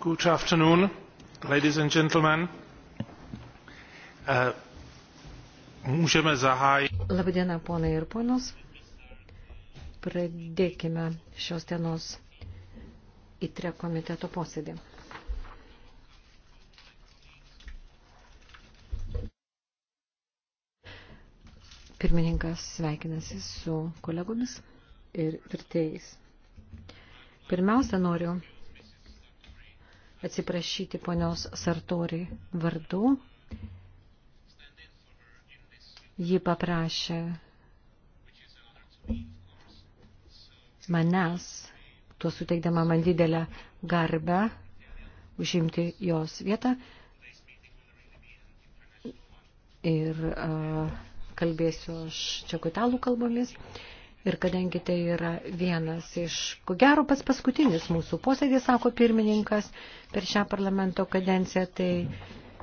Good afternoon, ladies and gentlemen. Uh, Můžeme zahájit. Labadiena, ponai ir ponos. Pradėkime šios dienos įtre komiteto posėdį. Pirmininkas sveikinasi su kolegomis ir vertėjais. Pirmiausia, noriu atsiprašyti ponios Sartori vardu. Ji paprašė manęs, tuo suteikdama man didelę garbę, užimti jos vietą ir a, kalbėsiu aš čekuitalų kalbomis. A, Ir kadangi tai yra vienas iš, ko gero, pats paskutinis mūsų posėdis, sako pirmininkas, per šią parlamento kadenciją, tai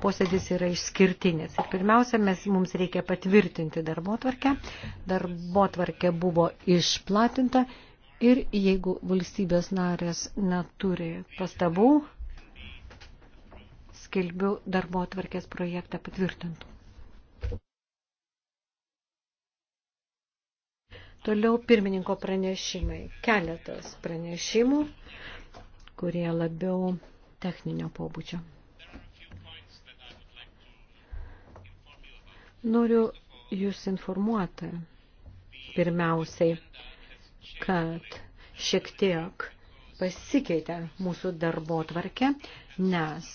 posėdis yra išskirtinis. Ir pirmiausia, mes, mums reikia patvirtinti darbo tvarkę. Darbo tvarkė buvo išplatinta ir jeigu valstybės narės neturi pastabų, skelbiu darbo tvarkės projektą patvirtintų. Toliau pirmininko pranešimai. Keletas pranešimų, kurie labiau techninio pobūdžio. Noriu Jūs informuoti pirmiausiai, kad šiek tiek pasikeitė mūsų darbo tvarkė, nes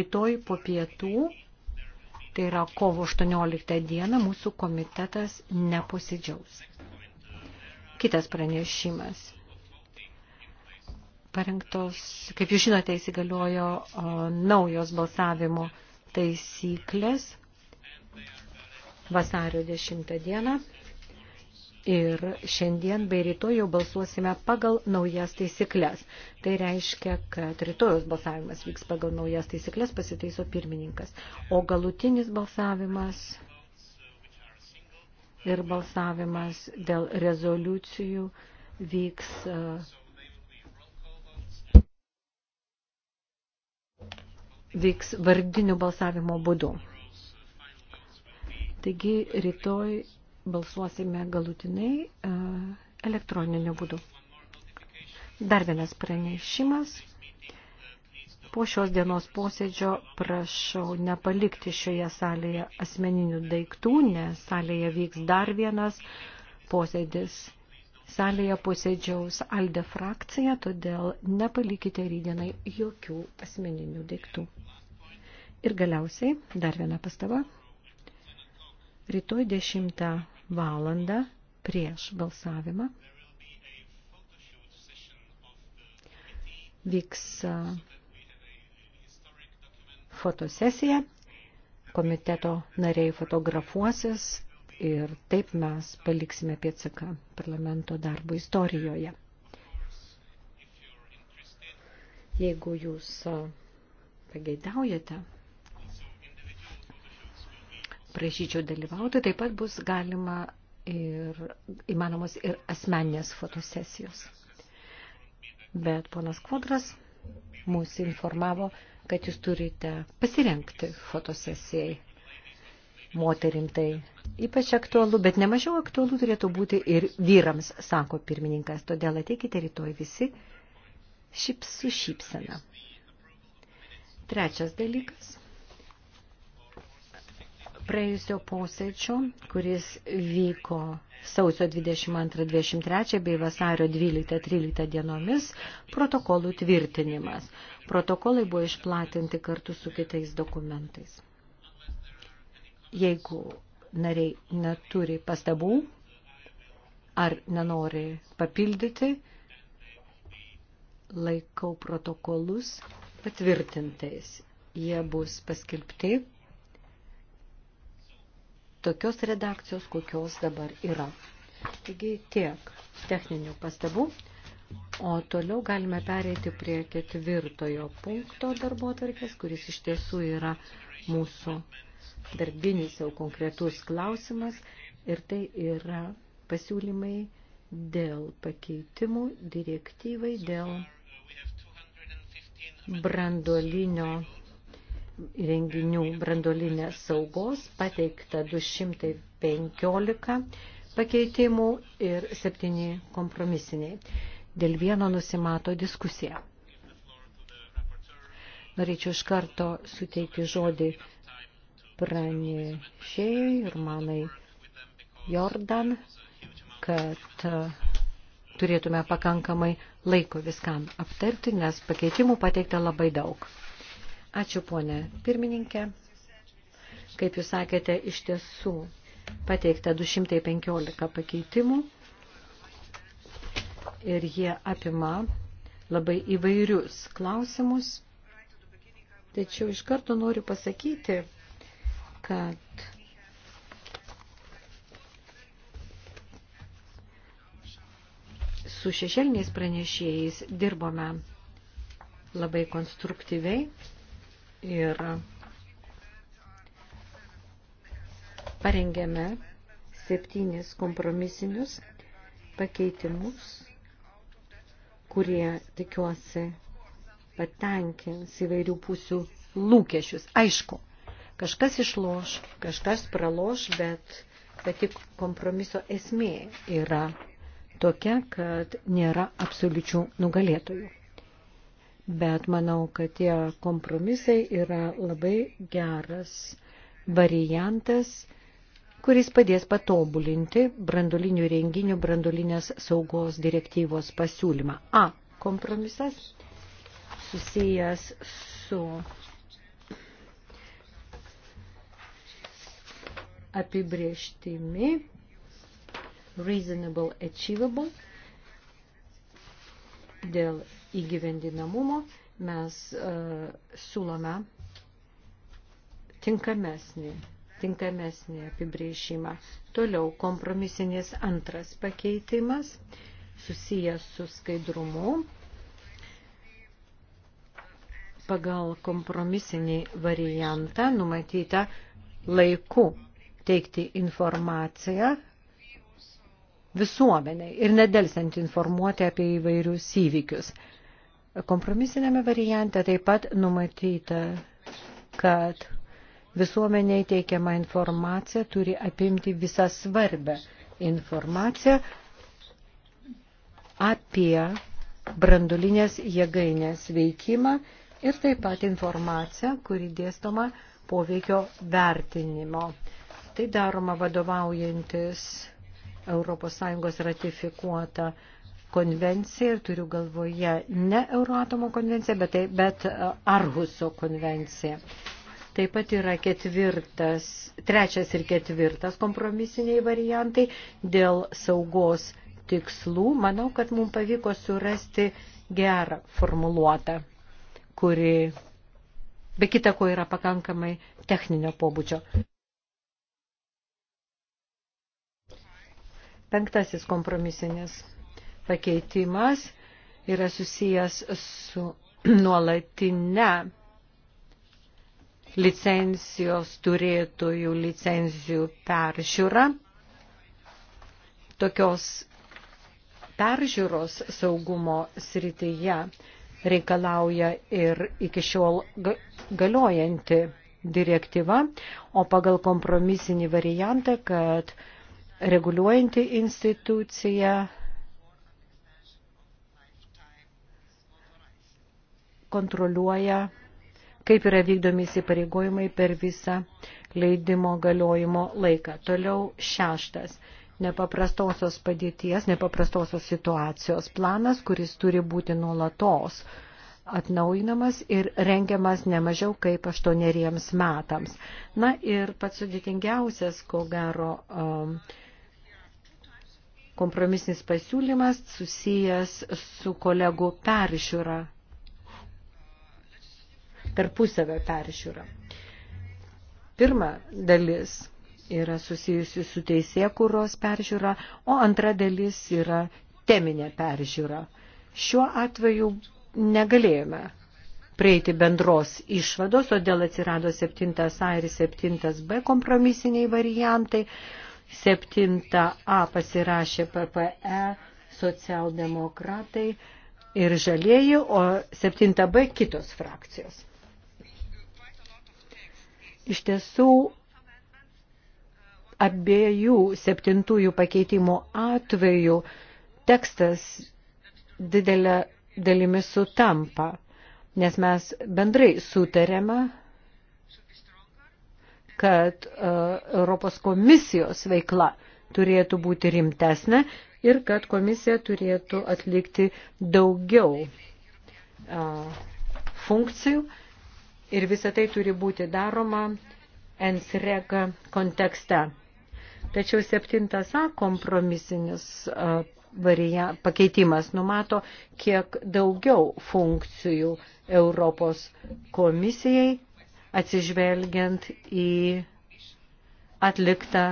rytoj po pietų, tai yra kovo 18 dieną, mūsų komitetas neposidžiaus. Kitas pranešimas. Parengtos, kaip jūs žinote, įsigaliojo o, naujos balsavimo taisyklės vasario 10 dieną. Ir šiandien bei rytoj jau balsuosime pagal naujas taisyklės. Tai reiškia, kad rytojus balsavimas vyks pagal naujas taisyklės, pasitaiso pirmininkas. O galutinis balsavimas ir balsavimas dėl rezoliucijų vyks e, vyks vardinių balsavimo būdu. Taigi rytoj balsuosime galutinai e, elektroniniu būdu. Dar vienas pranešimas po šios dienos posėdžio prašau nepalikti šioje salėje asmeninių daiktų, nes salėje vyks dar vienas posėdis. Salėje posėdžiaus Alde frakcija, todėl nepalikite rydienai jokių asmeninių daiktų. Ir galiausiai dar viena pastaba. Rytoj 10 valandą prieš balsavimą vyks fotosesiją, komiteto nariai fotografuosis ir taip mes paliksime pėtsaką parlamento darbo istorijoje. Jeigu jūs pageidaujate, prašyčiau dalyvauti, taip pat bus galima ir įmanomos ir asmeninės fotosesijos. Bet ponas Kvadras mūsų informavo, kad jūs turite pasirenkti fotosesijai moterim tai ypač aktualu, bet nemažiau aktualu turėtų būti ir vyrams, sako pirmininkas. Todėl ateikite rytoj visi šips su šypsena. Trečias dalykas praėjusio posėdžio, kuris vyko sausio 22-23 bei vasario 12-13 dienomis protokolų tvirtinimas. Protokolai buvo išplatinti kartu su kitais dokumentais. Jeigu nariai neturi pastabų ar nenori papildyti, laikau protokolus patvirtintais. Jie bus paskelbti tokios redakcijos, kokios dabar yra. Taigi tiek techninių pastabų. O toliau galime pereiti prie ketvirtojo punkto darbo tarkės, kuris iš tiesų yra mūsų darbinis jau konkretus klausimas ir tai yra pasiūlymai dėl pakeitimų direktyvai, dėl brandolinio įrenginių brandolinės saugos pateikta 215 pakeitimų ir 7 kompromisiniai. Dėl vieno nusimato diskusija. Norėčiau iš karto suteikti žodį pranešėjai ir manai Jordan, kad uh, turėtume pakankamai laiko viskam aptarti, nes pakeitimų pateikta labai daug. Ačiū, ponė pirmininkė. Kaip jūs sakėte, iš tiesų pateikta 215 pakeitimų ir jie apima labai įvairius klausimus. Tačiau iš karto noriu pasakyti, kad su šešėliniais pranešėjais dirbome labai konstruktyviai ir parengėme septynis kompromisinius pakeitimus, kurie, tikiuosi, patenkins įvairių pusių lūkesčius. Aišku, kažkas išloš, kažkas praloš, bet pati kompromiso esmė yra tokia, kad nėra absoliučių nugalėtojų bet manau, kad tie kompromisai yra labai geras variantas, kuris padės patobulinti brandolinių renginių brandolinės saugos direktyvos pasiūlymą. A. Kompromisas susijęs su apibrieštimi reasonable achievable dėl įgyvendinamumo mes uh, siūlome tinkamesnį, tinkamesnį apibrėžimą. Toliau kompromisinis antras pakeitimas susijęs su skaidrumu. Pagal kompromisinį variantą numatyta laiku teikti informaciją visuomenė ir nedelsiant informuoti apie įvairius įvykius. Kompromisinėme variante taip pat numatyta, kad visuomeniai teikiama informacija turi apimti visą svarbę informaciją apie brandulinės jėgainės veikimą ir taip pat informaciją, kuri dėstoma poveikio vertinimo. Tai daroma vadovaujantis ES ratifikuota konvenciją ir turiu galvoje ne Euroatomo konvenciją, bet, tai, bet e, Arhuso konvenciją. Taip pat yra ketvirtas, trečias ir ketvirtas kompromisiniai variantai dėl saugos tikslų. Manau, kad mums pavyko surasti gerą formuluotą, kuri be kita ko yra pakankamai techninio pobūdžio. Penktasis kompromisinis pakeitimas yra susijęs su nuolatinė licencijos turėtojų licencijų peržiūra. Tokios peržiūros saugumo srityje reikalauja ir iki šiol galiojanti direktyva, o pagal kompromisinį variantą, kad reguliuojanti institucija kontroliuoja, kaip yra vykdomi įsipareigojimai per visą leidimo galiojimo laiką. Toliau šeštas nepaprastosios padėties, nepaprastosios situacijos planas, kuris turi būti nuolatos atnaujinamas ir rengiamas nemažiau kaip aštuoneriems metams. Na ir pats sudėtingiausias, ko gero, um, kompromisinis pasiūlymas susijęs su kolegų peržiūra tarpusavę peržiūrą. Pirma dalis yra susijusi su teisėkūros peržiūra, o antra dalis yra teminė peržiūra. Šiuo atveju negalėjome prieiti bendros išvados, todėl atsirado 7A ir 7B kompromisiniai variantai. 7A pasirašė PPE, socialdemokratai ir žalieji, o 7B kitos frakcijos. Iš tiesų, abiejų septintųjų pakeitimų atveju tekstas didelė dalimi sutampa, nes mes bendrai sutarėme, kad uh, Europos komisijos veikla turėtų būti rimtesnė ir kad komisija turėtų atlikti daugiau uh, funkcijų ir visą tai turi būti daroma NSREG kontekste. Tačiau septintas A kompromisinis varia, pakeitimas numato kiek daugiau funkcijų Europos komisijai atsižvelgiant į atliktą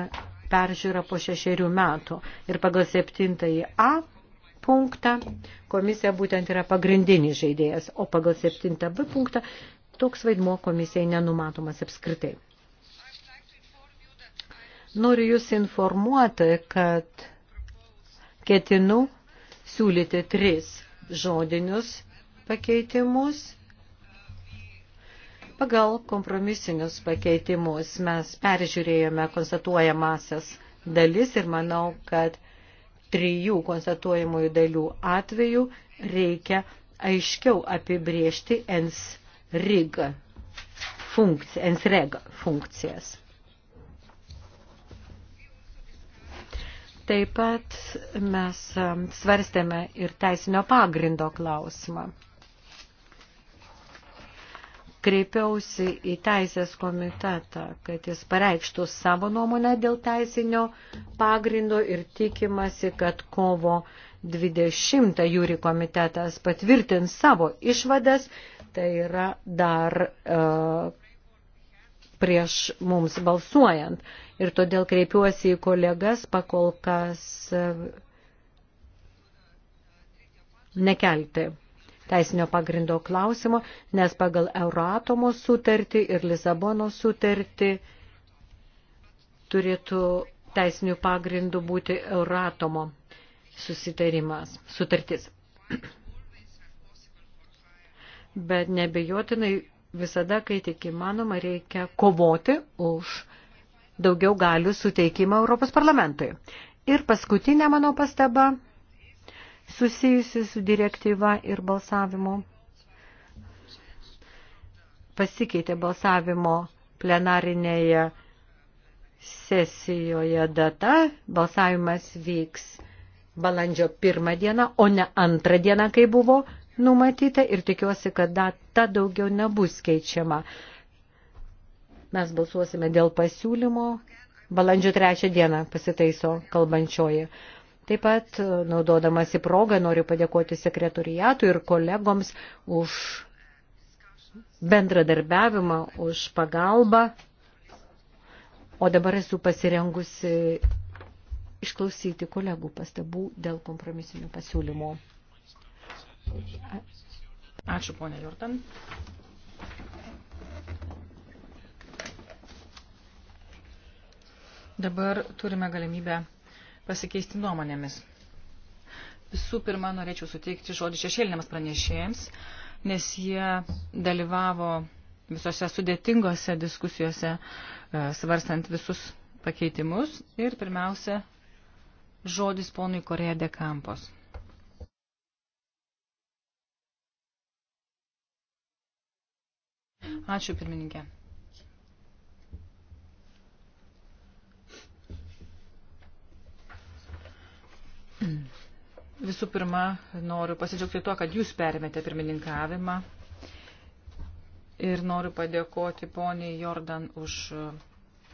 peržiūrą po šešerių metų. Ir pagal septintąjį A punktą komisija būtent yra pagrindinis žaidėjas, o pagal septintą B punktą toks vaidmo komisijai nenumatomas apskritai. Noriu Jūs informuoti, kad ketinu siūlyti tris žodinius pakeitimus. Pagal kompromisinius pakeitimus mes peržiūrėjome konstatuojamasias dalis ir manau, kad trijų konstatuojamųjų dalių atveju reikia aiškiau apibriežti ENS RIG funkcijas, ENSREG funkcijas. Taip pat mes um, svarstėme ir teisinio pagrindo klausimą. Kreipiausi į teisės komitetą, kad jis pareikštų savo nuomonę dėl teisinio pagrindo ir tikimasi, kad kovo 20 jūri komitetas patvirtins savo išvadas, tai yra dar e, prieš mums balsuojant. Ir todėl kreipiuosi į kolegas pakol kas e, nekelti teisinio pagrindo klausimo, nes pagal Euratomo sutartį ir Lisabono sutartį turėtų teisinių pagrindų būti Euratomo susitarimas, sutartis. Bet nebejotinai visada, kai tik įmanoma, reikia kovoti už daugiau galių suteikimą Europos parlamentui. Ir paskutinė mano pastaba susijusi su direktyva ir balsavimu. Pasikeitė balsavimo plenarinėje sesijoje data. Balsavimas vyks balandžio pirmą dieną, o ne antrą dieną, kai buvo numatyta ir tikiuosi, kad data daugiau nebus keičiama. Mes balsuosime dėl pasiūlymo. Balandžio trečią dieną pasitaiso kalbančioji. Taip pat, naudodamas į progą, noriu padėkoti sekretoriatui ir kolegoms už bendradarbiavimą, už pagalbą. O dabar esu pasirengusi išklausyti kolegų pastabų dėl kompromisinių pasiūlymų. Ačiū, ponė Jordan. Dabar turime galimybę pasikeisti nuomonėmis. Visų pirma, norėčiau suteikti žodį šešėliniams pranešėjams, nes jie dalyvavo visose sudėtingose diskusijose, e, svarstant visus pakeitimus. Ir pirmiausia, Žodis ponui Koreja de Campos. Ačiū pirmininkė. Visų pirma, noriu pasidžiaugti tuo, kad jūs permėte pirmininkavimą ir noriu padėkoti poniai Jordan už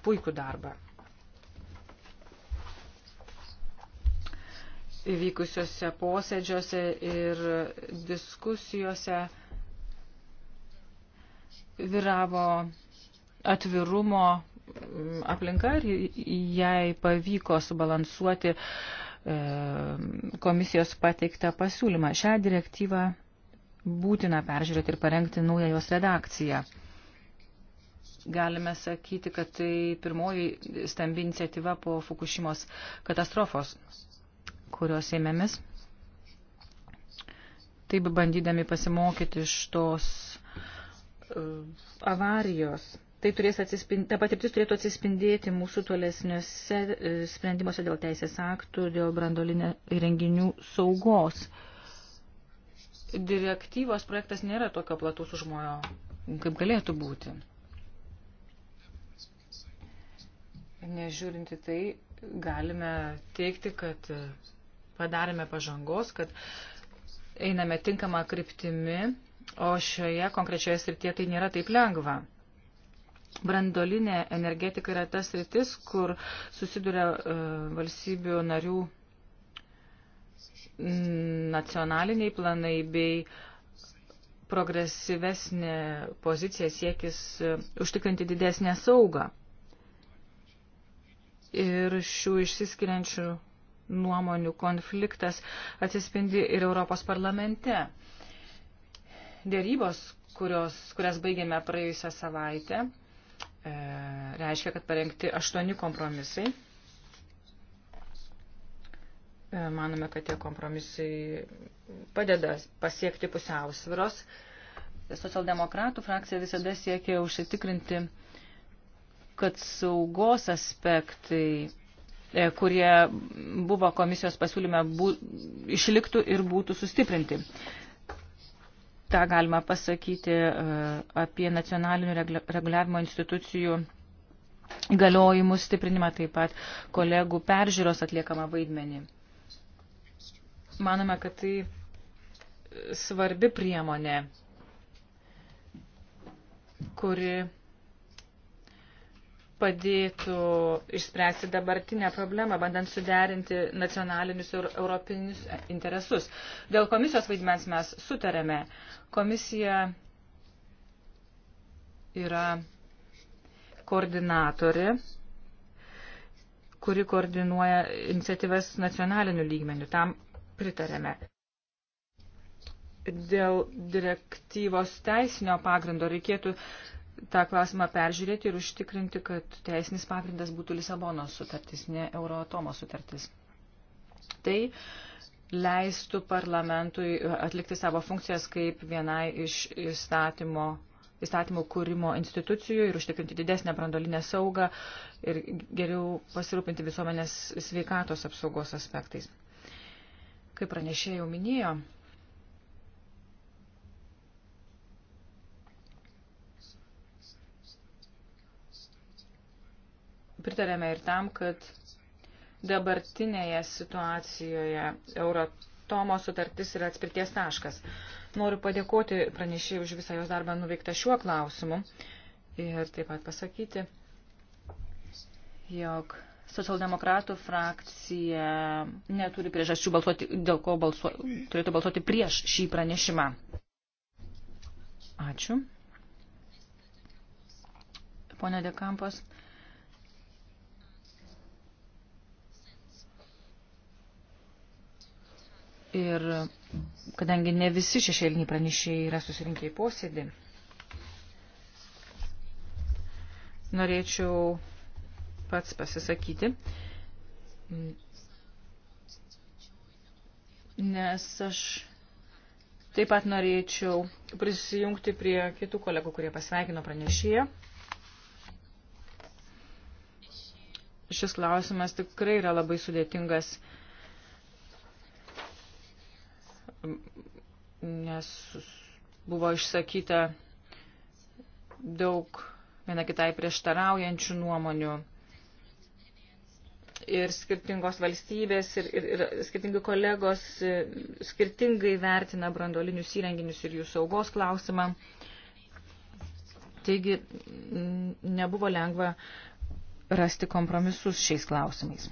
puikų darbą. įvykusiuose posėdžiuose ir diskusijose viravo atvirumo mm, aplinka ir jai pavyko subalansuoti e, komisijos pateiktą pasiūlymą. Šią direktyvą būtina peržiūrėti ir parengti naują jos redakciją. Galime sakyti, kad tai pirmoji stambi iniciatyva po Fukushimos katastrofos kurios ėmėmės. Taip bandydami pasimokyti iš tos uh, avarijos. Tai turės atsispindėti, ta patirtis turėtų atsispindėti mūsų tolesniuose e, sprendimuose dėl teisės aktų, dėl brandolinio renginių saugos. Direktyvos projektas nėra tokio platus užmojo, kaip galėtų būti. Nežiūrinti tai, galime teikti, kad padarėme pažangos, kad einame tinkamą kryptimi, o šioje konkrečioje srityje tai nėra taip lengva. Brandolinė energetika yra tas rytis, kur susiduria e, valstybių narių nacionaliniai planai bei progresyvesnė pozicija siekis e, užtikrinti didesnę saugą. Ir šių išsiskiriančių nuomonių konfliktas atsispindi ir Europos parlamente. Dėrybos, kurios, kurias baigėme praėjusią savaitę, e, reiškia, kad parengti aštuoni kompromisai. E, manome, kad tie kompromisai padeda pasiekti pusiausviros. Socialdemokratų frakcija visada siekia užsitikrinti, kad saugos aspektai E, kurie buvo komisijos pasiūlyme bū, išliktų ir būtų sustiprinti. Ta galima pasakyti e, apie nacionalinių reguliavimo institucijų galiojimų stiprinimą, taip pat kolegų peržiūros atliekamą vaidmenį. Manome, kad tai svarbi priemonė, kuri padėtų išspręsti dabartinę problemą, bandant suderinti nacionalinius ir europinius interesus. Dėl komisijos vaidmens mes sutarėme. Komisija yra koordinatorė, kuri koordinuoja iniciatyvas nacionaliniu lygmeniu. Tam pritarėme. Dėl direktyvos teisinio pagrindo reikėtų uh, tą klausimą peržiūrėti ir užtikrinti, kad teisinis pagrindas būtų Lisabonos sutartis, ne Euroatomo sutartis. Tai leistų parlamentui atlikti savo funkcijas kaip vienai iš įstatymo įstatymų kūrimo institucijų ir užtikrinti didesnę brandolinę saugą ir geriau pasirūpinti visuomenės sveikatos apsaugos aspektais. Kaip pranešėjau minėjo, pritarėme ir tam, kad dabartinėje situacijoje Eurotomo sutartis yra atspirties taškas. Noriu padėkoti pranešėjai už visą jos darbą nuveiktą šiuo klausimu ir taip pat pasakyti, jog socialdemokratų frakcija neturi priežasčių balsuoti, dėl ko balsuo, turėtų balsuoti prieš šį pranešimą. Ačiū. Pone Dekampas. Ir kadangi ne visi šešėliniai pranešėjai yra susirinkę į posėdį, norėčiau pats pasisakyti, nes aš taip pat norėčiau prisijungti prie kitų kolegų, kurie pasveikino pranešėją. Šis klausimas tikrai yra labai sudėtingas nes buvo išsakyta daug viena kitai prieštaraujančių nuomonių. Ir skirtingos valstybės ir, ir, ir skirtingi kolegos e, skirtingai vertina brandolinius įrenginius ir jų saugos klausimą. Taigi nebuvo lengva rasti kompromisus šiais klausimais.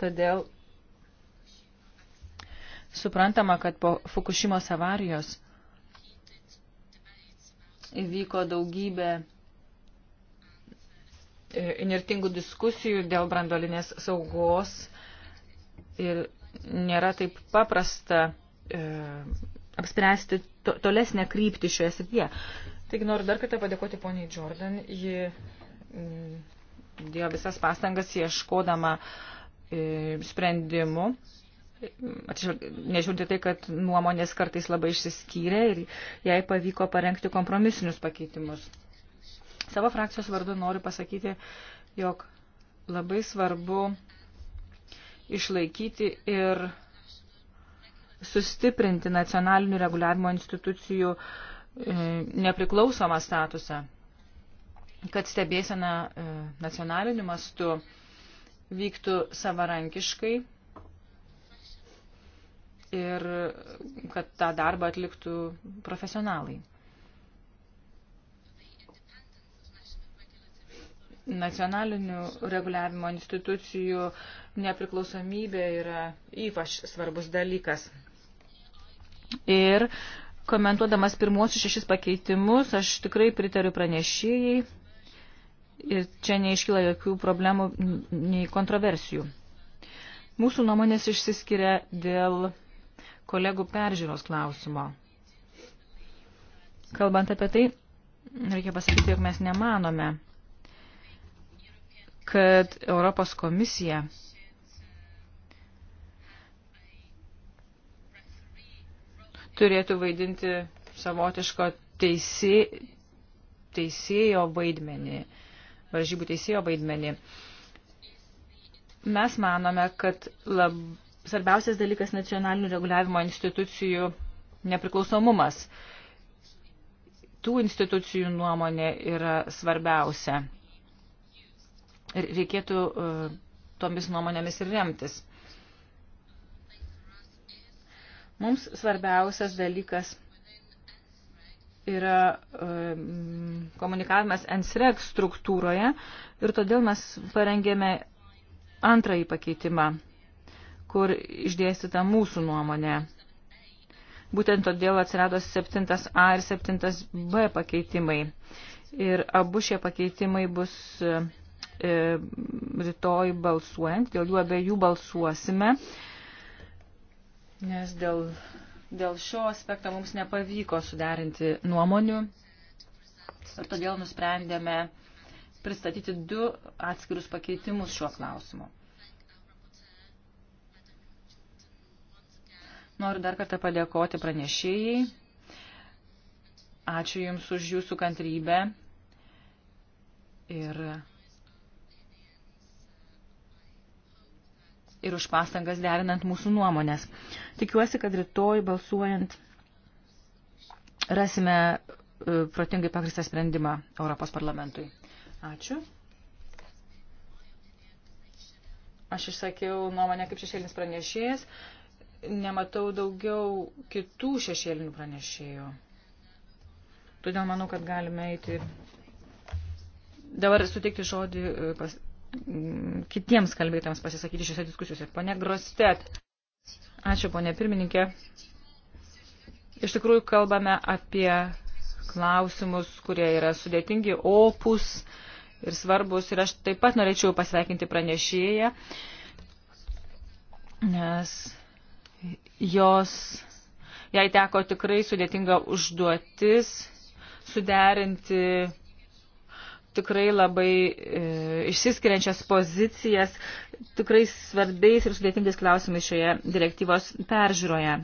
Todėl Suprantama, kad po Fukushimos avarijos įvyko daugybė inirtingų e, diskusijų dėl brandolinės saugos ir nėra taip paprasta e, apspręsti to, tolesnę kryptį šioje srityje. Taigi noriu dar kartą padėkoti poniai Jordan. Ji mm, dėjo visas pastangas ieškodama e, sprendimų nežiūrinti tai, kad nuomonės kartais labai išsiskyrė ir jai pavyko parengti kompromisinius pakeitimus. Savo frakcijos vardu noriu pasakyti, jog labai svarbu išlaikyti ir sustiprinti nacionalinių reguliavimo institucijų e, nepriklausomą statusą, kad stebėsena e, nacionaliniu mastu vyktų savarankiškai ir kad tą darbą atliktų profesionalai. Nacionalinių reguliavimo institucijų nepriklausomybė yra ypač svarbus dalykas. Ir komentuodamas pirmuosius šešis pakeitimus, aš tikrai pritariu pranešėjai ir čia neiškyla jokių problemų nei kontroversijų. Mūsų nuomonės išsiskiria dėl kolegų peržiūros klausimo. Kalbant apie tai, reikia pasakyti, jog mes nemanome, kad Europos komisija turėtų vaidinti savotiško teisė, teisėjo vaidmenį, varžybų teisėjo vaidmenį. Mes manome, kad lab, svarbiausias dalykas nacionalinių reguliavimo institucijų nepriklausomumas. Tų institucijų nuomonė yra svarbiausia. Ir reikėtų e, tomis nuomonėmis ir remtis. Mums svarbiausias dalykas yra e, komunikavimas NSREG struktūroje ir todėl mes parengėme antrąjį pakeitimą kur išdėstyta mūsų nuomonė. Būtent todėl atsirado 7a ir 7b pakeitimai. Ir abu šie pakeitimai bus e, e, rytoj balsuojant, dėl jų abiejų balsuosime, nes dėl, dėl šio aspekto mums nepavyko suderinti nuomonių ir todėl nusprendėme pristatyti du atskirus pakeitimus šiuo klausimu. Noriu dar kartą padėkoti pranešėjai. Ačiū Jums už Jūsų kantrybę. Ir ir už pastangas derinant mūsų nuomonės. Tikiuosi, kad rytoj balsuojant rasime e, protingai pagristą sprendimą Europos parlamentui. Ačiū. Aš išsakiau nuomonę kaip šešėlinis pranešėjas nematau daugiau kitų šešėlinių pranešėjų. Todėl manau, kad galime eiti dabar sutikti žodį e, pas, kitiems kalbėtams pasisakyti šiose diskusijose. Pone Grostet, ačiū pone pirmininkė. Iš tikrųjų kalbame apie klausimus, kurie yra sudėtingi, opus ir svarbus. Ir aš taip pat norėčiau pasveikinti pranešėją, nes Jos, jai teko tikrai sudėtinga užduotis suderinti tikrai labai e, išsiskiriančias pozicijas tikrai svarbiais ir sudėtingais klausimais šioje direktyvos peržiūroje.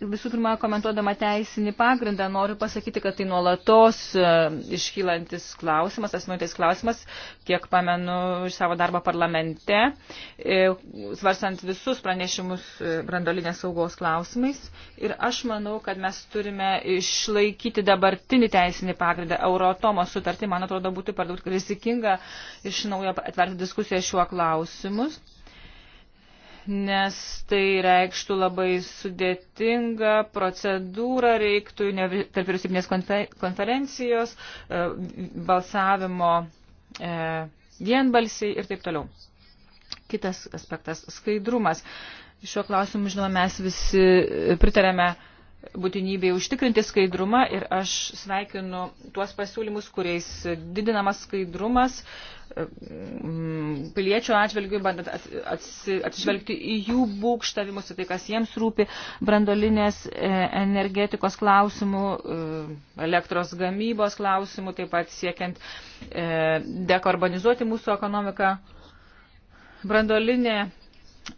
Visų pirma, komentuodama teisinį pagrindą, noriu pasakyti, kad tai nuolatos e, iškylantis klausimas, asmenuotis klausimas, kiek pamenu iš savo darbo parlamente, e, svarstant visus pranešimus e, brandolinės saugos klausimais. Ir aš manau, kad mes turime išlaikyti dabartinį teisinį pagrindą. Eurotomo sutartį, man atrodo, būtų per daug rizikinga iš naujo atverti diskusiją šiuo klausimus nes tai reikštų labai sudėtingą procedūrą, reiktų tarp vyriausybinės konferencijos, e, balsavimo e, vienbalsiai ir taip toliau. Kitas aspektas - skaidrumas. Šiuo klausimu, žinoma, mes visi pritarėme būtinybėje užtikrinti skaidrumą ir aš sveikinu tuos pasiūlymus, kuriais didinamas skaidrumas e, piliečių atžvilgių, bandant atsižvelgti į jų būkštavimus, tai kas jiems rūpi, brandolinės e, energetikos klausimų, e, elektros gamybos klausimų, taip pat siekiant dekarbonizuoti mūsų ekonomiką. Brandolinė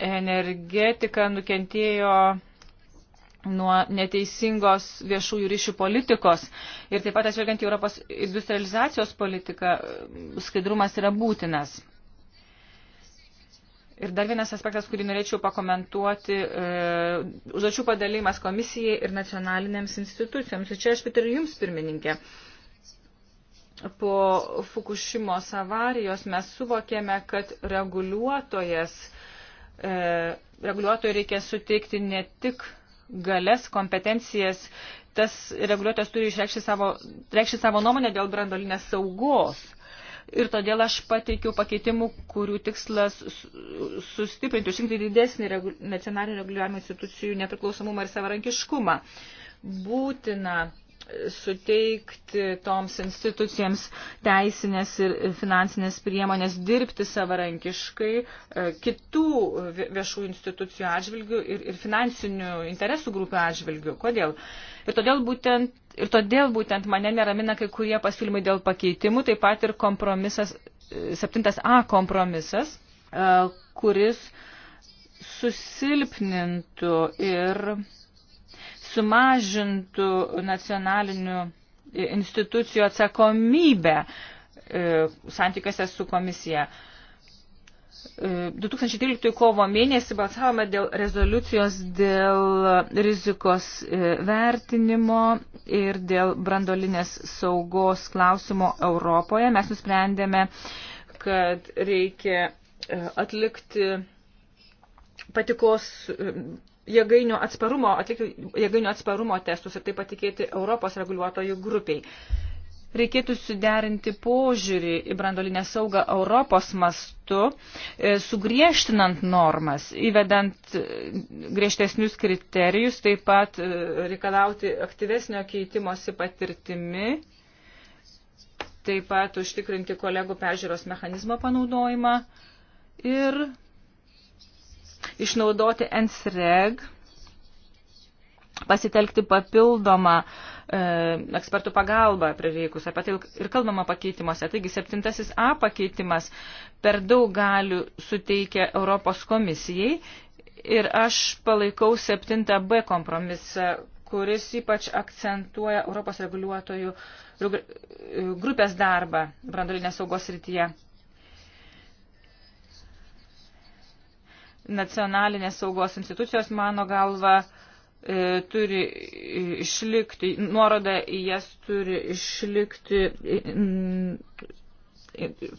energetika nukentėjo nuo neteisingos viešųjų ryšių politikos. Ir taip pat atsvelgiant į Europos industrializacijos politiką, skaidrumas yra būtinas. Ir dar vienas aspektas, kurį norėčiau pakomentuoti, e, užduočių padalymas komisijai ir nacionalinėms institucijoms. Ir čia aš pritariu Jums, pirmininkė. Po Fukushimos avarijos mes suvokėme, kad reguliuotojas, e, reguliuotojai reikia suteikti ne tik galės, kompetencijas, tas reguliuotojas turi išreikšti savo, reikšti savo nuomonę dėl brandolinės saugos. Ir todėl aš pateikiau pakeitimų, kurių tikslas sustiprinti, užsinkti didesnį regu, nacionalinio reguliuojimo institucijų nepriklausomumą ir savarankiškumą. Būtina suteikti toms institucijams teisinės ir finansinės priemonės dirbti savarankiškai e, kitų viešų institucijų atžvilgių ir, ir finansinių interesų grupių atžvilgių. Kodėl? Ir todėl, būtent, ir todėl būtent mane neramina kai kurie pasiūlymai dėl pakeitimų, taip pat ir kompromisas, 7a e, kompromisas, e, kuris susilpnintų ir sumažintų nacionalinių institucijų atsakomybę e, santykiuose su komisija. 2013 e, kovo mėnesį balsavome dėl rezoliucijos dėl rizikos e, vertinimo ir dėl brandolinės saugos klausimo Europoje. Mes nusprendėme, kad reikia atlikti patikos jėgainių atsparumo, atlikti jėgainių atsparumo testus ir taip patikėti Europos reguliuotojų grupiai. Reikėtų suderinti požiūrį į brandolinę saugą Europos mastu, e, sugriežtinant normas, įvedant e, griežtesnius kriterijus, taip pat e, reikalauti aktyvesnio keitimosi patirtimi, taip pat užtikrinti kolegų pežiūros mechanizmo panaudojimą ir išnaudoti NSREG, pasitelkti papildomą e, ekspertų pagalbą prireikus. Apie tai ir kalbama pakeitimuose. Taigi septintasis A pakeitimas per daug galių suteikia Europos komisijai ir aš palaikau septintą B kompromisą, kuris ypač akcentuoja Europos reguliuotojų grupės darbą brandolinės saugos rytyje. nacionalinės saugos institucijos, mano galva, e, turi išlikti, nuoroda į jas turi išlikti e,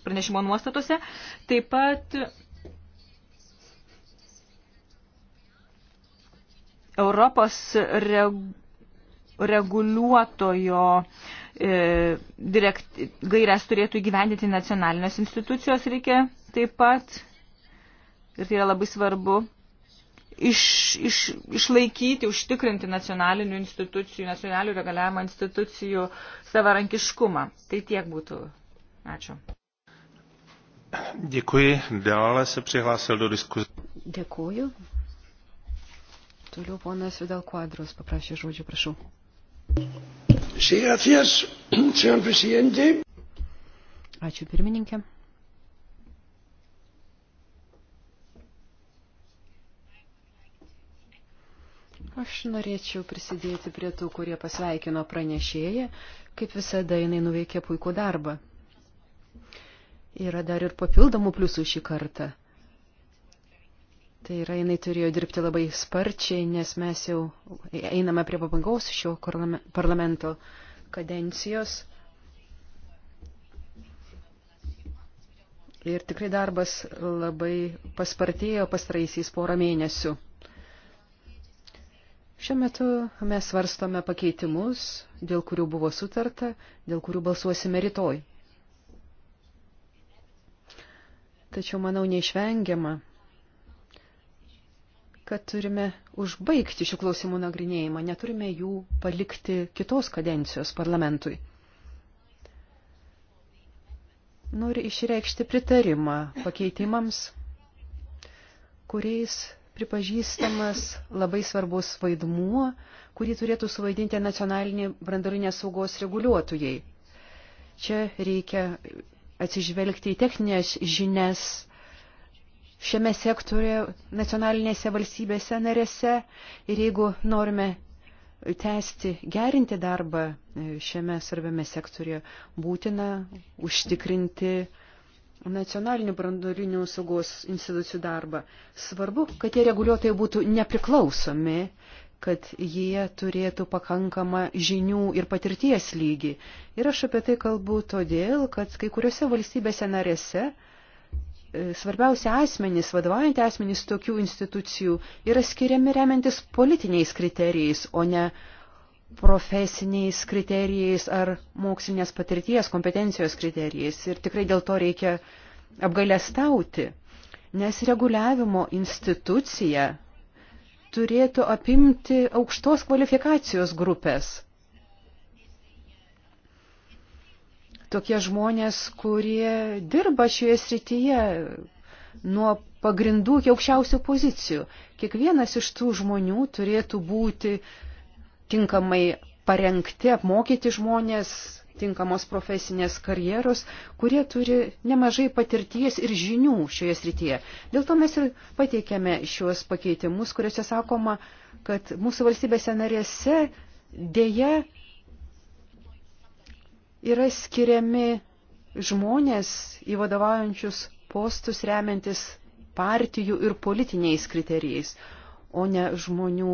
pranešimo nuostatose. Taip pat Europos reguliuotojo e, direkt, gairias turėtų įgyvendinti nacionalinės institucijos, reikia taip pat ir tai yra labai svarbu iš, iš, išlaikyti, užtikrinti nacionalinių institucijų, nacionalinių reguliavimo institucijų savarankiškumą. Tai tiek būtų. Ačiū. Děkuji. Dále se přihlásil do diskuze. Děkuji. Toliau ponas Vidal Quadros paprašė žodžio, prašau. Sí, gracias, señor presidente. Ačiū pirmininkė. Aš norėčiau prisidėti prie tų, kurie pasveikino pranešėją. Kaip visada, jinai nuveikė puikų darbą. Yra dar ir papildomų pliusų šį kartą. Tai yra, jinai turėjo dirbti labai sparčiai, nes mes jau einame prie pabaigos šio parlamento kadencijos. Ir tikrai darbas labai paspartėjo pastaraisiais porą mėnesių. Šiuo metu mes svarstome pakeitimus, dėl kurių buvo sutarta, dėl kurių balsuosime rytoj. Tačiau, manau, neišvengiama, kad turime užbaigti šių klausimų nagrinėjimą, neturime jų palikti kitos kadencijos parlamentui. Noriu išreikšti pritarimą pakeitimams, kuriais pripažįstamas labai svarbus vaidmuo, kurį turėtų suvaidinti nacionaliniai brandolinės saugos reguliuotojai. Čia reikia atsižvelgti į techninės žinias šiame sektorėje nacionalinėse valstybėse narėse ir jeigu norime tęsti, gerinti darbą šiame svarbiame sektorėje, būtina užtikrinti nacionalinių brandurinių saugos institucijų darbą. Svarbu, kad tie reguliuotojai būtų nepriklausomi, kad jie turėtų pakankamą žinių ir patirties lygį. Ir aš apie tai kalbu todėl, kad kai kuriuose valstybėse narėse e, svarbiausia asmenys, vadovaujant asmenys tokių institucijų yra skiriami remiantis politiniais kriterijais, o ne profesiniais kriterijais ar mokslinės patirties, kompetencijos kriterijais. Ir tikrai dėl to reikia apgailestauti, nes reguliavimo institucija turėtų apimti aukštos kvalifikacijos grupės. Tokie žmonės, kurie dirba šioje srityje nuo pagrindų iki aukščiausių pozicijų. Kiekvienas iš tų žmonių turėtų būti uh, tinkamai parengti, apmokyti žmonės, tinkamos profesinės karjeros, kurie turi nemažai patirties ir žinių šioje srityje. Dėl to mes ir pateikėme šiuos pakeitimus, kuriuose sakoma, kad mūsų valstybėse narėse dėje yra skiriami žmonės į vadovaujančius postus remiantis partijų ir politiniais kriterijais o ne žmonių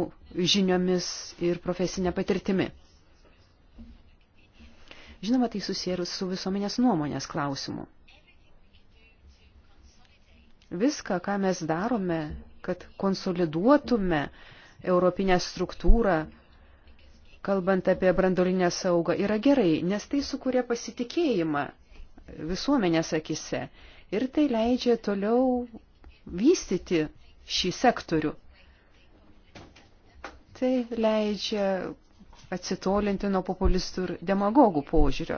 žiniomis ir profesinė patirtimi. Žinoma, tai susiję su visuomenės nuomonės klausimu. Viską, ką mes darome, kad konsoliduotume europinę struktūrą, kalbant apie brandolinę saugą, yra gerai, nes tai sukuria pasitikėjimą visuomenės akise ir tai leidžia toliau vystyti šį sektorių. Tai leidžia atsitolinti nuo populistų ir demagogų požiūrio.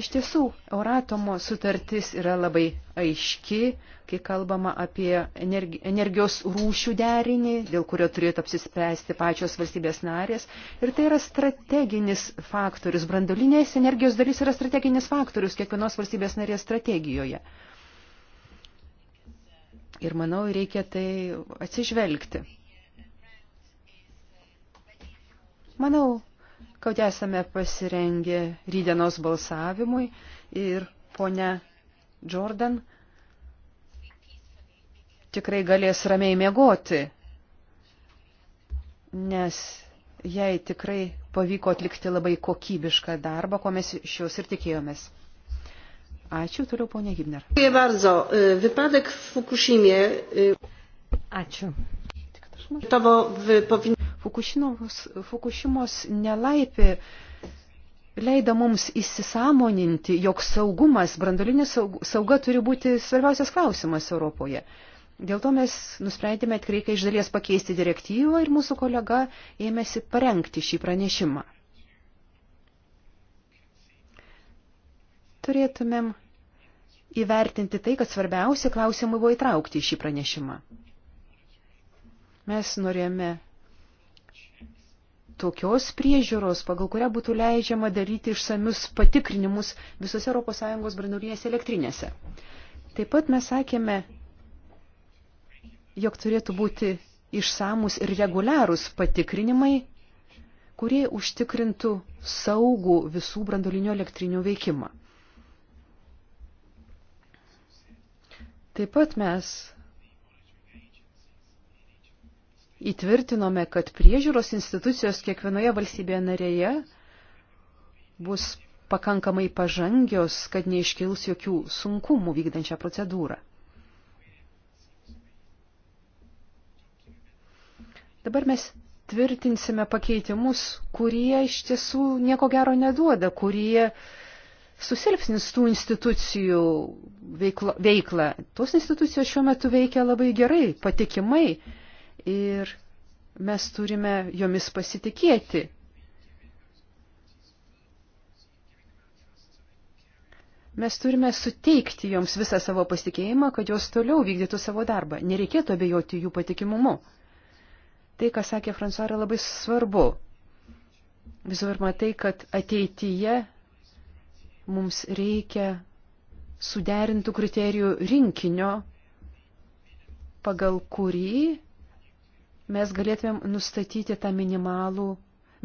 Iš tiesų, Euratomo sutartis yra labai aiški, kai kalbama apie energijos rūšių derinį, dėl kurio turėtų apsispręsti pačios valstybės narės. Ir tai yra strateginis faktorius. Brandolinės energijos dalis yra strateginis faktorius kiekvienos valstybės narės strategijoje. Ir manau, reikia tai atsižvelgti. Manau, kad esame pasirengę rydienos balsavimui ir ponia Jordan tikrai galės ramiai miegoti, nes jai tikrai pavyko atlikti labai kokybišką darbą, ko mes iš jos ir tikėjomės. Ačiū, toliau ponė Gibner. Ačiū. Ačiū. Fukushimos nelaipė leido mums įsisamoninti, jog saugumas, brandolinė sauga turi būti svarbiausias klausimas Europoje. Dėl to mes nusprendėme, kad reikia iš dalies pakeisti direktyvą ir mūsų kolega ėmėsi parengti šį pranešimą. Turėtumėm įvertinti tai, kad svarbiausi klausimai buvo įtraukti į šį pranešimą. Mes norėjome tokios priežiūros, pagal kurią būtų leidžiama daryti išsamius patikrinimus visose ES branduolinėse elektrinėse. Taip pat mes sakėme, jog turėtų būti išsamus ir reguliarūs patikrinimai, kurie užtikrintų saugų visų branduolinių elektrinių veikimą. Taip pat mes įtvirtinome, kad priežiūros institucijos kiekvienoje valstybėje narėje bus pakankamai pažangios, kad neiškils jokių sunkumų vykdančią procedūrą. Dabar mes tvirtinsime pakeitimus, kurie iš tiesų nieko gero neduoda, kurie susilpsnis tų institucijų veiklo, veiklą. Tos institucijos šiuo metu veikia labai gerai, patikimai ir mes turime jomis pasitikėti. Mes turime suteikti joms visą savo pasitikėjimą, kad jos toliau vykdytų savo darbą. Nereikėtų abejoti jų patikimumu. Tai, ką sakė Fransuara, labai svarbu. Visų pirma, tai, kad ateityje mums reikia suderintų kriterijų rinkinio, pagal kurį mes galėtumėm nustatyti tą minimalų,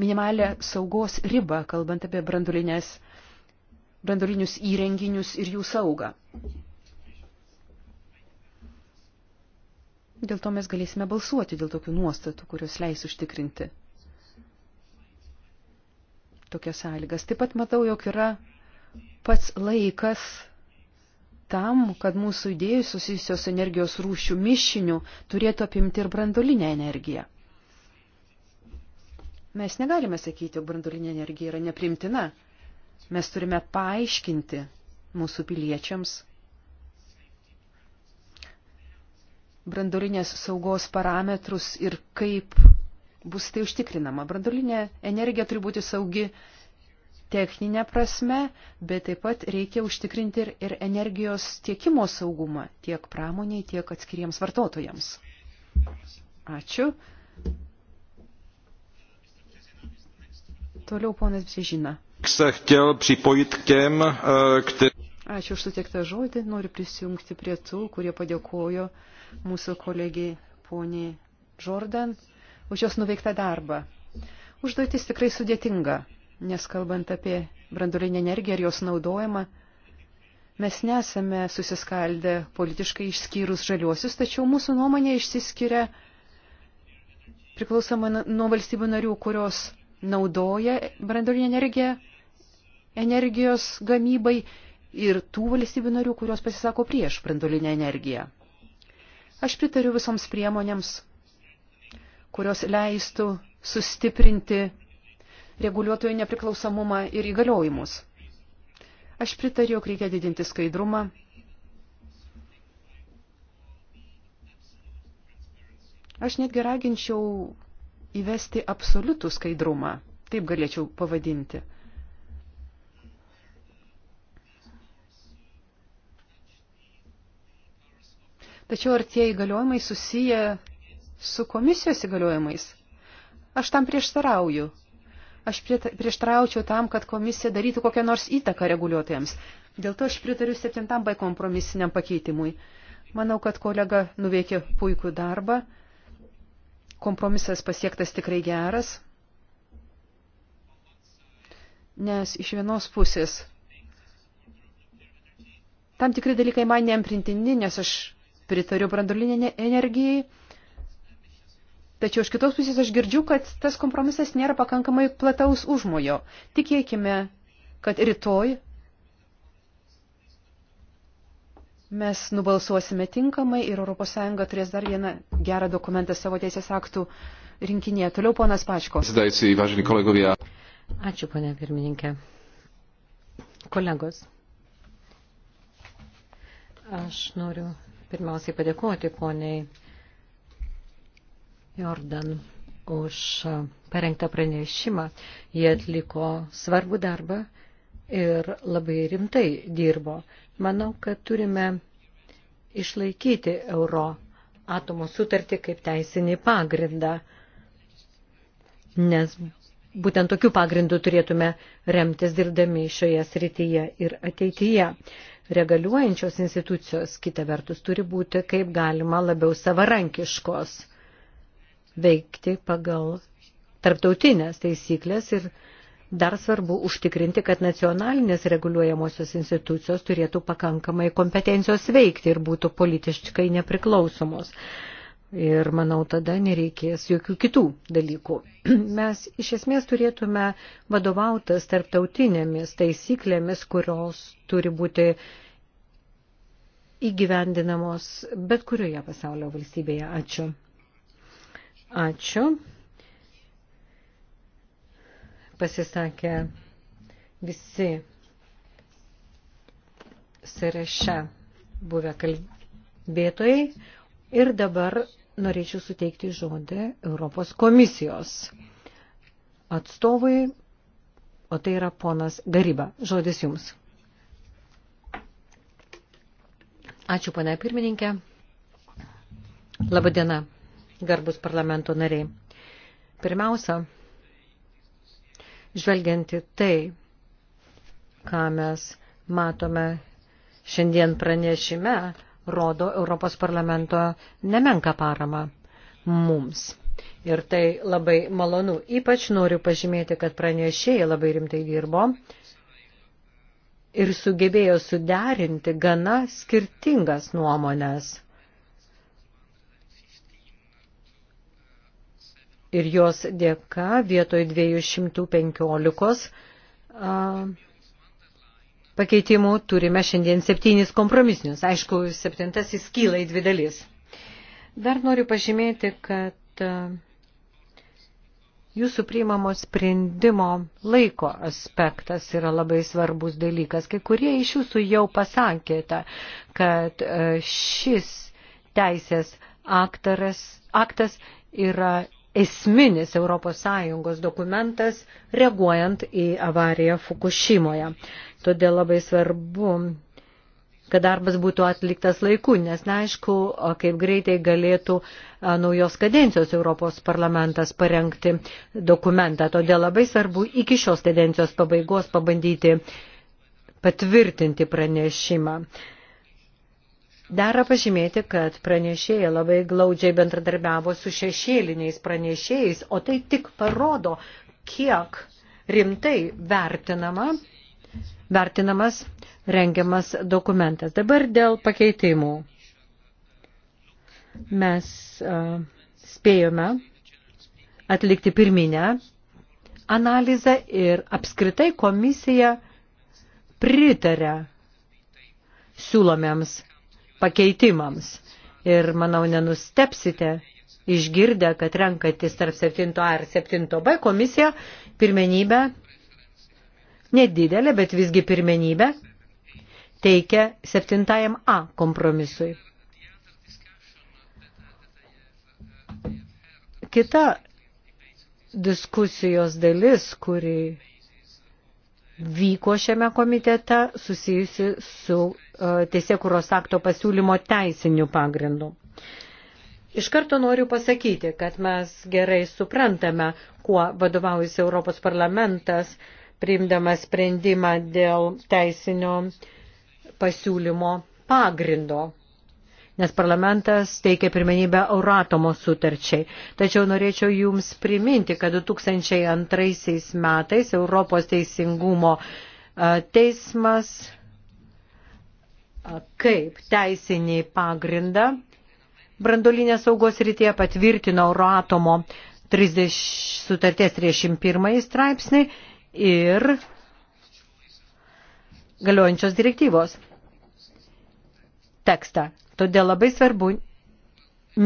minimalę saugos ribą, kalbant apie brandulinius įrenginius ir jų saugą. Dėl to mes galėsime balsuoti dėl tokių nuostatų, kurios leis užtikrinti tokias sąlygas. Taip pat matau, jog yra pats laikas tam, kad mūsų idėjų susijusios energijos rūšių mišinių turėtų apimti ir brandolinę energiją. Mes negalime sakyti, jog brandolinė energija yra neprimtina. Mes turime paaiškinti mūsų piliečiams brandolinės saugos parametrus ir kaip bus tai užtikrinama. Brandolinė energija turi būti saugi techninę prasme, bet taip pat reikia užtikrinti ir, ir energijos tiekimo saugumą tiek pramoniai, tiek atskiriems vartotojams. Ačiū. Toliau ponas Bžežina. Eh, Ačiū už sutiektą žodį. Noriu prisijungti prie tų, kurie padėkojo mūsų kolegijai poniai Jordan už jos nuveiktą darbą. Užduotis tikrai sudėtinga nes kalbant apie branduolinę energiją ir jos naudojimą, mes nesame susiskaldę politiškai išskyrus žaliuosius, tačiau mūsų nuomonė išsiskiria priklausoma nuo valstybių narių, kurios naudoja branduolinę energiją energijos gamybai ir tų valstybių narių, kurios pasisako prieš branduolinę energiją. Aš pritariu visoms priemonėms, kurios leistų sustiprinti reguliuotojų nepriklausomumą ir įgaliojimus. Aš pritariu, jog reikia didinti skaidrumą. Aš netgi raginčiau įvesti absoliutų skaidrumą, taip galėčiau pavadinti. Tačiau ar tie įgaliojimai susiję su komisijos įgaliojimais? Aš tam prieštarauju aš prieštraučiau tam, kad komisija darytų kokią nors įtaką reguliuotojams. Dėl to aš pritariu septintam bai kompromisiniam pakeitimui. Manau, kad kolega nuveikė puikų darbą. Kompromisas pasiektas tikrai geras. Nes iš vienos pusės tam tikri dalykai man neimprintini, nes aš pritariu brandulinė energijai Tačiau iš kitos pusės aš girdžiu, kad tas kompromisas nėra pakankamai plataus užmojo. Tikėkime, kad rytoj mes nubalsuosime tinkamai ir ES turės dar vieną gerą dokumentą savo teisės aktų rinkinėje. Toliau ponas Pačko. Ačiū, ponė pirmininkė. Kolegos, aš noriu pirmiausiai padėkoti poniai Jordan už parengtą pranešimą. Jie atliko svarbų darbą ir labai rimtai dirbo. Manau, kad turime išlaikyti euro atomo sutartį kaip teisinį pagrindą, nes būtent tokiu pagrindu turėtume remtis dirbdami šioje srityje ir ateityje. Regaliuojančios institucijos, kita vertus, turi būti kaip galima labiau savarankiškos veikti pagal tarptautinės taisyklės ir dar svarbu užtikrinti, kad nacionalinės reguliuojamosios institucijos turėtų pakankamai kompetencijos veikti ir būtų politiškai nepriklausomos. Ir manau, tada nereikės jokių kitų dalykų. Mes iš esmės turėtume vadovautas tarptautinėmis taisyklėmis, kurios turi būti įgyvendinamos bet kurioje pasaulio valstybėje. Ačiū. Ačiū. Pasisakė visi sąraše buvę kalbėtojai. Ir dabar norėčiau suteikti žodį Europos komisijos atstovui, o tai yra ponas Garyba. Žodis jums. Ačiū, pane pirmininkė. Labadiena, garbus parlamento nariai. Pirmiausia, žvelgianti tai, ką mes matome šiandien pranešime, rodo Europos parlamento nemenka parama mums. Ir tai labai malonu. Ypač noriu pažymėti, kad pranešėjai labai rimtai dirbo ir sugebėjo suderinti gana skirtingas nuomonės ir jos dėka vietoj 215 pakeitimų turime šiandien septynis kompromisinius. Aišku, septintasis kyla į dvi dalis. Dar noriu pažymėti, kad jūsų priimamo sprendimo laiko aspektas yra labai svarbus dalykas. Kai kurie iš jūsų jau pasakėte, kad šis teisės aktaras, aktas yra esminis ES dokumentas reaguojant į avariją Fukushimoje. Todėl labai svarbu kad darbas būtų atliktas laiku, nes neaišku, kaip greitai galėtų naujos kadencijos Europos parlamentas parengti dokumentą. Todėl labai svarbu iki šios kadencijos pabaigos pabandyti patvirtinti pranešimą. Dera pažymėti, kad pranešėjai labai glaudžiai bendradarbiavo su šešėliniais pranešėjais, o tai tik parodo, kiek rimtai vertinama, vertinamas rengiamas dokumentas. Dabar dėl pakeitimų. Mes uh, spėjome atlikti pirminę analizę ir apskritai komisija pritarė siūlomiems pakeitimams. Ir manau, nenustepsite išgirdę, kad renkantis tarp 7A ir 7B komisija pirmenybę, nedidelė, bet visgi pirmenybę, teikia 7A kompromisui. Kita diskusijos dalis, kuri vyko šiame komitete, susijusi su E, teisėkuros akto pasiūlymo teisinių pagrindų. Iš karto noriu pasakyti, kad mes gerai suprantame, kuo vadovaujasi Europos parlamentas, priimdamas sprendimą dėl teisinio pasiūlymo pagrindo nes parlamentas teikia pirmenybę Euratomo sutarčiai. Tačiau norėčiau Jums priminti, kad 2002 metais Europos teisingumo e, teismas kaip teisinį pagrindą brandolinės saugos rytie patvirtino Euroatomo 30, sutarties 31 straipsnį ir galiojančios direktyvos tekstą. Todėl labai svarbu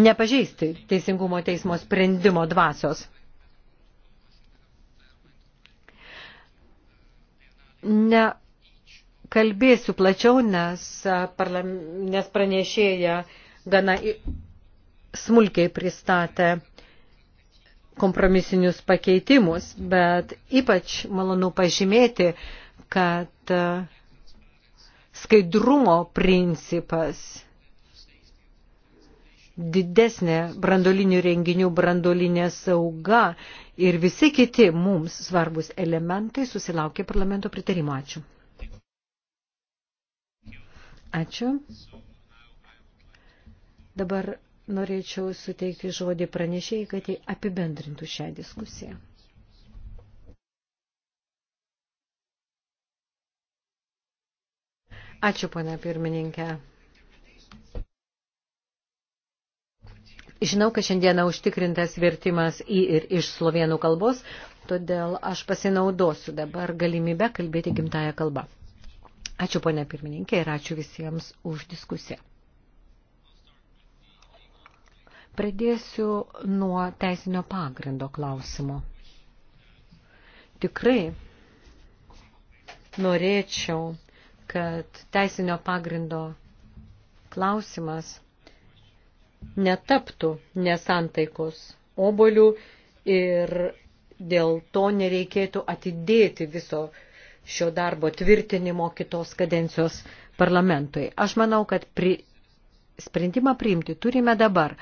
nepažeisti Teisingumo teismo sprendimo dvasios. Ne kalbėsiu plačiau, nes, nes pranešėja gana smulkiai pristatė kompromisinius pakeitimus, bet ypač malonu pažymėti, kad skaidrumo principas didesnė brandolinių renginių brandolinė sauga ir visi kiti mums svarbus elementai susilaukė parlamento pritarimo. Ačiū. Ačiū. Dabar norėčiau suteikti žodį pranešėjai, kad jį apibendrintų šią diskusiją. Ačiū, ponia pirmininkė. Žinau, kad šiandieną užtikrintas vertimas į ir iš slovėnų kalbos, todėl aš pasinaudosiu dabar galimybę kalbėti gimtają kalbą. Ačiū, ponė pirmininkė, ir ačiū visiems už diskusiją. Pradėsiu nuo teisinio pagrindo klausimo. Tikrai norėčiau, kad teisinio pagrindo klausimas netaptų nesantaikos obolių ir dėl to nereikėtų atidėti viso šio darbo tvirtinimo kitos kadencijos parlamentui. Aš manau, kad pri, sprendimą priimti turime dabar.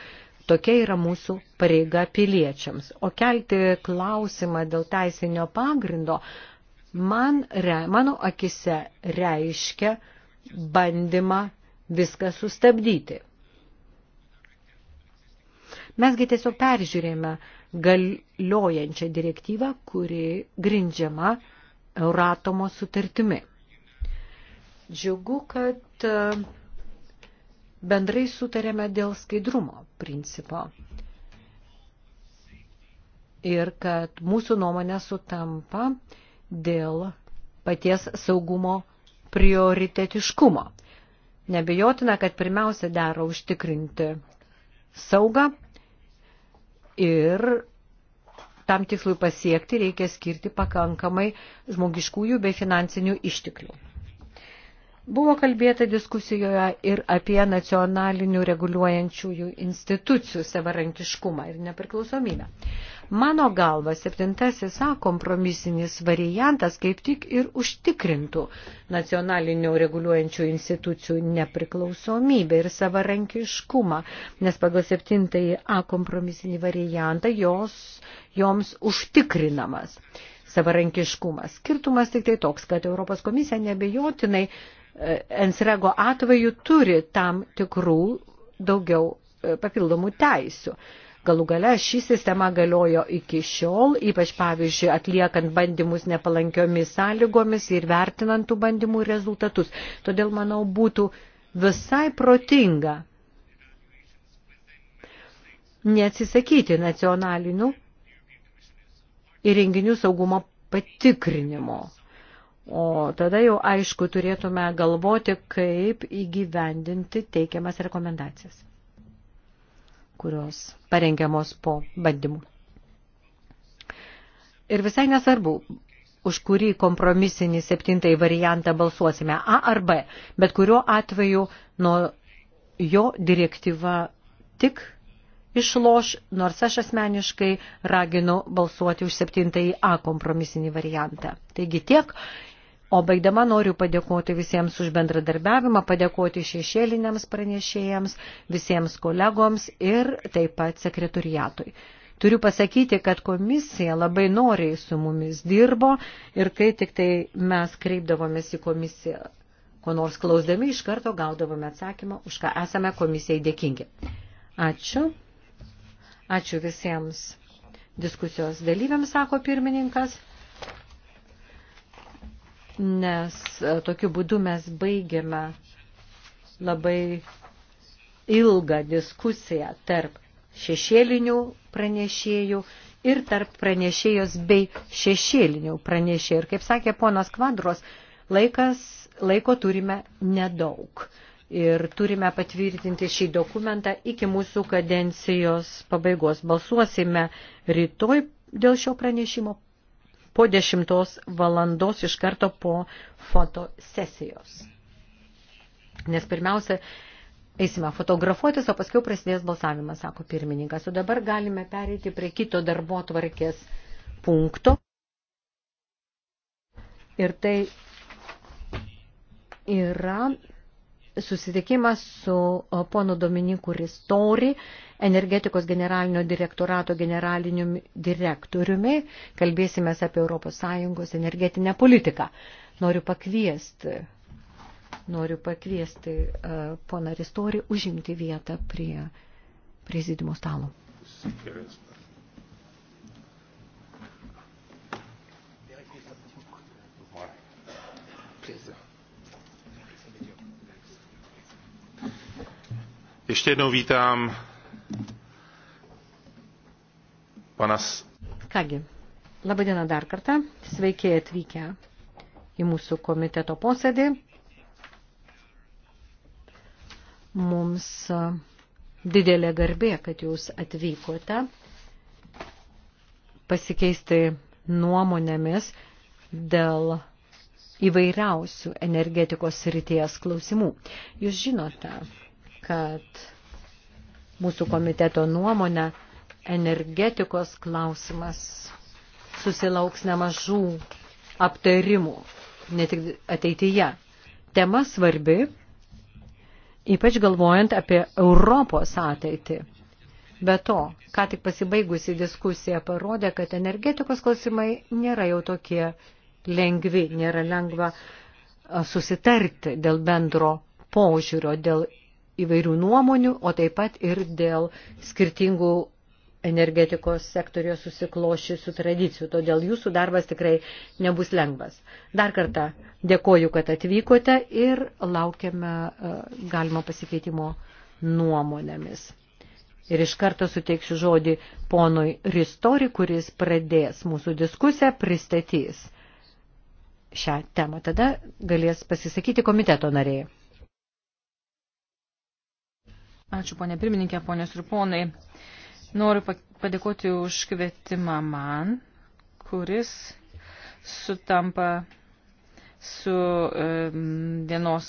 Tokia yra mūsų pareiga piliečiams. O kelti klausimą dėl teisinio pagrindo man, re, mano akise reiškia bandymą viską sustabdyti. Mesgi tiesiog peržiūrėjome galiojančią direktyvą, kuri grindžiama Euratomo sutartimi. Džiugu, kad e, bendrai sutarėme dėl skaidrumo principo ir kad mūsų nuomonė sutampa dėl paties saugumo prioritetiškumo. Nebejotina, kad pirmiausia dera užtikrinti saugą ir tam tikslui pasiekti reikia skirti pakankamai žmogiškųjų bei finansinių išteklių. Buvo kalbėta diskusijoje ir apie nacionalinių reguliuojančiųjų institucijų savarankiškumą ir nepriklausomybę. Mano galva, septintasis A kompromisinis variantas kaip tik ir užtikrintų nacionalinių reguliuojančių institucijų nepriklausomybę ir savarankiškumą, nes pagal septintąjį A kompromisinį variantą jos, joms užtikrinamas savarankiškumas. Skirtumas tik tai toks, kad Europos komisija nebejotinai e, Ensrego atveju turi tam tikrų daugiau e, papildomų teisių. Galų gale ši sistema galiojo iki šiol, ypač pavyzdžiui atliekant bandymus nepalankiomis sąlygomis ir vertinant tų bandymų rezultatus. Todėl, manau, būtų visai protinga neatsisakyti nacionalinių įrenginių saugumo patikrinimo. O tada jau aišku turėtume galvoti, kaip įgyvendinti teikiamas rekomendacijas kurios parengiamos po bandymų. Ir visai nesvarbu, už kurį kompromisinį septintąjį variantą balsuosime, A ar B, bet kuriuo atveju nuo jo direktyva tik išloš, nors aš asmeniškai raginu balsuoti už septintąjį A kompromisinį variantą. Taigi tiek O baigdama noriu padėkoti visiems už bendradarbiavimą, padėkoti šešėliniams pranešėjams, visiems kolegoms ir taip pat sekretoriatui. Turiu pasakyti, kad komisija labai noriai su mumis dirbo ir kai tik tai mes kreipdavomės į komisiją, ko nors klausdami, iš karto gaudavome atsakymą, už ką esame komisijai dėkingi. Ačiū. Ačiū visiems diskusijos dalyviams, sako pirmininkas nes e, tokiu būdu mes baigiame labai ilgą diskusiją tarp šešėlinių pranešėjų ir tarp pranešėjos bei šešėlinių pranešėjų. Ir kaip sakė ponas Kvadros, laikas, laiko turime nedaug. Ir turime patvirtinti šį dokumentą iki mūsų kadencijos pabaigos. Balsuosime rytoj dėl šio pranešimo po 10 valandos iš karto po fotosesijos. Nes pirmiausia, eisime fotografuotis, o paskui prasidės balsavimas, sako pirmininkas. O dabar galime pereiti prie kito darbo tvarkės punkto. Ir tai yra susitikimas su ponu Dominiku Ristori, energetikos generalinio direktorato generaliniu direktoriumi. Kalbėsime apie ES energetinę politiką. Noriu pakviesti, noriu pakviesti uh, e, poną Ristori užimti vietą prie prezidimo stalo. Gerai. ještě jednou vítám Panas. Kągi, labadiena dar kartą. Sveiki atvykę į mūsų komiteto posėdį. Mums didelė garbė, kad jūs atvykote pasikeisti nuomonėmis dėl įvairiausių energetikos srities klausimų. Jūs žinote, kad mūsų komiteto nuomonę, energetikos klausimas susilauks nemažų aptarimų, ne tik ateityje. Tema svarbi, ypač galvojant apie Europos ateitį. Be to, ką tik pasibaigusi diskusija parodė, kad energetikos klausimai nėra jau tokie lengvi, nėra lengva susitarti dėl bendro požiūrio, dėl įvairių nuomonių, o taip pat ir dėl skirtingų energetikos sektorio susiklošysių tradicijų. Todėl jūsų darbas tikrai nebus lengvas. Dar kartą dėkoju, kad atvykote ir laukiame e, galimo pasikeitimo nuomonėmis. Ir iš karto suteiksiu žodį ponui Ristori, kuris pradės mūsų diskusiją, pristatys šią temą. Tada galės pasisakyti komiteto nariai. Ačiū, ponė pirmininkė, ponės ir ponai. Noriu padėkoti už kvietimą man, kuris sutampa su dienos,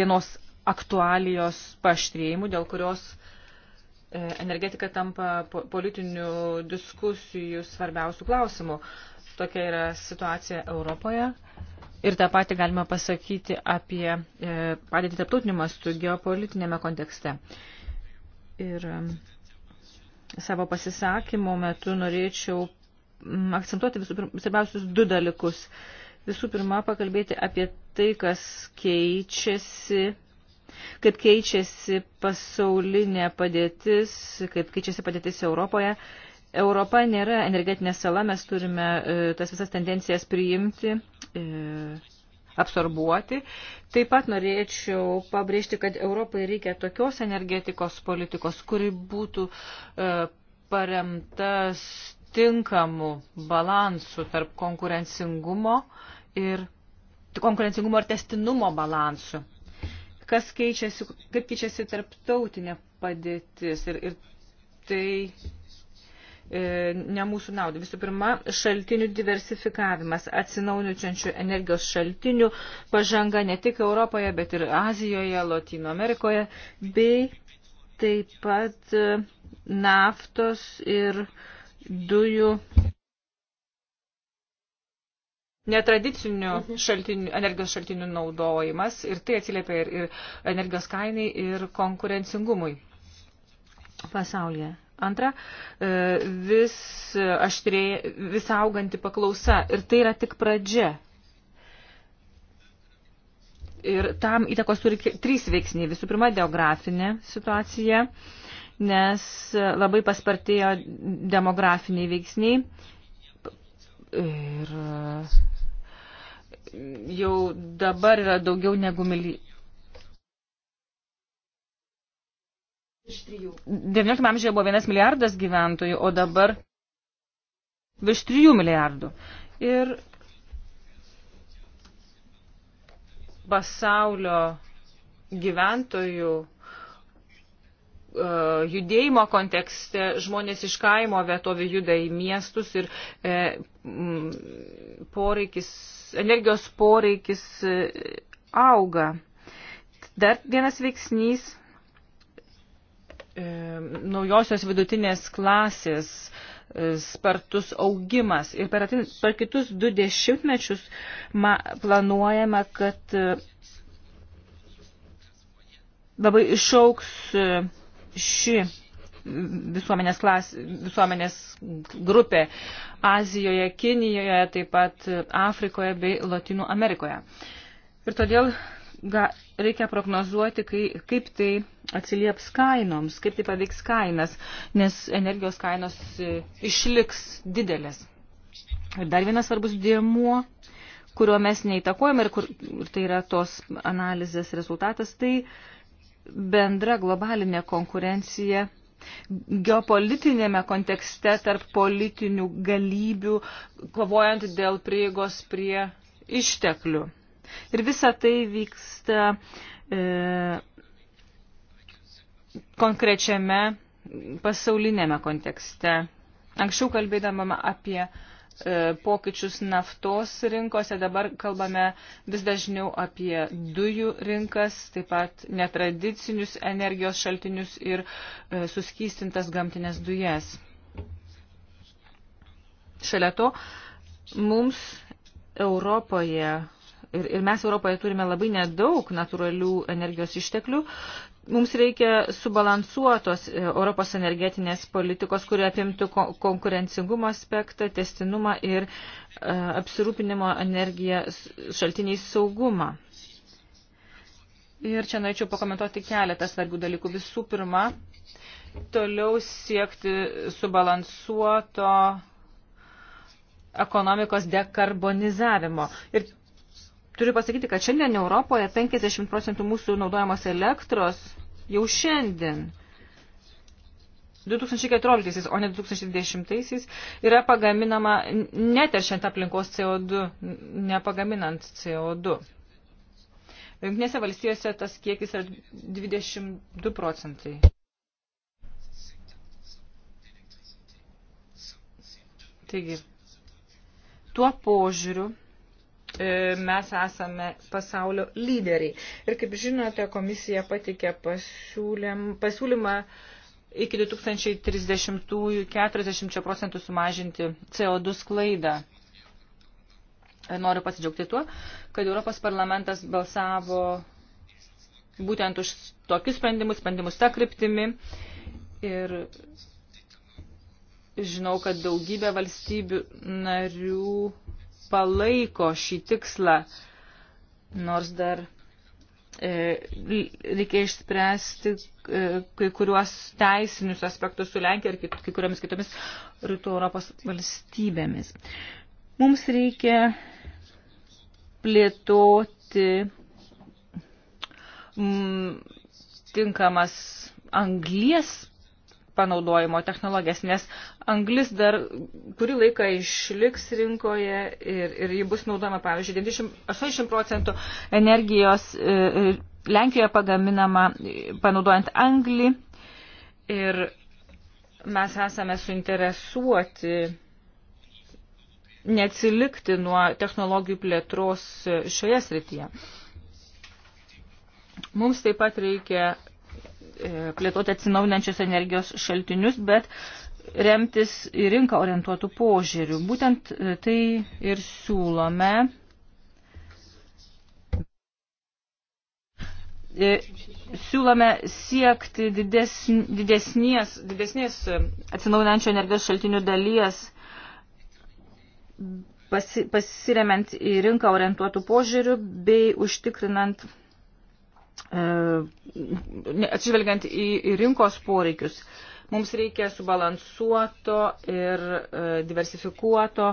dienos aktualijos paštrėjimu, dėl kurios e, energetika tampa politinių diskusijų svarbiausių klausimų. Tokia yra situacija Europoje. Ir tą patį galima pasakyti apie e, padėtį taptautinių mastų geopolitinėme kontekste. E, Ir um, savo pasisakymo metu norėčiau mm, akcentuoti visų pirma, svarbiausius du dalykus. Visų pirma, pakalbėti apie tai, kas keičiasi, kaip keičiasi pasaulinė padėtis, kaip keičiasi padėtis Europoje. Europa nėra energetinė sala, mes turime e, tas visas tendencijas priimti. E, absorbuoti. Taip pat norėčiau pabrėžti, kad Europai reikia tokios energetikos politikos, kuri būtų e, paremtas tinkamų balansų tarp konkurencingumo ir konkurencingumo ir testinumo balansų. Kas keičiasi, kaip keičiasi tarptautinė padėtis ir, ir tai E, ne mūsų naudai. Visų pirma, šaltinių diversifikavimas, atsinaujinančių energijos šaltinių pažanga ne tik Europoje, bet ir Azijoje, Latino Amerikoje, bei taip pat e, naftos ir dujų netradicinių mhm. šaltinių, energijos šaltinių naudojimas ir tai atsiliepia ir, ir energijos kainai ir konkurencingumui pasaulyje. Antra, e, vis, aštrėja, vis auganti paklausa. Ir tai yra tik pradžia. Ir tam įtakos turi trys veiksniai. Visų pirma, geografinė situacija, nes labai paspartėjo demografiniai veiksniai. Ir jau dabar yra daugiau negu mili, Iš trijų. 19 amžiuje buvo vienas milijardas gyventojų, o dabar virš trijų milijardų. Ir pasaulio gyventojų e, judėjimo kontekste žmonės iš kaimo vietovių juda į miestus ir e, poreikis, energijos poreikis e, auga. Dar vienas veiksnys E, naujosios vidutinės klasės e, spartus augimas. Ir per, atin, per kitus du dešimtmečius ma, planuojama, kad e, labai išauks ši visuomenės, klas, visuomenės grupė Azijoje, Kinijoje, taip pat Afrikoje bei Latinų Amerikoje. Ir todėl ga, reikia prognozuoti, kai, kaip tai atsilieps kainoms, kaip tai paveiks kainas, nes energijos kainos e, išliks didelės. Ir dar vienas svarbus dėmuo, kurio mes neįtakojame ir, kur, ir tai yra tos analizės rezultatas, tai bendra globalinė konkurencija geopolitinėme kontekste tarp politinių galybių, kovojant dėl prieigos prie išteklių. Ir visa tai vyksta e, konkrečiame pasaulinėme kontekste. Anksčiau kalbėdama apie e, pokyčius naftos rinkose, dabar kalbame vis dažniau apie dujų rinkas, taip pat netradicinius energijos šaltinius ir e, suskystintas gamtinės dujas. Šalia to mums Europoje ir, ir mes Europoje turime labai nedaug natūralių energijos išteklių, mums reikia subalansuotos e, Europos energetinės politikos, kuri apimtų konkurencingumo aspektą, testinumą ir e, apsirūpinimo energiją šaltiniais saugumą. Ir čia norėčiau pakomentuoti keletą svarbių dalykų. Visų pirma, toliau siekti subalansuoto ekonomikos dekarbonizavimo. Ir turiu pasakyti, kad šiandien Europoje 50 procentų mūsų naudojamos elektros jau šiandien 2014, o ne 2020 yra pagaminama neteršiant aplinkos CO2, nepagaminant CO2. Junktinėse valstijose tas kiekis yra 22 procentai. Taigi, tuo požiūriu E, mes esame pasaulio lyderiai. Ir kaip žinote, komisija patikė pasiūlymą iki 2030-ųjų 40 procentų sumažinti CO2 sklaidą. E, noriu pasidžiaugti tuo, kad Europos parlamentas balsavo būtent už tokius sprendimus, sprendimus tą kryptimi. Ir žinau, kad daugybė valstybių narių palaiko šį tikslą, nors dar e, reikia išspręsti e, kai kuriuos teisinius aspektus su Lenkija ir kai kuriomis kitomis Rytų Europos valstybėmis. Mums reikia plėtoti m, tinkamas anglies panaudojimo technologijas, nes anglis dar kurį laiką išliks rinkoje ir, ir ji bus naudojama, pavyzdžiui, 90, 80 procentų energijos e, e, Lenkijoje pagaminama e, panaudojant anglį ir mes esame suinteresuoti neatsilikti nuo technologijų plėtros šioje srityje. Mums taip pat reikia E, plėtoti atsinaujinančius energijos šaltinius, bet remtis į rinką orientuotų požiūrių. Būtent e, tai ir siūlome. E, siūlome siekti didesn, didesnės, didesnės atsinaujinančio energijos šaltinių dalies pasi, pasiremiant į rinką orientuotų požiūrių bei užtikrinant E, atsižvelgiant į, į rinkos poreikius. Mums reikia subalansuoto ir e, diversifikuoto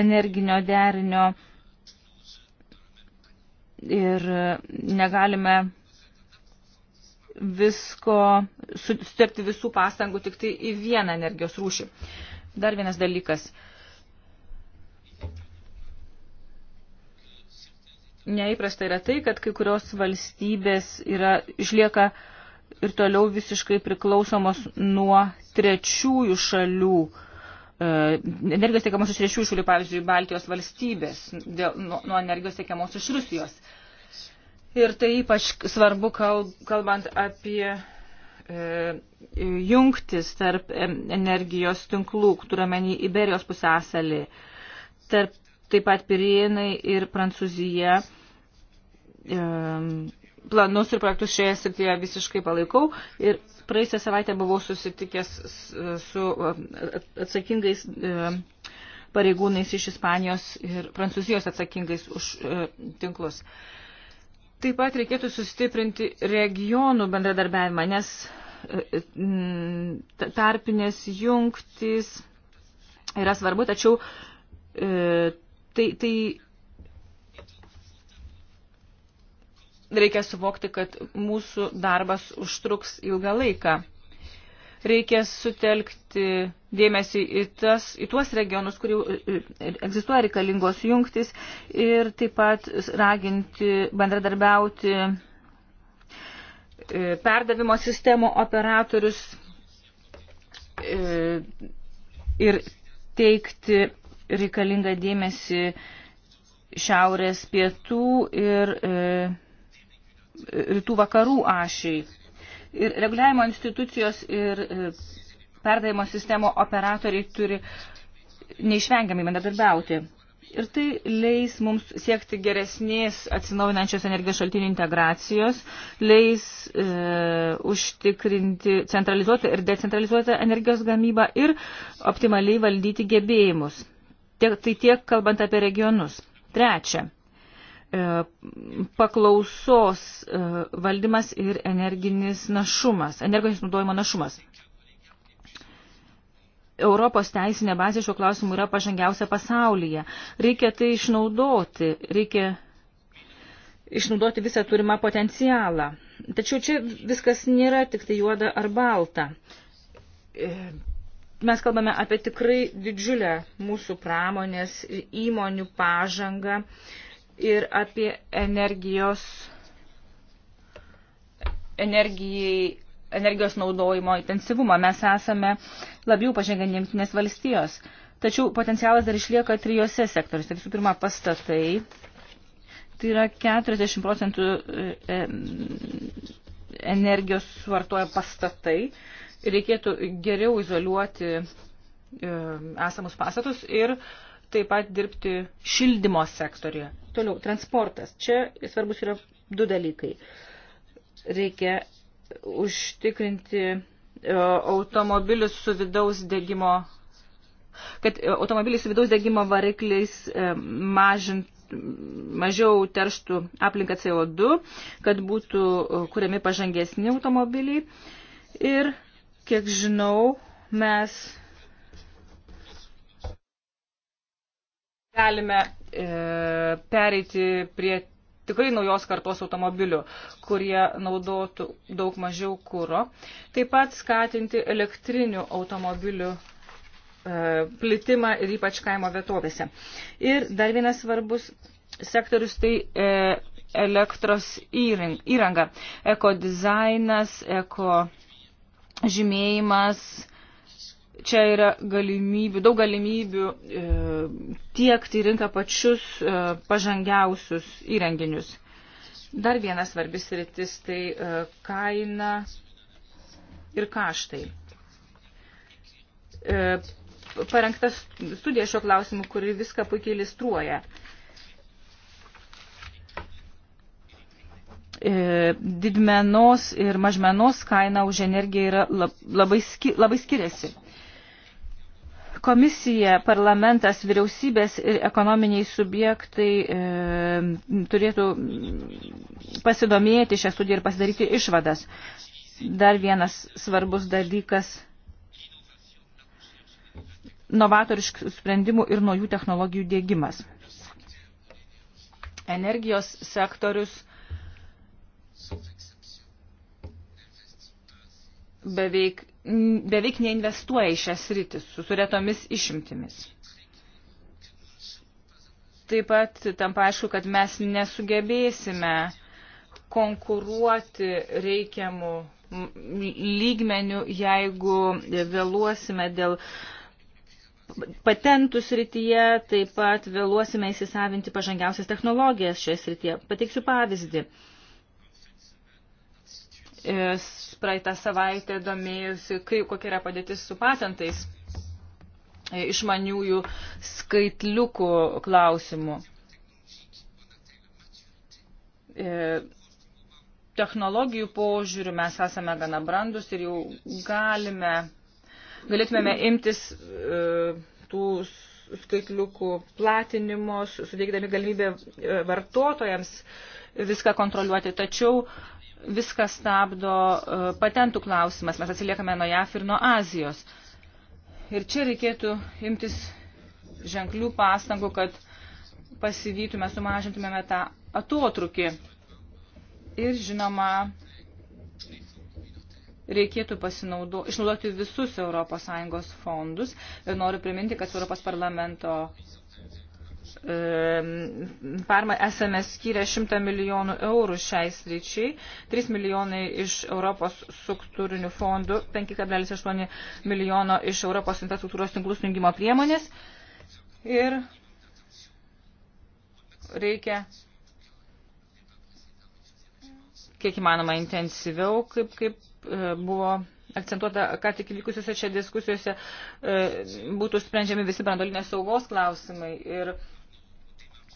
energinio derinio ir negalime visko, sutepti visų pastangų tik tai į vieną energijos rūšį. Dar vienas dalykas. Uh, neįprasta yra tai, kad kai kurios valstybės yra, išlieka ir toliau visiškai priklausomos nuo trečiųjų šalių. E, energijos tiekiamos iš trečiųjų šalių, pavyzdžiui, Baltijos valstybės, dėl, nuo, nuo energijos tiekiamos iš Rusijos. Ir tai ypač svarbu, kalbant apie e, jungtis tarp energijos tinklų, turiuomenį Iberijos pusęsalį, tarp taip pat Pirienai ir Prancūzija planus ir projektus šioje srityje visiškai palaikau. Ir praeisę savaitę buvau susitikęs su atsakingais pareigūnais iš Ispanijos ir Prancūzijos atsakingais už e, tinklus. Taip pat reikėtų sustiprinti regionų bendradarbiavimą, nes e, tarpinės jungtis yra svarbu, tačiau e, tai, tai reikia suvokti, kad mūsų darbas užtruks ilgą laiką. Reikia sutelkti dėmesį į, tas, į tuos regionus, kur jau e, e, egzistuoja reikalingos jungtis ir taip pat raginti bendradarbiauti e, perdavimo sistemų operatorius ir teikti reikalingą dėmesį šiaurės pietų ir rytų vakarų ašiai. Ir reguliavimo institucijos ir e, perdavimo sistemo operatoriai turi neišvengiamai bendradarbiauti. Ir tai leis mums siekti geresnės atsinaujinančios energijos šaltinių integracijos, leis e, užtikrinti centralizuotą ir decentralizuotą energijos gamybą ir optimaliai valdyti gebėjimus. Tiek, tai tiek kalbant apie regionus. Trečia E, paklausos e, valdymas ir energinis našumas, energinis naudojimo našumas. Europos teisinė bazė šiuo klausimu yra pažangiausia pasaulyje. Reikia tai išnaudoti, reikia išnaudoti visą turimą potencialą. Tačiau čia viskas nėra tik tai juoda ar balta. E, mes kalbame apie tikrai didžiulę mūsų pramonės ir įmonių pažangą. Uh, ir apie energijos, energijai, energijos naudojimo intensyvumą. Mes esame labiau pažengę jungtinės valstijos. Tačiau potencialas dar išlieka trijose sektoriuose. Visų pirma, pastatai. Tai yra 40 procentų e, energijos suvartoja pastatai. Reikėtų geriau izoliuoti e, esamus pastatus ir uh, taip pat dirbti šildymo sektoriuje. Toliau, transportas. Čia svarbus yra du dalykai. Reikia užtikrinti e, automobilius su vidaus degimo kad e, automobilis su vidaus degimo varikliais e, mažint, mažiau terštų aplinką CO2, kad būtų kuriami pažangesni automobiliai. Ir, kiek žinau, mes Galime e, pereiti prie tikrai naujos kartos automobilių, kurie naudotų daug mažiau kūro. Taip pat skatinti elektrinių automobilių e, plitimą ir ypač kaimo vietovėse. Ir dar vienas svarbus sektorius tai e, elektros įranga, ekodizainas, eko žymėjimas, e, Čia yra galimybių, daug galimybių e, tiekti į rinką pačius e, pažangiausius įrenginius. Dar vienas svarbis rytis - tai e, kaina ir kaštai. E, parengta studija šio klausimu, kuri viską puikiai iliustruoja. E, didmenos ir mažmenos kaina už energiją yra labai, labai skiriasi. Komisija, parlamentas, vyriausybės ir ekonominiai subjektai e, turėtų pasidomėti šią studiją ir pasidaryti išvadas. Dar vienas svarbus dalykas – novatoriškų sprendimų ir naujų technologijų dėgymas. Energijos sektorius beveik beveik neinvestuoja į šias rytis su suretomis išimtimis. Taip pat tampa aišku, kad mes nesugebėsime konkuruoti reikiamų lygmenių, jeigu vėluosime dėl patentų srityje, taip pat vėluosime įsisavinti pažangiausias technologijas šioje srityje. Pateiksiu pavyzdį. E, praeitą savaitę domėjusi, kaip, kokia yra padėtis su patentais e, išmaniųjų skaitliukų klausimų. E, technologijų požiūrių mes esame gana brandus ir jau galime, galėtumėme imtis tų skaitliukų platinimo, suteikdami galimybę vartotojams viską kontroliuoti. Tačiau uh, viską stabdo e, patentų klausimas. Mes atsiliekame nuo JAF ir nuo Azijos. Ir čia reikėtų imtis ženklių pastangų, kad pasivytume, sumažintumėme tą atotrukį. Ir žinoma, reikėtų pasinaudo, išnaudoti visus ES fondus. Ir noriu priminti, kad Europos parlamento Parma esame skyrę 100 milijonų eurų šiai sryčiai, 3 milijonai iš Europos struktūrinių fondų, 5,8 milijono iš Europos infrastruktūros tinklų sujungimo priemonės ir reikia kiek įmanoma intensyviau, kaip, kaip e, buvo akcentuota, ką tik vykusiuose čia diskusijose e, būtų sprendžiami visi brandolinės saugos klausimai ir klausimai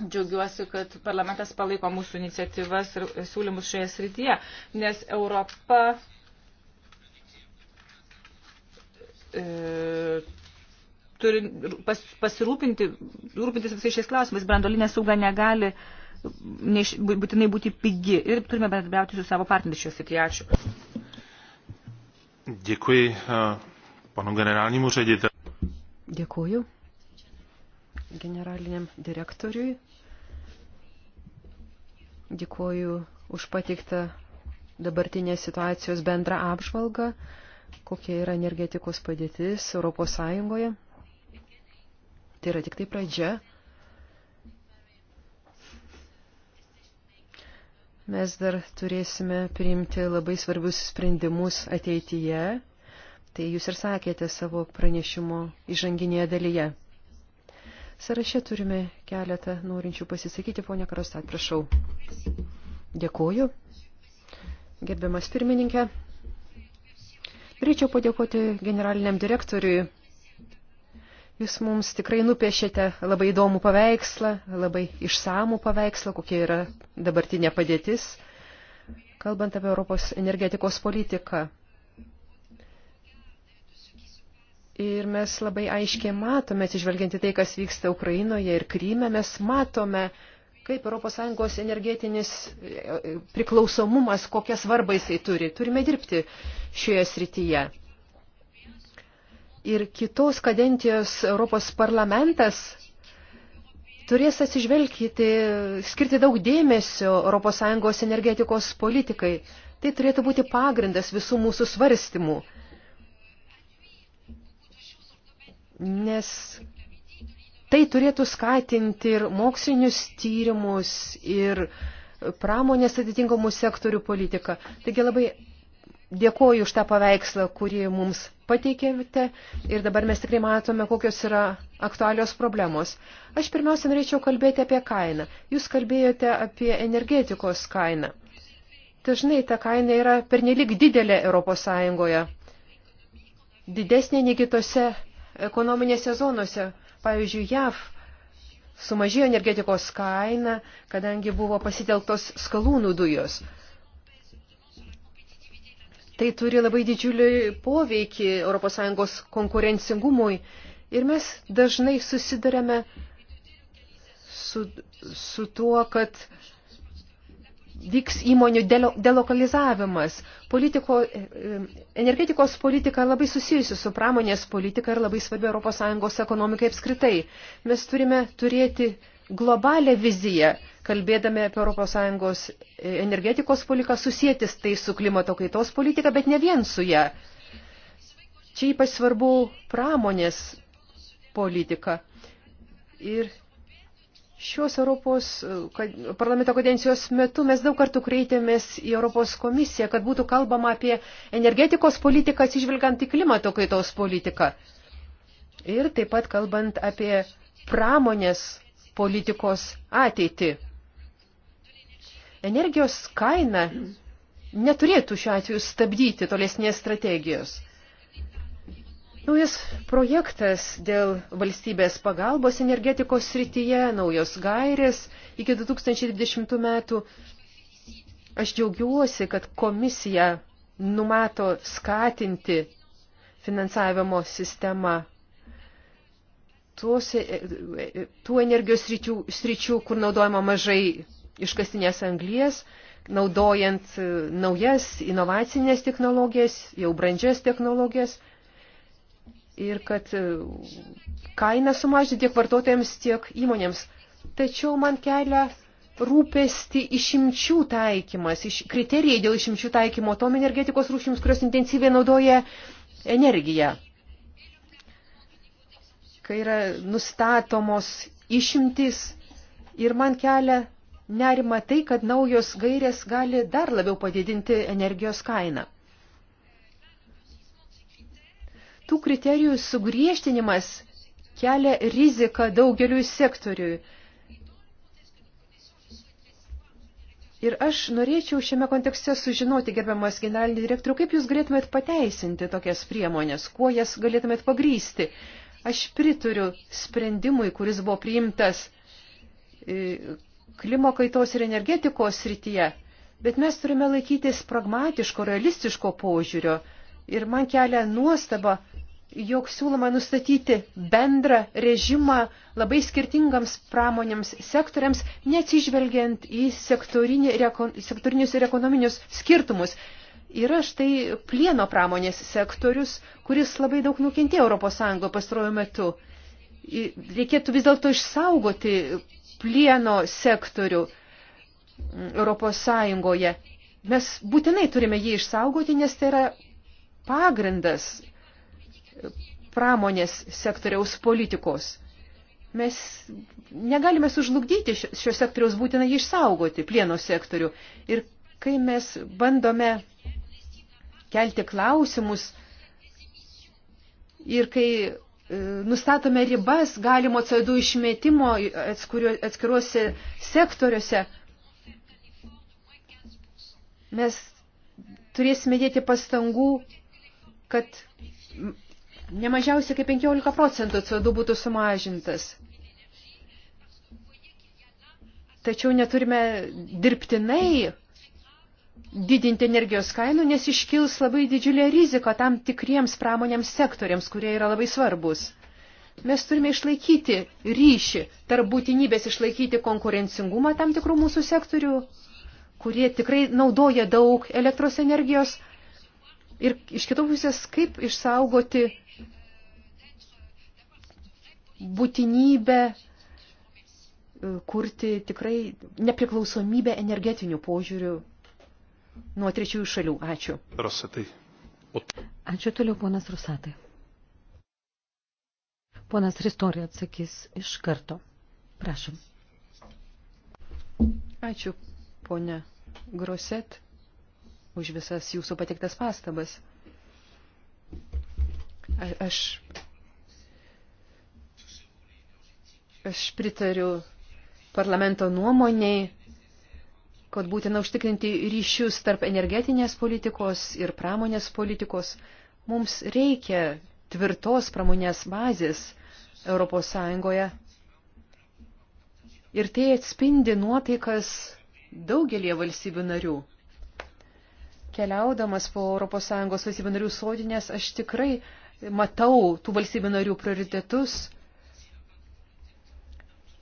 Džiaugiuosi, kad parlamentas palaiko mūsų iniciatyvas ir siūlymus šioje srityje, nes Europa e, turi pas, pasirūpinti, rūpintis visais šiais klausimais. Brandolinė sauga negali neiš, būtinai būti pigi ir turime bendradarbiauti su savo partneriais šioje srityje. Ačiū. Děkuji e, panu generálnímu řediteli. Děkuji generaliniam direktoriui. Dėkuoju už patiktą dabartinės situacijos bendrą apžvalgą, kokia yra energetikos padėtis Europos Sąjungoje. Tai yra tik tai pradžia. Mes dar turėsime priimti labai svarbius sprendimus ateityje. Tai jūs ir sakėte savo pranešimo įžanginėje dalyje. Saraše turime keletą norinčių pasisakyti. Pone Karostat, prašau. Dėkuoju. Gerbiamas pirmininkė. Norėčiau padėkoti generaliniam direktoriui. Jūs mums tikrai nupiešėte labai įdomų paveikslą, labai išsamų paveikslą, kokia yra dabartinė padėtis, kalbant apie Europos energetikos politiką. Ir mes labai aiškiai matome, atsižvelgiant į tai, kas vyksta Ukrainoje ir Kryme, mes matome, kaip ES energetinis e, priklausomumas, kokią svarbą jisai turi. Turime dirbti šioje srityje. Ir kitos kadencijos Europos parlamentas turės atsižvelgti, skirti daug dėmesio ES energetikos politikai. Tai turėtų būti pagrindas visų mūsų svarstymų. nes tai turėtų skatinti ir mokslinius tyrimus, ir pramonės atitinkamų sektorių politiką. Taigi labai dėkoju už tą paveikslą, kurį mums pateikėte ir dabar mes tikrai matome, kokios yra aktualios problemos. Aš pirmiausia norėčiau kalbėti apie kainą. Jūs kalbėjote apie energetikos kainą. Dažnai ta kaina yra pernelik didelė Europos Sąjungoje, didesnė nei kitose ekonominėse zonose. Pavyzdžiui, JAV sumažėjo energetikos kaina, kadangi buvo pasitelktos skalūnų dujos. Tai turi labai didžiulį poveikį ES konkurencingumui ir mes dažnai susidarėme su, su tuo, kad uh, vyks įmonių delokalizavimas. Politiko, e, energetikos politika labai susijusi su pramonės politika ir labai svarbi ES ekonomikai apskritai. Mes turime turėti globalią viziją, kalbėdami apie ES e, energetikos politiką, susijętis tai su klimato kaitos politika, bet ne vien su ją. Čia ypač svarbu pramonės politika. Ir Šios Europos parlamento kadencijos metu mes daug kartų kreitėmės į Europos komisiją, kad būtų kalbama apie energetikos politiką, atsižvelgiant į klimato kaitos politiką. Ir taip pat kalbant apie pramonės politikos ateitį. Energijos kaina neturėtų šiuo atveju stabdyti tolesnės strategijos. Naujas projektas dėl valstybės pagalbos energetikos srityje, naujos gairės iki 2020 metų. Aš džiaugiuosi, kad komisija numato skatinti finansavimo sistemą tuose, tų energijos sričių, sričių, kur naudojama mažai iškastinės anglies, naudojant naujas inovacinės technologijas, jau brandžias technologijas – ir kad e, kainą sumažinti tiek vartotojams, tiek įmonėms. Tačiau man kelia rūpesti išimčių taikymas, iš, kriterijai dėl išimčių taikymo tom energetikos rūšims, kurios intensyviai naudoja energiją. Kai yra nustatomos išimtis ir man kelia nerima tai, kad naujos gairės gali dar labiau padidinti energijos kainą. tų kriterijų sugriežtinimas kelia riziką daugeliui sektoriui. Ir aš norėčiau šiame kontekste sužinoti, gerbiamas generalinį direktorių, kaip jūs galėtumėt pateisinti tokias priemonės, kuo jas galėtumėt pagrysti. Aš prituriu sprendimui, kuris buvo priimtas e, klimo kaitos ir energetikos srityje, bet mes turime laikytis pragmatiško, realistiško požiūrio. Ir man kelia nuostaba, jog siūloma nustatyti bendrą režimą labai skirtingams pramonėms sektoriams, neatsižvelgiant į sektorinį, sektorinius ir ekonominius skirtumus. Yra štai plieno pramonės sektorius, kuris labai daug nukentėjo ES pastarojų metu. Reikėtų vis dėlto išsaugoti plieno sektorių mm, ES. Mes būtinai turime jį išsaugoti, nes tai yra pagrindas pramonės sektoriaus politikos. Mes negalime sužlugdyti šio sektoriaus, būtinai jį išsaugoti, plieno sektorių. Ir kai mes bandome kelti klausimus ir kai e, nustatome ribas galimo CO2 išmetimo atskiruose sektoriuose, mes turėsime dėti pastangų, kad nemažiausiai kaip 15 procentų CO2 būtų sumažintas. Tačiau neturime dirbtinai didinti energijos kainų, nes iškils labai didžiulė rizika tam tikriems pramonėms sektoriams, kurie yra labai svarbus. Mes turime išlaikyti ryšį tarp būtinybės išlaikyti konkurencingumą tam tikrų mūsų sektorių, kurie tikrai naudoja daug elektros energijos. Ir iš kitos pusės, kaip išsaugoti būtinybę e, kurti tikrai nepriklausomybę energetinių požiūrių nuo trečiųjų šalių. Ačiū. Rosatai. Ačiū toliau, ponas Rosatai. Ponas Ristorija atsakys iš karto. Prašom. Ačiū, ponė Groset, už visas jūsų patiktas pastabas. A aš Aš pritariu parlamento nuomoniai, kad būtina užtikrinti ryšius tarp energetinės politikos ir pramonės politikos. Mums reikia tvirtos pramonės bazės Europos Sąjungoje. Ir tai atspindi nuotaikas daugelie valstybių narių. Keliaudamas po ES valstybių narių sodinės, aš tikrai matau tų valstybių narių prioritetus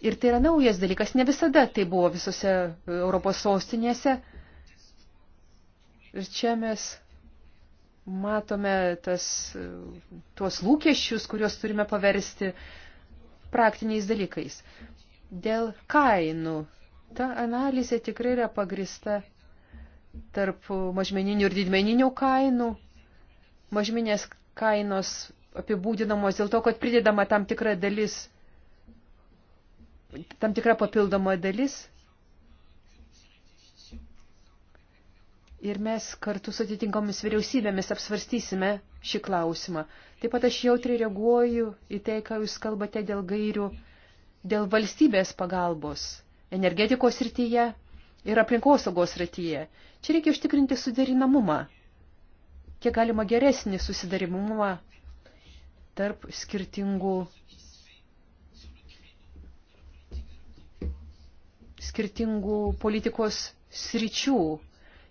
Ir tai yra naujas dalykas, ne visada tai buvo visose Europos sostinėse. Ir čia mes matome tas, tuos lūkesčius, kuriuos turime paversti praktiniais dalykais. Dėl kainų. Ta analizė tikrai yra pagrista tarp mažmeninių ir didmeninių kainų. Mažminės kainos apibūdinamos dėl to, kad pridedama tam tikra dalis tam tikra papildoma dalis. Ir mes kartu su atitinkomis vyriausybėmis apsvarstysime šį klausimą. Taip pat aš jautriai reaguoju į tai, ką jūs kalbate dėl gairių, dėl valstybės pagalbos energetikos srityje ir aplinkosaugos srityje. Čia reikia užtikrinti suderinamumą, kiek galima geresnį susidarimumą tarp skirtingų skirtingų politikos sričių,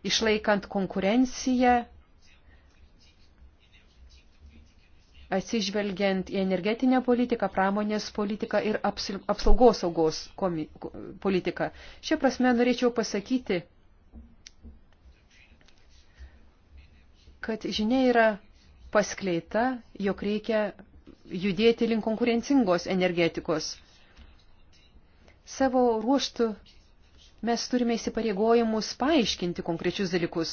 išlaikant konkurenciją, atsižvelgiant į energetinę politiką, pramonės politiką ir apsaugos saugos komi, politiką. Šia prasme norėčiau pasakyti, kad žinia yra paskleita, jog reikia judėti link konkurencingos energetikos. Savo ruoštų mes turime įsipareigojimus paaiškinti konkrečius dalykus.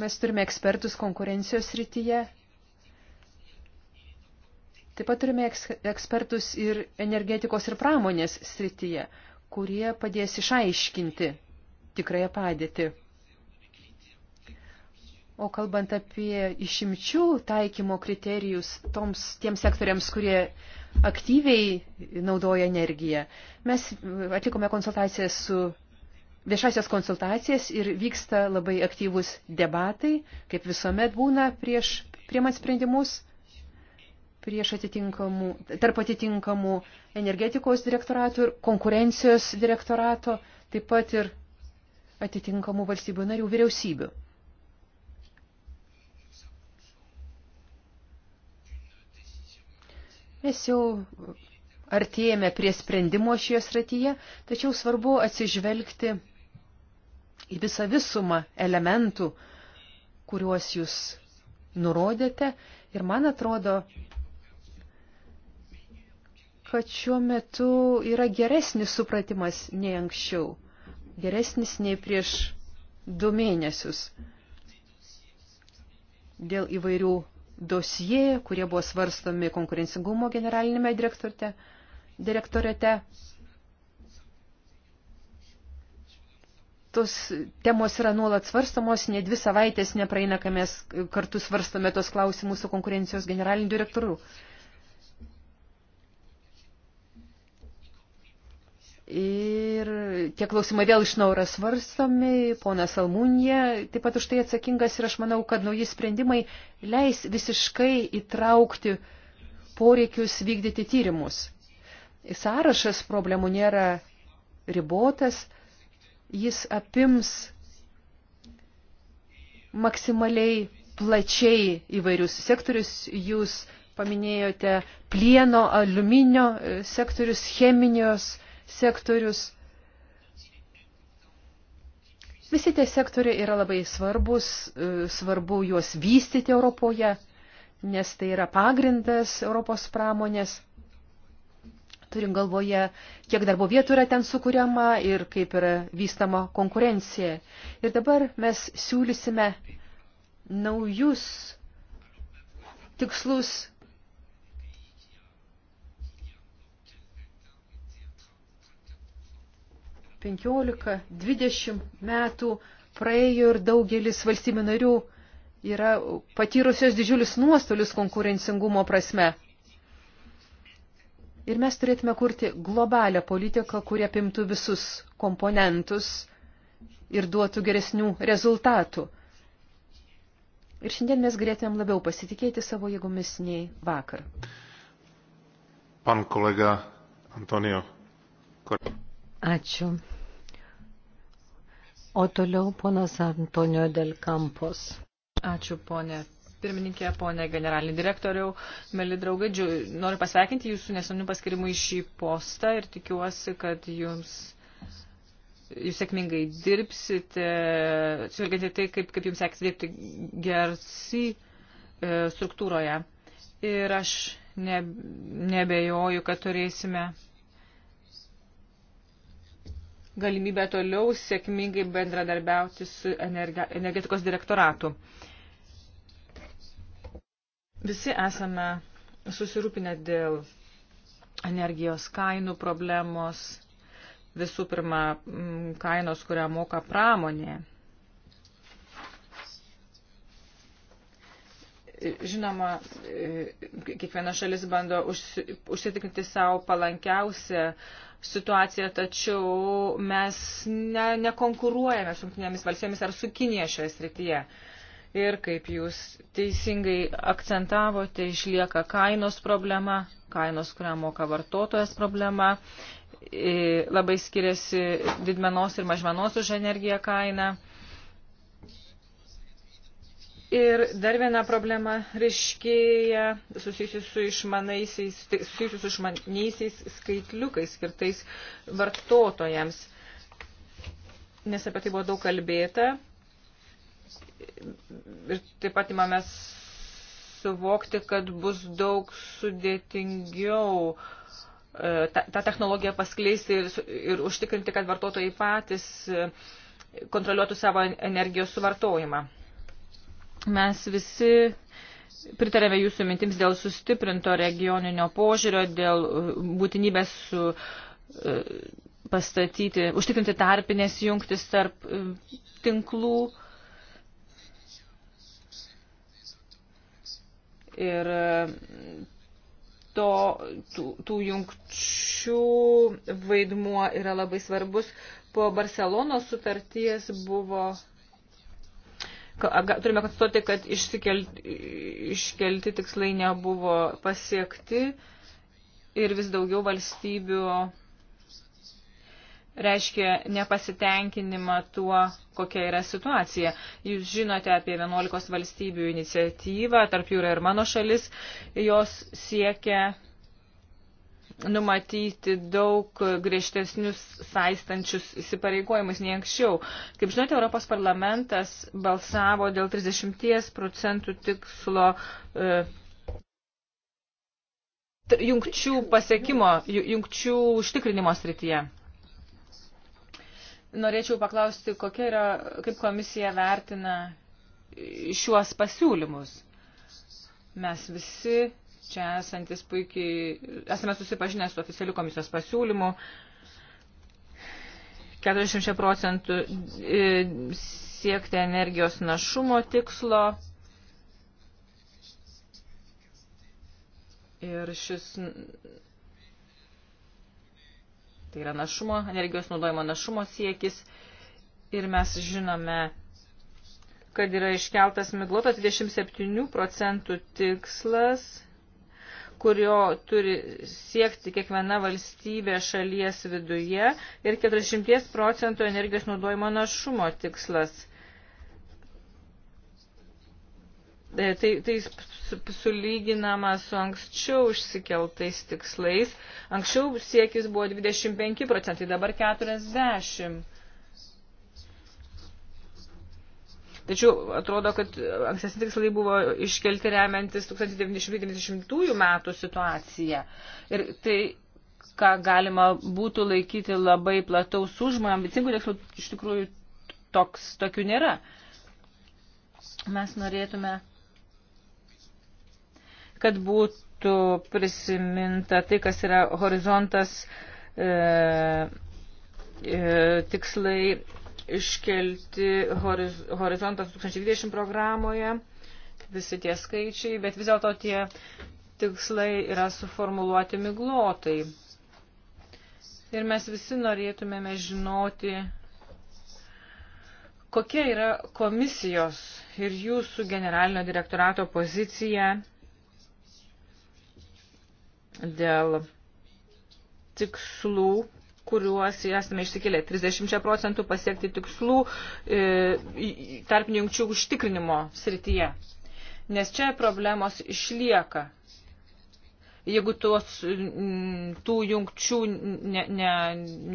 Mes turime ekspertus konkurencijos rytyje. Taip pat turime ekspertus ir energetikos ir pramonės srityje, kurie padės išaiškinti tikrąją padėtį. O kalbant apie išimčių taikymo kriterijus toms, tiems sektoriams, kurie aktyviai naudoja energiją. Mes atlikome konsultacijas su viešasias konsultacijas ir vyksta labai aktyvus debatai, kaip visuomet būna prieš priemant sprendimus prieš atitinkamų, tarp atitinkamų energetikos direktoratų ir konkurencijos direktorato, taip pat ir atitinkamų valstybių narių vyriausybių. Mes jau artėjame prie sprendimo šioje srityje, tačiau svarbu atsižvelgti į visą visumą elementų, kuriuos jūs nurodėte. Ir man atrodo, kad šiuo metu yra geresnis supratimas nei anksčiau, geresnis nei prieš du mėnesius dėl įvairių dosie, kurie buvo svarstomi konkurencingumo generalinėme direktorte, direktorete. Tos temos yra nuolat svarstomos, ne dvi savaitės nepraeina, kai mes kartu svarstome tos klausimus su konkurencijos generaliniu direktoru. Ir tie klausimai vėl iš naujo yra svarstomi, ponas Almunija taip pat už tai atsakingas ir aš manau, kad nauji sprendimai leis visiškai įtraukti poreikius vykdyti tyrimus. Sąrašas problemų nėra ribotas, jis apims maksimaliai plačiai įvairius sektorius, jūs paminėjote plieno, aliuminio e, sektorius, chemijos, sektorius. Visi tie sektoriai yra labai svarbus, e, svarbu juos vystyti Europoje, nes tai yra pagrindas Europos pramonės. Turim galvoje, kiek darbo vietų yra ten sukūriama ir kaip yra vystama konkurencija. Ir dabar mes siūlysime naujus tikslus 15-20 metų praėjo ir daugelis valstybių narių yra patyrusios didžiulius nuostolius konkurencingumo prasme. Ir mes turėtume kurti globalią politiką, kurie apimtų visus komponentus ir duotų geresnių rezultatų. Ir šiandien mes galėtumėm labiau pasitikėti savo jėgomis nei vakar. Pan kolega Antonijo. Ačiū. O toliau ponas Antonio Del Campos. Ačiū, ponė pirmininkė, ponė generalinį direktoriau, mėly draugai, džiu, noriu pasveikinti jūsų nesamnių paskirimų į šį postą ir tikiuosi, kad jums jūs sėkmingai dirbsite, atsižvelgiant į tai, kaip, kaip jums seksis dirbti gersi struktūroje. Ir aš ne, nebejoju, kad turėsime galimybę toliau sėkmingai bendradarbiauti su energetikos direktoratu. Visi esame susirūpinę dėl energijos kainų problemos, visų pirma, kainos, kurią moka pramonė Žinoma, e, kiekviena šalis bando užsitikrinti savo palankiausią situaciją, tačiau mes ne, nekonkuruojame su jungtinėmis valstybėmis ar su Kinėje šioje srityje. Ir kaip jūs teisingai akcentavote, išlieka kainos problema, kainos, kurią moka vartotojas problema, e, labai skiriasi didmenos ir mažmenos už energiją kaina Ir dar viena problema ryškėja susijusi su išmanaisiais, tai susijusi su išmaniaisiais skaitliukais skirtais vartotojams. Nes apie tai buvo daug kalbėta. Ir taip pat įmamės suvokti, kad bus daug sudėtingiau e, tą technologiją paskleisti ir, ir užtikrinti, kad vartotojai patys e, kontroliuotų savo energijos suvartojimą. Mes visi pritarėme jūsų mintims dėl sustiprinto regioninio požiūrio, dėl uh, būtinybės su uh, pastatyti, užtikrinti tarpinės jungtis tarp uh, tinklų. Ir to, tų, tų jungčių vaidmuo yra labai svarbus. Po Barcelonos sutarties buvo turime konstatuoti, kad išsikelti, iškelti tikslai nebuvo pasiekti ir vis daugiau valstybių reiškia nepasitenkinimą tuo, kokia yra situacija. Jūs žinote apie 11 valstybių iniciatyvą, tarp jų yra ir mano šalis, jos siekia numatyti daug griežtesnius saistančius įsipareigojimus nei anksčiau. Kaip žinote, Europos parlamentas balsavo dėl 30 procentų tikslo e, jungčių pasiekimo, jungčių užtikrinimo srityje. Norėčiau paklausti, kokia yra, kaip komisija vertina šiuos pasiūlymus. Mes visi čia esantis puikiai, esame susipažinę su oficialiu komisijos pasiūlymu. 40 procentų e, siekti energijos našumo tikslo. Ir šis, tai yra našumo, energijos naudojimo našumo siekis. Ir mes žinome, kad yra iškeltas migloto 27 procentų tikslas kurio turi siekti kiekviena valstybė šalies viduje ir 40 procentų energijos naudojimo našumo tikslas. E, tai, tai sulyginama su anksčiau išsikeltais tikslais. Anksčiau siekis buvo 25 procentai, dabar 40. Tačiau atrodo, kad ankstesni tikslai buvo iškelti remiantis 1990 metų situaciją. Ir tai, ką galima būtų laikyti labai plataus užmą, ambicingų tikslų, iš tikrųjų toks, tokių nėra. Mes norėtume, kad būtų prisiminta tai, kas yra horizontas, e, e, tikslai iškelti horizontas 2020 programoje, visi tie skaičiai, bet vis dėlto tie tikslai yra suformuluoti miglotai. Ir mes visi norėtumėme žinoti, kokia yra komisijos ir jūsų generalinio direktorato pozicija dėl tikslų kuriuos esame išsikėlę 30 procentų pasiekti tikslų e, tarpinių jungčių užtikrinimo srityje. Nes čia problemos išlieka. Jeigu tuos, tų jungčių ne, ne,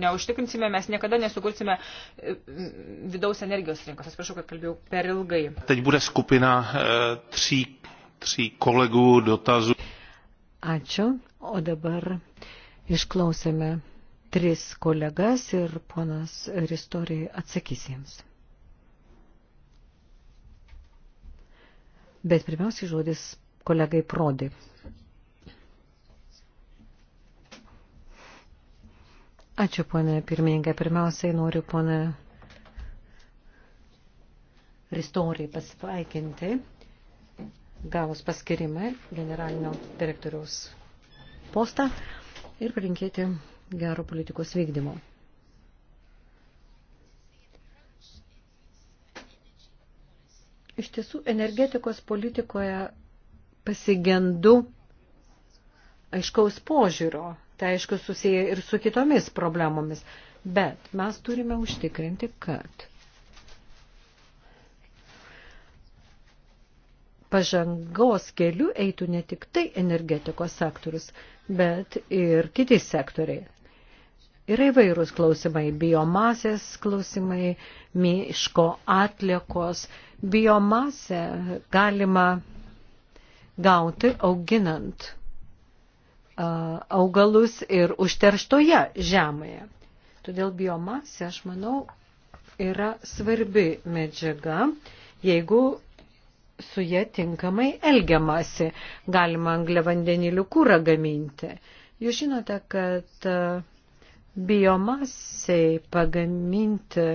neužtikrinsime, mes niekada nesukursime e, vidaus energijos rinkos. Atsiprašau, kad kalbėjau per ilgai. Teď bude skupina e, tří, tří kolegų dotazų. Ačiū. O dabar išklausėme tris kolegas ir ponas Ristoriai atsakys jiems. Bet pirmiausiai žodis kolegai Prodi. Ačiū, ponė pirmininkė. Pirmiausiai noriu ponę Ristoriai pasveikinti gavus paskirimą generalinio direktoriaus postą ir palinkėti gero politikos vykdymo. Iš tiesų, energetikos politikoje pasigendu aiškaus požiūrio, tai aišku susiję ir su kitomis problemomis, bet mes turime užtikrinti, kad pažangos keliu eitų ne tik tai energetikos sektorius, bet ir kiti sektoriai. Yra įvairūs klausimai - biomasės klausimai, miško atliekos. Biomasę galima gauti auginant augalus ir užterštoje žemėje. Todėl biomasė, aš manau, yra svarbi medžiaga, jeigu su jie tinkamai elgiamasi. Galima angliavandenilių kūrą gaminti. Jūs žinote, kad biomasiai pagaminti,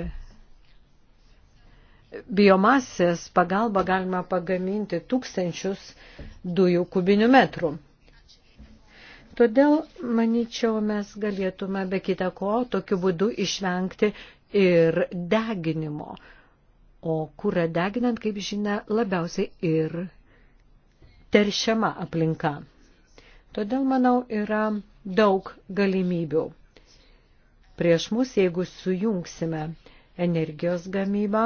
biomasės pagalba galima pagaminti tūkstančius dujų kubinių metrų. Todėl, manyčiau, mes galėtume be kita ko tokiu būdu išvengti ir deginimo. O kūra deginant, kaip žinia, labiausiai ir teršiama aplinka. Todėl, manau, yra daug galimybių prieš mus, jeigu sujungsime energijos gamybą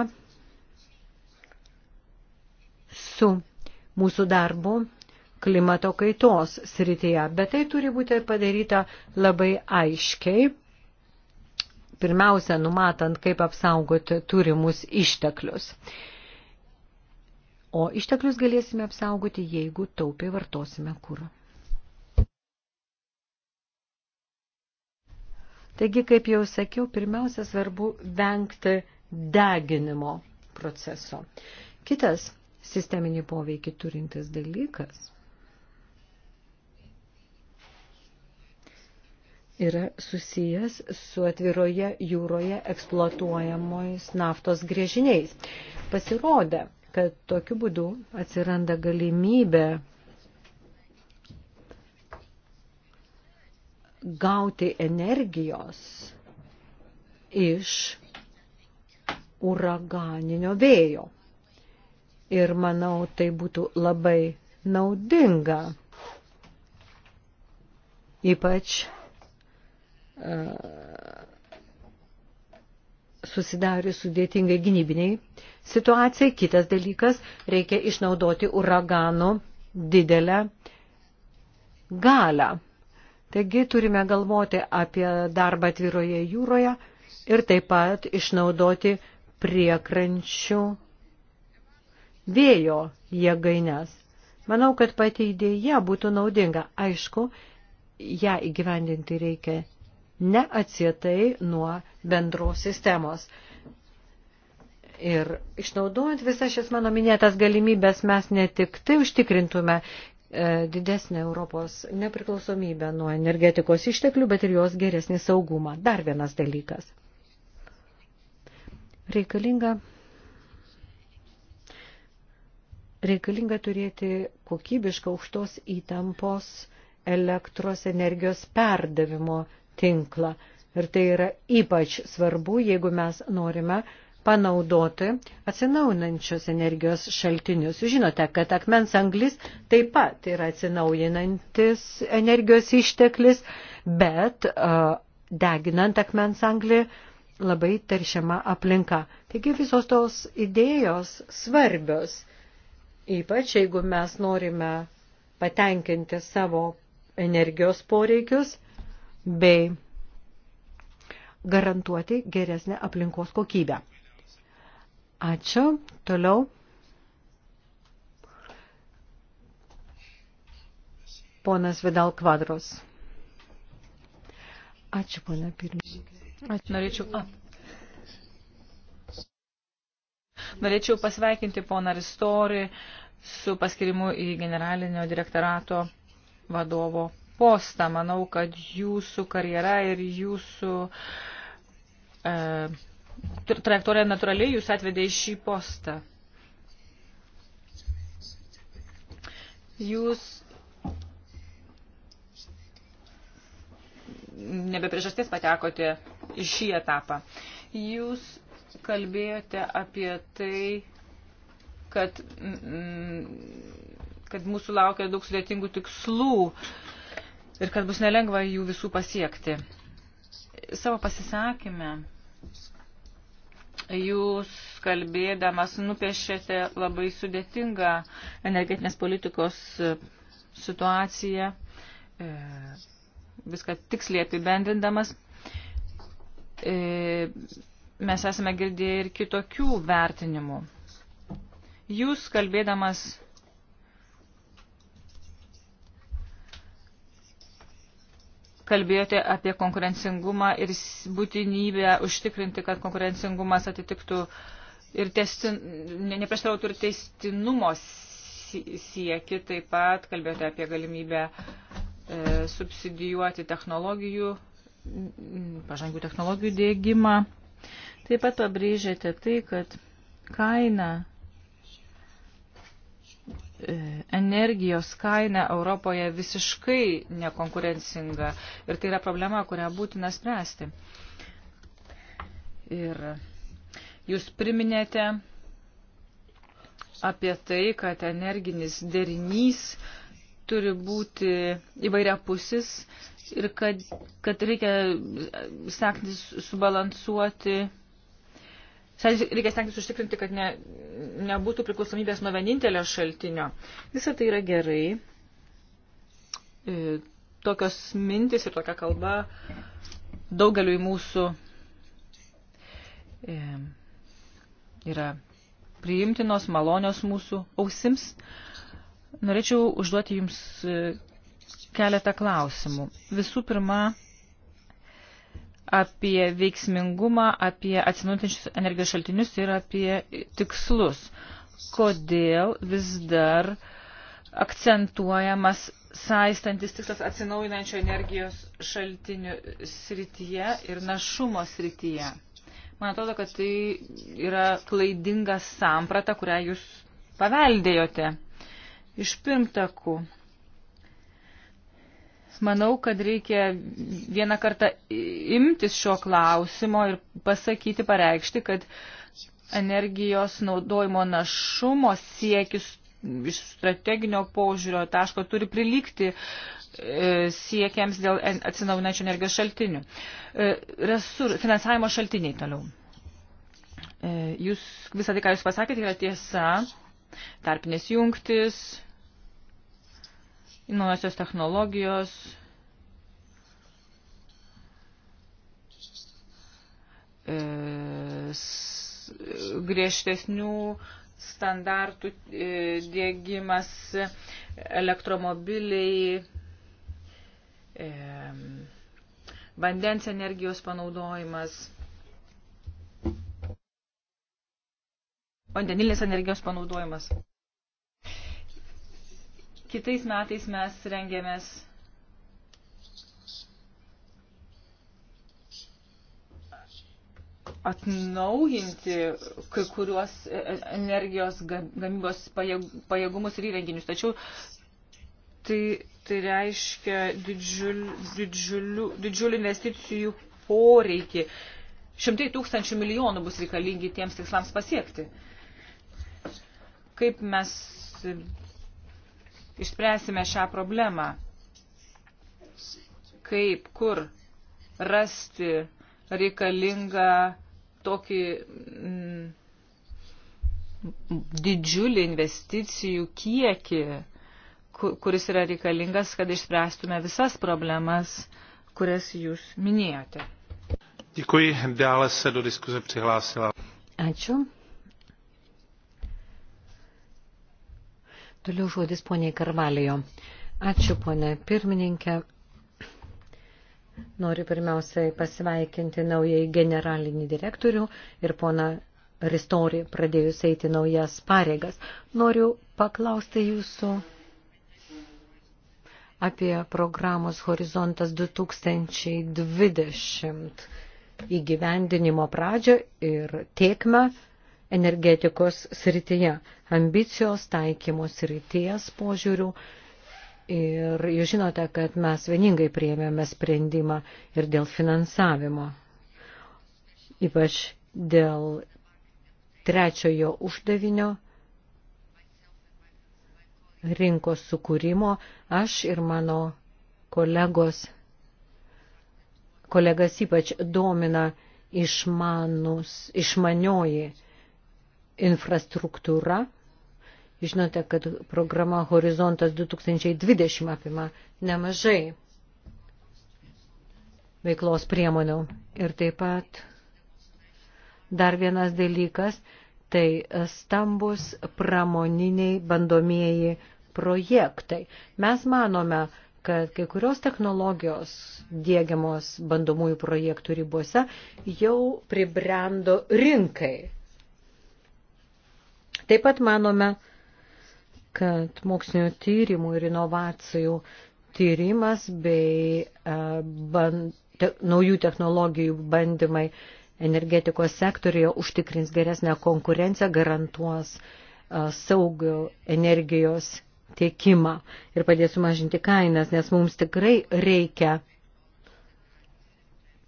su mūsų darbu klimato kaitos srityje. Bet tai turi būti padaryta labai aiškiai, pirmiausia, numatant, kaip apsaugoti turimus išteklius. O išteklius galėsime apsaugoti, jeigu taupiai vartosime kūrą. Taigi, kaip jau sakiau, pirmiausia svarbu vengti deginimo proceso. Kitas sisteminį poveikį turintis dalykas yra susijęs su atviroje jūroje eksploatuojamojais naftos grėžiniais. Pasirodė, kad tokiu būdu atsiranda galimybė gauti energijos iš uraganinio vėjo. Ir manau, tai būtų labai naudinga, ypač uh, susidarius sudėtingai gynybiniai situacijai. Kitas dalykas, reikia išnaudoti uraganų didelę galą. Taigi turime galvoti apie darbą atviroje jūroje ir taip pat išnaudoti priekrančių vėjo jėgainės. Manau, kad pati idėja būtų naudinga. Aišku, ją įgyvendinti reikia neatsietai nuo bendros sistemos. Ir išnaudojant visas šias mano minėtas galimybės, mes ne tik tai užtikrintume E, didesnę Europos nepriklausomybę nuo energetikos išteklių, bet ir jos geresnį saugumą. Dar vienas dalykas. Reikalinga, reikalinga turėti kokybišką aukštos įtampos elektros energijos perdavimo tinklą. Ir tai yra ypač svarbu, jeigu mes norime uh, panaudoti atsinaujinančios energijos šaltinius. Jūs žinote, kad akmens anglis taip pat yra atsinaujinantis energijos išteklis, bet uh, deginant akmens anglį labai teršiama aplinka. Taigi visos tos idėjos svarbios, ypač jeigu mes norime patenkinti savo energijos poreikius bei garantuoti geresnę aplinkos kokybę. Ačiū. Toliau. Ponas Vidal Kvadros. Ačiū, ponia pirmininkė. Ačiū. Norėčiau. A. Norėčiau pasveikinti poną Ristori su paskirimu į generalinio direktorato vadovo postą. Manau, kad jūsų karjera ir jūsų e, trajektorija natūraliai jūs atvedė į šį postą. Jūs nebe priežasties patekote į šį etapą. Jūs kalbėjote apie tai, kad, mm, kad mūsų laukia daug sudėtingų tikslų ir kad bus nelengva jų visų pasiekti. Savo pasisakymę Jūs kalbėdamas nupiešėte labai sudėtingą energetinės politikos e, situaciją, e, viską tiksliai apibendrindamas. E, mes esame girdėję ir kitokių vertinimų. Jūs kalbėdamas kalbėjote apie konkurencingumą ir būtinybę užtikrinti, kad konkurencingumas atitiktų ir testin, ne, neprieštarautų ir testinumo sieki, taip pat kalbėjote apie galimybę e, subsidijuoti technologijų, pažangių technologijų dėgymą. Taip pat pabrėžėte tai, kad kaina E, energijos kaina Europoje visiškai nekonkurencinga ir tai yra problema, kurią būtina spręsti. Ir jūs priminėte apie tai, kad energinis derinys turi būti įvairiapusis ir kad, kad reikia stengtis subalansuoti, reikia stengtis užtikrinti, kad ne, nebūtų priklausomybės nuo vienintelio šaltinio. Visą tai yra gerai. E, tokios mintis ir tokia kalba daugeliu į mūsų e, yra priimtinos, malonios mūsų ausims. Norėčiau užduoti Jums e, keletą klausimų. Visų pirma, apie veiksmingumą, apie atsinaujančius energijos šaltinius ir apie tikslus. Kodėl vis dar akcentuojamas saistantis tikslas atsinaujinančio energijos šaltinių srityje ir našumo srityje? Man atrodo, kad tai yra klaidinga samprata, kurią jūs paveldėjote iš pirmtakų. Manau, kad reikia vieną kartą imtis šio klausimo ir pasakyti, pareikšti, kad energijos naudojimo našumo siekis iš strateginio požiūrio taško turi prilygti e, siekiams dėl atsinaujinančių energijos šaltinių. E, Resur, finansavimo šaltiniai toliau. E, jūs, visą tai, ką jūs pasakėte, yra tiesa. Tarpinės jungtis, naujosios technologijos. E, griežtesnių standartų e, dėgymas, elektromobiliai, e, vandens energijos panaudojimas, vandenilinės energijos panaudojimas. Kitais metais mes rengiamės atnaujinti kai kuriuos e, e, energijos gamybos pajėgumus ir įrenginius. Tačiau tai, tai reiškia didžiul, didžiulių, didžiulių investicijų poreikį. Šimtai tūkstančių milijonų bus reikalingi tiems tikslams pasiekti. Kaip mes išspręsime šią problemą. Kaip, kur rasti reikalingą tokį m, mm, didžiulį investicijų kiekį, kuris yra reikalingas, kad išspręstume visas problemas, kurias jūs minėjote. Děkuji. Dále se do diskuze přihlásila. Ačiū. Toliau žodis poniai Karvalijo. Ačiū, ponė pirmininkė. Noriu pirmiausiai pasveikinti naująjį generalinį direktorių ir poną Ristori pradėjus eiti naujas pareigas. Noriu paklausti jūsų apie programos Horizontas 2020 įgyvendinimo pradžią ir tiekmę energetikos srityje, ambicijos taikymo srities požiūrių. Ir jūs žinote, kad mes vieningai prieėmėme sprendimą ir dėl finansavimo, ypač dėl trečiojo uždavinio rinkos sukūrimo, aš ir mano kolegos, kolegas ypač domina išmanus, išmanioji infrastruktūra. Žinote, kad programa Horizontas 2020 apima nemažai veiklos priemonių. Ir taip pat dar vienas dalykas, tai stambus pramoniniai bandomieji projektai. Mes manome, kad kai kurios technologijos dėgiamos bandomųjų projektų ribose jau pribrendo rinkai. Taip pat manome, kad mokslinio tyrimų ir inovacijų tyrimas bei e, band, te, naujų technologijų bandymai energetikos sektorijoje užtikrins geresnę konkurenciją, garantuos e, saugų energijos tiekimą ir padės sumažinti kainas, nes mums tikrai reikia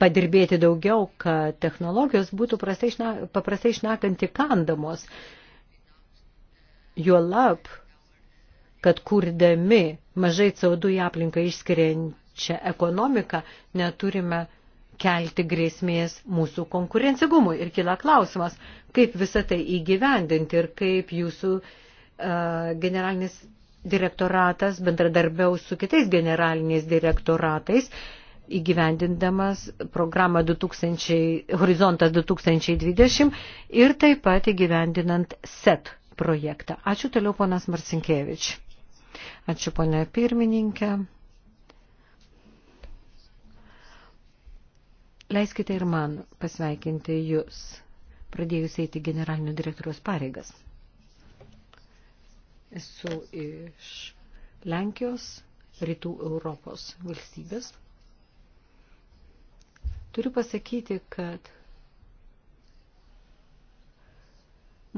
padirbėti daugiau, kad technologijos būtų prastai, paprastai išnakant įkandamos. Uh, Juolab, kad kurdami mažai CO2 į aplinką išskiriančią ekonomiką neturime kelti grėsmės mūsų konkurencigumui. Ir kila klausimas, kaip visą tai įgyvendinti ir kaip jūsų uh, generalinis direktoratas bendradarbiaus su kitais generaliniais direktoratais įgyvendindamas programą 2000, Horizontas 2020 ir taip pat įgyvendinant SET projektą. Ačiū toliau ponas Marcinkievič. Ačiū ponė pirmininkė. Leiskite ir man pasveikinti Jūs, pradėjus eiti generalinio direktoriaus pareigas. Esu iš Lenkijos, Rytų Europos valstybės. Turiu pasakyti, kad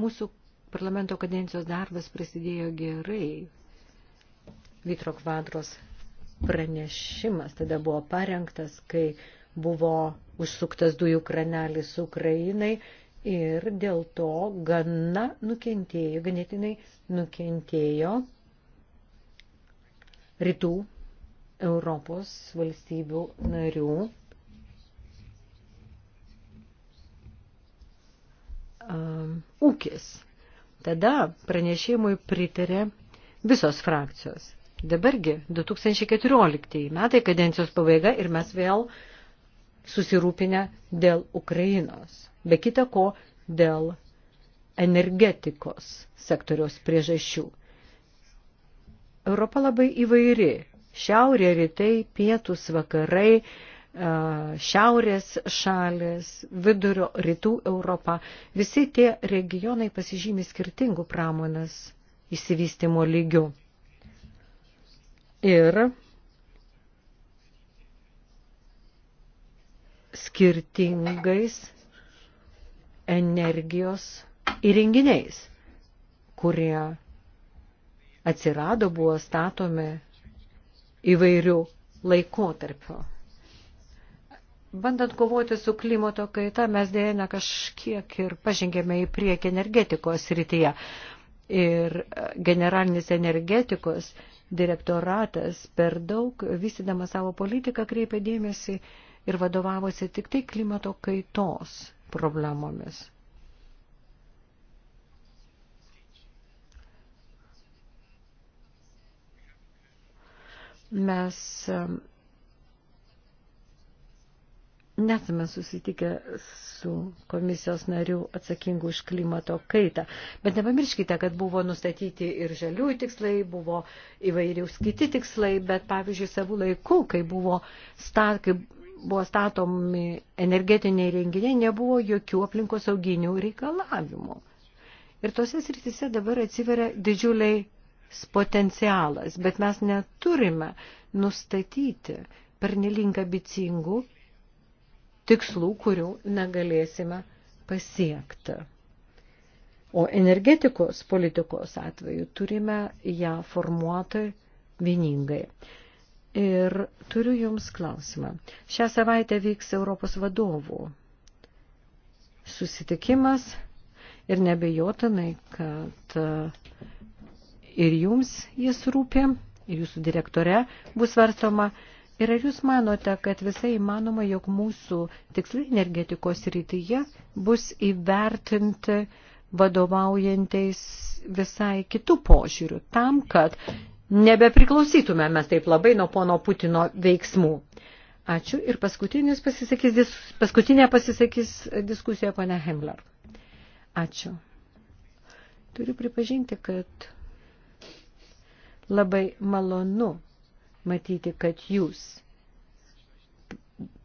mūsų Parlamento kadencijos darbas prasidėjo gerai. Vitro kvadros pranešimas tada buvo parengtas, kai buvo užsuktas dujų kranelis Ukrainai ir dėl to gana nukentėjo, ganėtinai nukentėjo rytų Europos valstybių narių um, ūkis. Tada pranešimui pritarė visos frakcijos. Dabargi 2014 metai kadencijos pabaiga ir mes vėl susirūpinę dėl Ukrainos, be kita ko dėl energetikos sektoriaus priežasčių. Europa labai įvairi. Šiaurė, rytai, pietus, vakarai, šiaurės šalis, vidurio rytų Europą. Visi tie regionai pasižymi skirtingų pramonės įsivystimo lygių. Ir skirtingais energijos įrenginiais, kurie atsirado, buvo statomi įvairių laikotarpio Bandant kovoti su klimato kaita, mes dėjame kažkiek ir pažengėme į priekį energetikos rytyje. Ir e, generalinis energetikos direktoratas per daug, vystydama savo politiką, kreipė dėmesį ir vadovavosi tik tai klimato kaitos problemomis. Mes e, nesame susitikę su komisijos narių atsakingu už klimato kaitą. Bet nepamirškite, kad buvo nustatyti ir žaliųjų tikslai, buvo įvairiaus kiti tikslai, bet pavyzdžiui, savų laikų, kai buvo, stat, kai buvo statomi energetiniai renginiai, nebuvo jokių aplinkosauginių reikalavimų. Ir tose srityse dabar atsiveria didžiuliai potencialas, bet mes neturime nustatyti pernelink abicingų tikslų, kurių negalėsime pasiekti. O energetikos politikos atveju turime ją formuoti vieningai. Ir turiu Jums klausimą. Šią savaitę vyks Europos vadovų susitikimas ir nebejotinai, kad e, ir Jums jis rūpė, ir Jūsų direktore bus svarstoma Ir ar jūs manote, kad visai įmanoma, jog mūsų tikslai energetikos rytyje bus įvertinti vadovaujantais visai kitų požiūrių, tam, kad nebepriklausytume mes taip labai nuo pono Putino veiksmų? Ačiū ir paskutinis pasisakys, paskutinė pasisakys diskusija pane Hemler. Ačiū. Turiu pripažinti, kad labai malonu matyti, kad jūs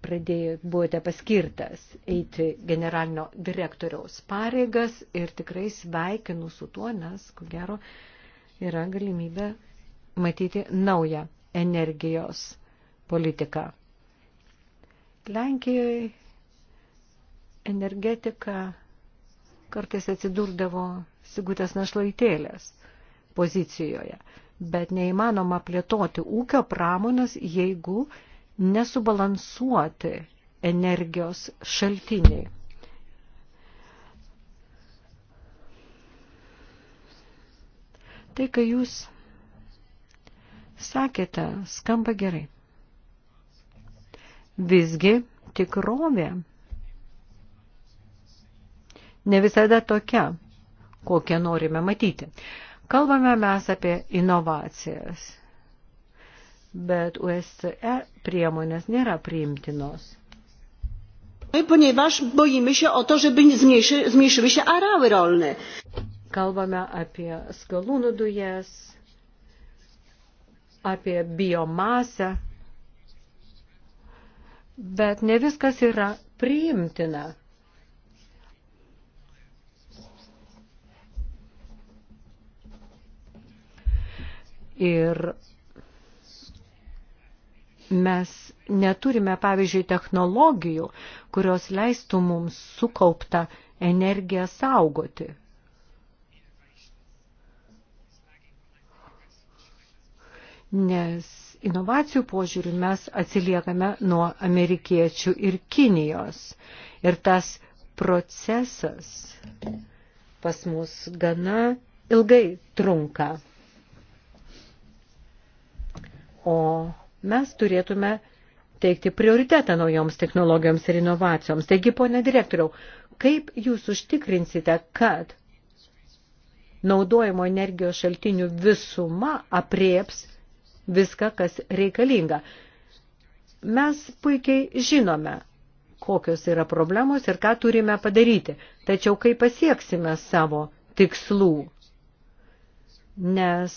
pradėjot, buvote paskirtas eiti generalinio direktoriaus pareigas ir tikrai sveikinu su tuo, nes, ko gero, yra galimybė matyti naują energijos politiką. Lenkijoje energetika kartais atsidurdavo Sigutės našlaitėlės pozicijoje bet neįmanoma plėtoti ūkio pramonės, jeigu nesubalansuoti energijos šaltiniai. Tai, kai jūs sakėte, skamba gerai. Visgi tikrovė ne visada tokia, kokią norime matyti. Kalbame mes apie inovacijas, bet USCE priemonės nėra priimtinos. Ponieważ boimy się o to, żeby zmniejszy, zmniejszyły się arały rolne. Kalbame apie skalūnų dujas, apie biomasę, bet ne viskas yra priimtina. Ir mes neturime, pavyzdžiui, technologijų, kurios leistų mums sukauptą energiją saugoti. Nes inovacijų požiūrių mes atsiliekame nuo amerikiečių ir Kinijos. Ir tas procesas pas mus gana ilgai trunka o mes turėtume teikti prioritetą naujoms technologijoms ir inovacijoms. Taigi, pone direktoriau, kaip jūs užtikrinsite, kad naudojimo energijos šaltinių visuma aprieps viską, kas reikalinga? Mes puikiai žinome, kokios yra problemos ir ką turime padaryti, tačiau kaip pasieksime savo tikslų, nes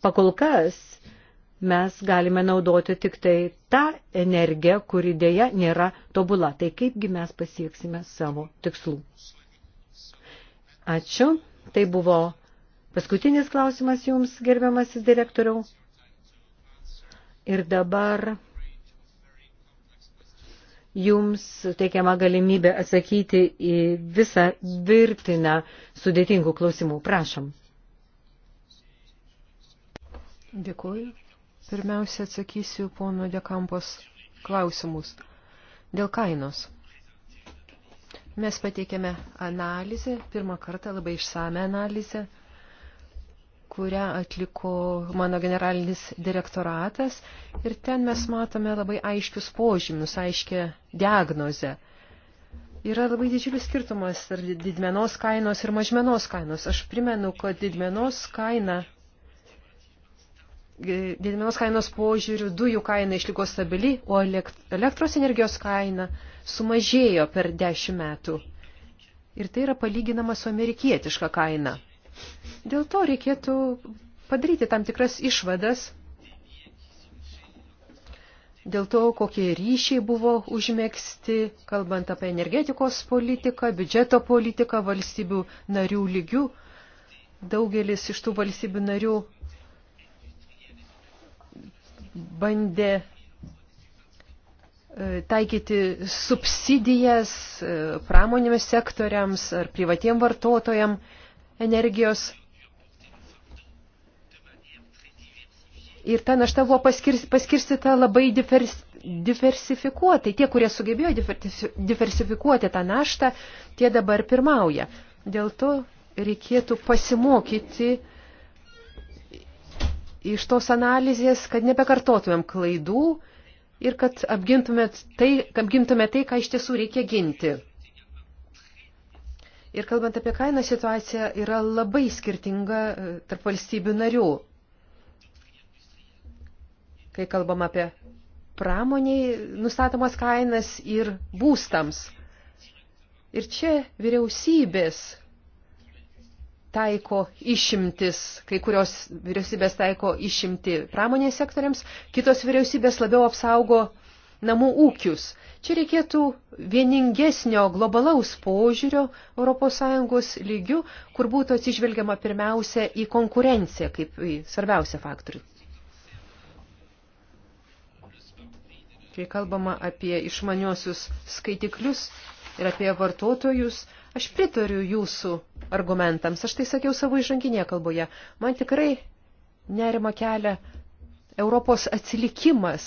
pakol kas mes galime naudoti tik tai tą energiją, kuri dėja nėra tobula. Tai kaipgi mes pasieksime savo tikslų. Ačiū. Tai buvo paskutinis klausimas jums, gerbiamasis direktoriau. Ir dabar jums teikiama galimybė atsakyti į visą virtinę sudėtingų klausimų. Prašom. Dėkuoju. Pirmiausia, atsakysiu pono Dekampos klausimus. Dėl kainos. Mes pateikėme analizę, pirmą kartą labai išsame analizę, kurią atliko mano generalinis direktoratas ir ten mes matome labai aiškius požymius, aiškę diagnozę. Yra labai didžiulis skirtumas tarp didmenos kainos ir mažmenos kainos. Aš primenu, kad didmenos kaina E, didinamos kainos požiūrių dujų kaina išliko stabili, o elektros energijos kaina sumažėjo per 10 metų. Ir tai yra palyginama su amerikietiška kaina. Dėl to reikėtų padaryti tam tikras išvadas, dėl to, kokie ryšiai buvo užmėgsti, kalbant apie energetikos politiką, biudžeto politiką valstybių narių lygių. Daugelis iš tų valstybių narių bandė e, taikyti subsidijas e, pramonėmis sektoriams ar privatiem vartotojams energijos. Ir ta našta buvo paskirstyta labai divers, diversifikuotai. Tie, kurie sugebėjo diversifikuoti tą naštą, tie dabar pirmauja. Dėl to reikėtų pasimokyti uh, iš tos analizės, kad nebekartotumėm klaidų ir kad apgintume tai, apgintume tai, ką iš tiesų reikia ginti. Ir kalbant apie kainą, situacija yra labai skirtinga e, tarp valstybių narių. Kai kalbam apie pramoniai nustatomas kainas ir būstams. Ir čia vyriausybės taiko išimtis, kai kurios vyriausybės taiko išimti pramonės sektoriams, kitos vyriausybės labiau apsaugo namų ūkius. Čia reikėtų vieningesnio globalaus požiūrio ES lygių, kur būtų atsižvelgiama pirmiausia į konkurenciją kaip į svarbiausią faktorių. Kai kalbama apie išmaniosius skaitiklius ir apie vartotojus, Aš pritariu jūsų argumentams, aš tai sakiau savo įžanginėje kalboje. Man tikrai nerima kelia Europos atsilikimas,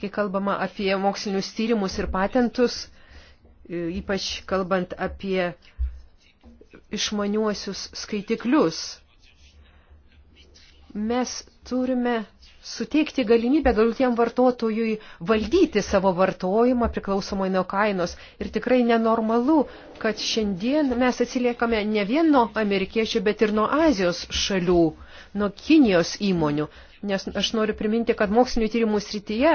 kai kalbama apie mokslinius tyrimus ir patentus, e, ypač kalbant apie išmaniuosius skaitiklius. Mes turime suteikti galimybę galutiniam vartotojui valdyti savo vartojimą priklausomai nuo kainos. Ir tikrai nenormalu, kad šiandien mes atsiliekame ne vien nuo amerikiečių, bet ir nuo Azijos šalių, nuo Kinijos įmonių. Nes aš noriu priminti, kad mokslinio tyrimų srityje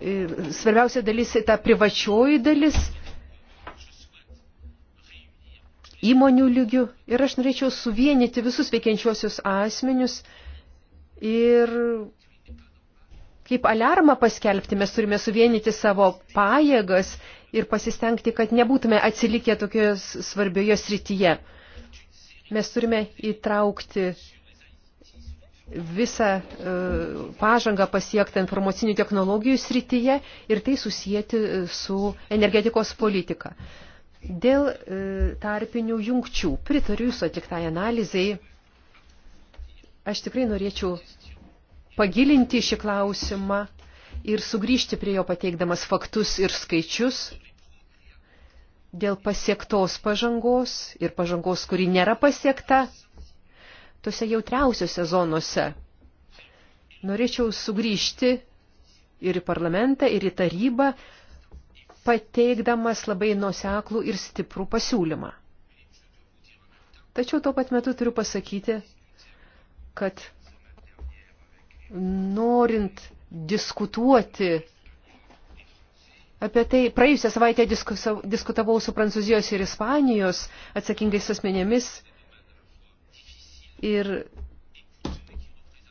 e, svarbiausia dalis ta privačioji dalis įmonių lygių ir aš norėčiau suvienyti visus veikiančiuosius asmenius ir kaip aliarmą paskelbti, mes turime suvienyti savo pajėgas ir pasistengti, kad nebūtume atsilikę tokioje svarbioje srityje. Mes turime įtraukti visą e, pažangą pasiektą informacinių technologijų srityje ir tai susijęti su energetikos politika. E, Dėl e, tarpinių jungčių pritariu jūsų atliktai analizai. Aš tikrai norėčiau pagilinti šį klausimą ir sugrįžti prie jo pateikdamas faktus ir skaičius dėl pasiektos pažangos ir pažangos, kuri nėra pasiekta tose jautriausiose zonose. Norėčiau sugrįžti ir į parlamentą, ir į tarybą, pateikdamas labai nuseklų ir stiprų pasiūlymą. Tačiau tuo pat metu turiu pasakyti, kad norint diskutuoti apie tai, praėjusią savaitę diskutavau su Prancūzijos ir Ispanijos atsakingais asmenėmis ir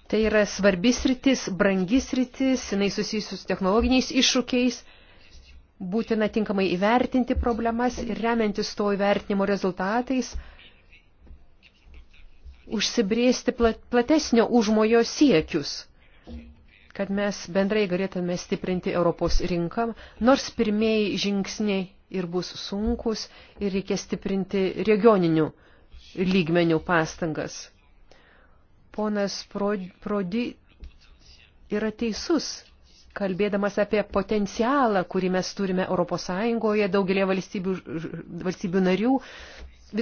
tai yra svarbis rytis, brangis rytis, jinai susijusius technologiniais iššūkiais – būtina tinkamai įvertinti problemas ir remiantis to įvertinimo rezultatais užsibrėsti platesnio užmojo siekius, kad mes bendrai galėtume stiprinti Europos rinką, nors pirmieji žingsniai ir bus sunkus ir reikia stiprinti regioninių lygmenių pastangas. Ponas Prodi yra teisus kalbėdamas apie potencialą, kurį mes turime Europos Sąjungoje, daugelį valstybių, valstybių narių.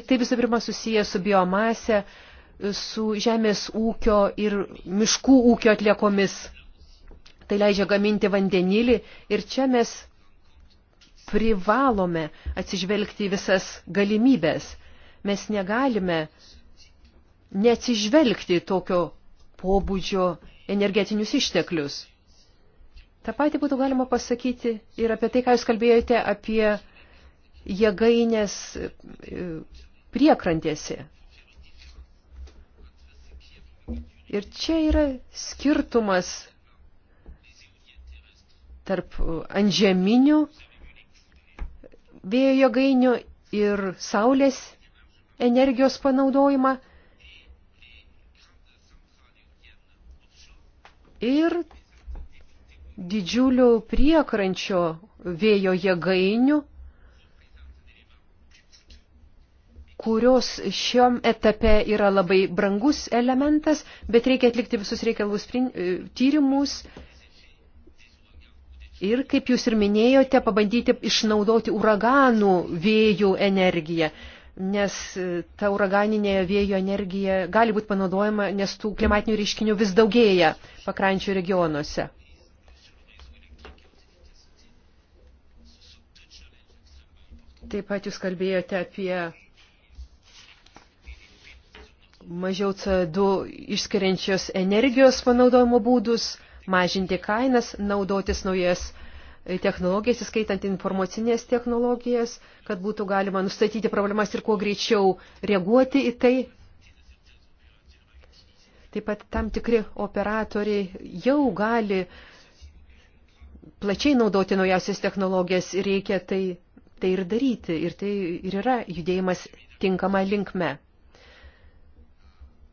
Tai visų pirma susiję su biomase, su žemės ūkio ir miškų ūkio atliekomis. Tai leidžia gaminti vandenilį ir čia mes privalome atsižvelgti į visas galimybės. Mes negalime neatsižvelgti tokio pobūdžio energetinius išteklius. Ta pati būtų galima pasakyti ir apie tai, ką jūs kalbėjote apie jėgainės e, priekrantėse. Ir čia yra skirtumas tarp antžeminių vėjo jėgainių ir saulės energijos panaudojimą. Ir didžiulių priekrančio vėjo jėgainių, kurios šiom etape yra labai brangus elementas, bet reikia atlikti visus reikalus e, tyrimus ir, kaip jūs ir minėjote, pabandyti išnaudoti uraganų vėjų energiją, nes e, ta uraganinė vėjo energija gali būti panaudojama, nes tų klimatinių reiškinių vis daugėja pakrančių regionuose. Taip pat jūs kalbėjote apie mažiau CO2 išskiriančios energijos panaudojimo būdus, mažinti kainas, naudotis naujas e, technologijas, įskaitant informacinės technologijas, kad būtų galima nustatyti problemas ir kuo greičiau reaguoti į tai. Taip pat tam tikri operatoriai jau gali plačiai naudoti naujausias technologijas ir reikia tai tai ir daryti, ir tai ir yra judėjimas tinkama linkme.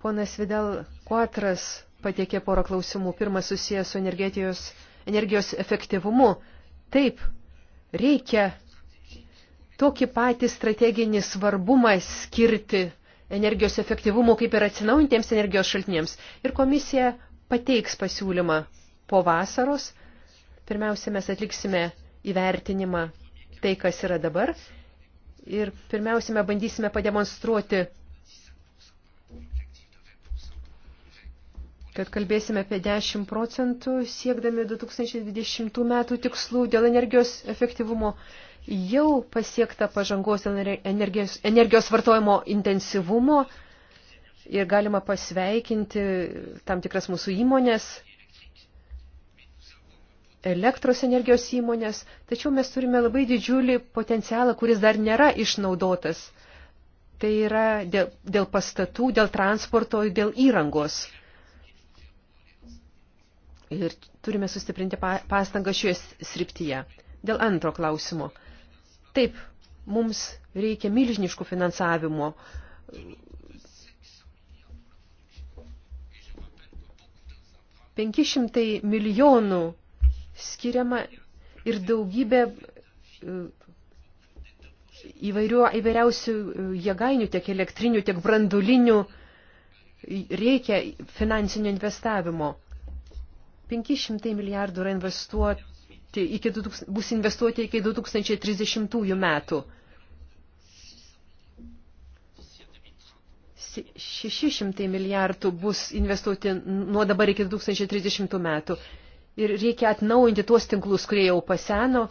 Ponas Vidal Kuatras patiekė porą klausimų. Pirmas susijęs su energetijos, energijos efektyvumu. Taip, reikia tokį patį strateginį svarbumą skirti energijos efektyvumu kaip ir atsinaujantiems energijos šaltiniams. Ir komisija pateiks pasiūlymą po vasaros. Pirmiausia, mes atliksime įvertinimą tai, kas yra dabar. Ir pirmiausia, bandysime pademonstruoti, kad kalbėsime apie 10 procentų siekdami 2020 metų tikslų dėl energijos efektyvumo. Jau pasiekta pažangos dėl energijos, energijos vartojimo intensyvumo ir galima pasveikinti tam tikras mūsų įmonės elektros energijos įmonės, tačiau mes turime labai didžiulį potencialą, kuris dar nėra išnaudotas. Tai yra dėl, dėl pastatų, dėl transporto, dėl įrangos. Ir turime sustiprinti pastangą šioje sriptyje. Dėl antro klausimo. Taip, mums reikia milžiniškų finansavimo penki šimtai milijonų skiriama ir daugybė e, įvairių, įvairiausių e, jėgainių, tiek elektrinių, tiek brandulinių e, reikia finansinio investavimo. 500 milijardų yra investuoti iki, bus investuoti iki 2030 metų. 600 milijardų bus investuoti nuo dabar iki 2030 metų ir reikia atnaujinti tuos tinklus, kurie jau paseno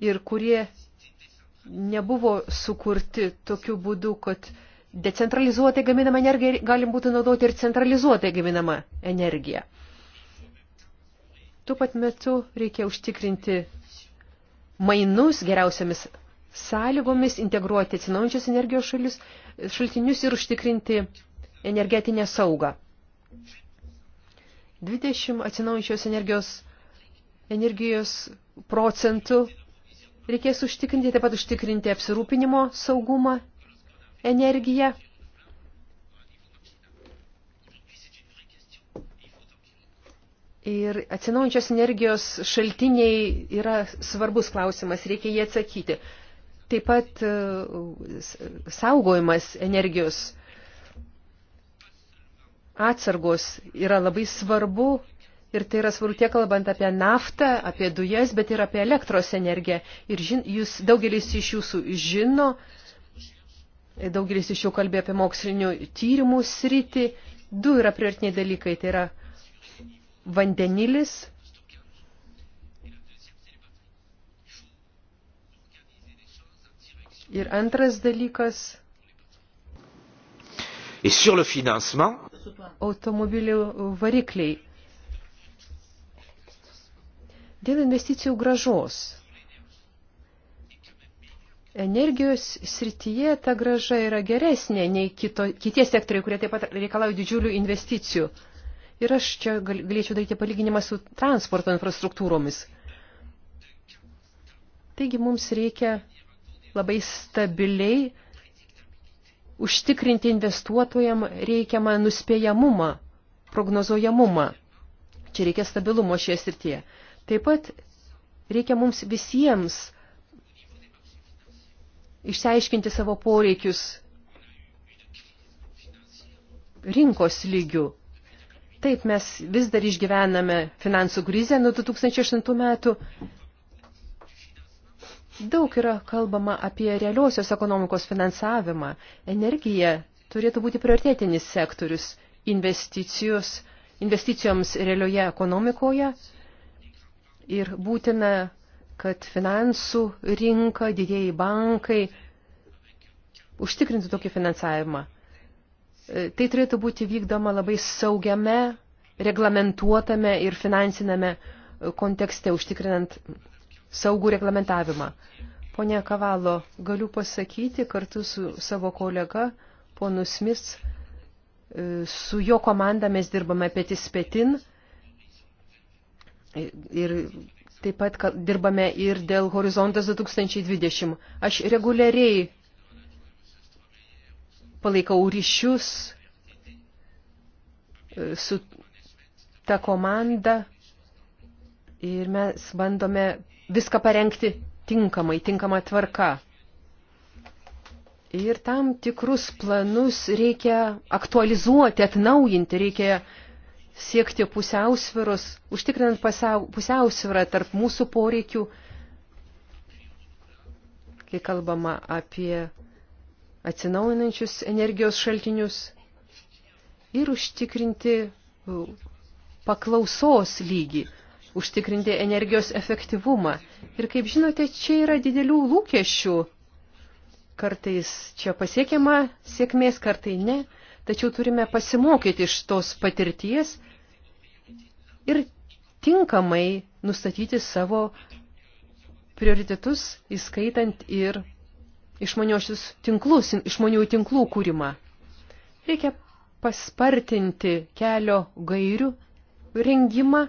ir kurie nebuvo sukurti tokiu būdu, kad decentralizuotai gaminama energija galim būtų naudoti ir centralizuotai gaminama energija. Tuo pat metu reikia užtikrinti mainus geriausiamis sąlygomis, integruoti atsinaujančios energijos šalius, šaltinius ir užtikrinti energetinę saugą. 20 atsinaujančios energijos, energijos procentų reikės užtikrinti, taip pat užtikrinti apsirūpinimo saugumą, energiją. Ir atsinaujančios energijos šaltiniai yra svarbus klausimas, reikia jį atsakyti. Taip pat e, saugojimas energijos atsargos yra labai svarbu ir tai yra svarbu tiek kalbant apie naftą, apie dujas, bet ir apie elektros energiją. Ir žin, jūs, daugelis iš jūsų žino, daugelis iš jų kalbėjo apie mokslinių tyrimų sritį. Du yra priortiniai dalykai, tai yra vandenilis Ir antras dalykas. Et sur le financement, automobilių varikliai. Dėl investicijų gražos. Energijos srityje ta graža yra geresnė nei kito, kitie sektoriai, kurie taip pat reikalauja didžiulių investicijų. Ir aš čia galėčiau daryti palyginimą su transporto infrastruktūromis. Taigi mums reikia labai stabiliai užtikrinti investuotojam reikiamą nuspėjamumą, prognozojamumą. Čia reikia stabilumo šioje srityje. Taip pat reikia mums visiems išsiaiškinti savo poreikius rinkos lygių. Taip, mes vis dar išgyvename finansų krizę nuo 2008 metų, Daug yra kalbama apie realiosios ekonomikos finansavimą. Energija turėtų būti prioritėtinis sektorius investicijos, investicijoms realioje ekonomikoje ir būtina, kad finansų rinka, didėjai bankai užtikrintų tokį finansavimą. E, tai turėtų būti vykdoma labai saugiame, reglamentuotame ir finansiname e, kontekste, užtikrinant saugų reglamentavimą. Pone Kavalo, galiu pasakyti kartu su savo kolega, ponu Smith, e, su jo komanda mes dirbame petis petin e, ir taip pat dirbame ir dėl horizontas 2020. Aš reguliariai palaikau ryšius e, su ta komanda ir mes bandome viską parengti tinkamai, tinkamą tvarką. Ir tam tikrus planus reikia aktualizuoti, atnaujinti, reikia siekti pusiausviros, užtikrinant pusiausvirą tarp mūsų poreikių, kai kalbama apie atsinaujinančius energijos šaltinius ir užtikrinti uh, paklausos lygį užtikrinti energijos efektyvumą. Ir kaip žinote, čia yra didelių lūkesčių. Kartais čia pasiekiama sėkmės, kartai ne, tačiau turime pasimokyti iš tos patirties ir tinkamai nustatyti savo prioritetus, įskaitant ir išmaniosius tinklus, išmanių tinklų kūrimą. Reikia paspartinti kelio gairių rengimą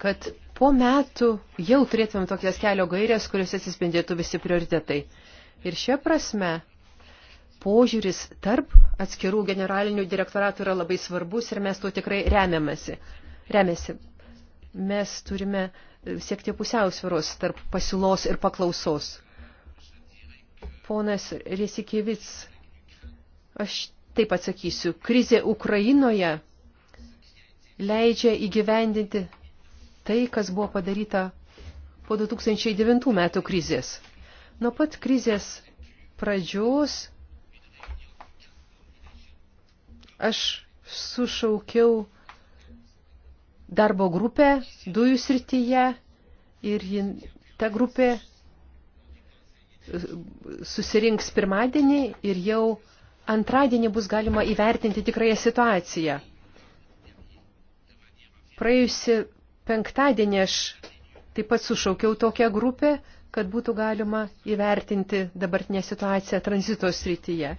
kad po metų jau turėtumėm tokias kelio gairias, kuriuose atsispindėtų visi prioritetai. Ir šia prasme požiūris tarp atskirų generalinių direktoratų yra labai svarbus ir mes tuo tikrai remiamasi. remiasi. Mes turime e, siekti pusiausvėros tarp pasiūlos ir paklausos. Ponas Riesikievic, aš taip atsakysiu, krizė Ukrainoje leidžia įgyvendinti tai, kas buvo padaryta po 2009 metų krizės. Nuo pat krizės pradžios aš sušaukiau darbo grupę dujų srityje ir jin, ta grupė susirinks pirmadienį ir jau antradienį bus galima įvertinti tikrąją situaciją. Praėjusi Penktadienį aš taip pat sušaukiau tokią grupę, kad būtų galima įvertinti dabartinę situaciją tranzito srityje.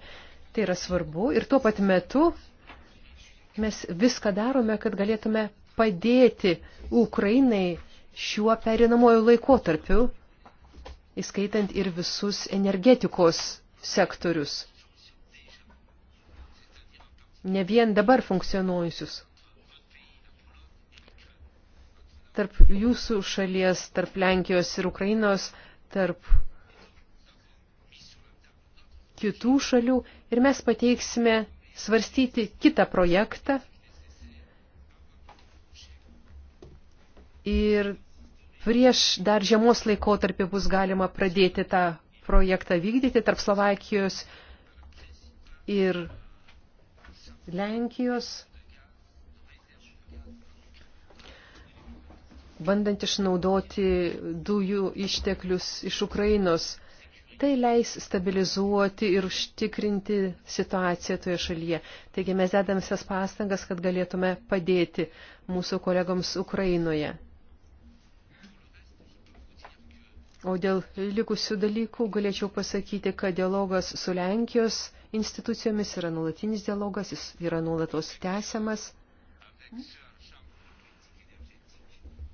Tai yra svarbu ir tuo pat metu mes viską darome, kad galėtume padėti Ukrainai šiuo perinamojo laikotarpiu, įskaitant ir visus energetikos sektorius. Ne vien dabar funkcionuojusius. tarp jūsų šalies, tarp Lenkijos ir Ukrainos, tarp kitų šalių ir mes pateiksime svarstyti kitą projektą. Ir prieš dar žiemos laikotarpį bus galima pradėti tą projektą vykdyti tarp Slovakijos ir Lenkijos. bandant išnaudoti dujų išteklius iš Ukrainos. Tai leis stabilizuoti ir užtikrinti situaciją toje šalyje. Taigi mes dedam visas pastangas, kad galėtume padėti mūsų kolegoms Ukrainoje. O dėl likusių dalykų galėčiau pasakyti, kad dialogas su Lenkijos institucijomis yra nulatinis dialogas, jis yra nulatos tęsiamas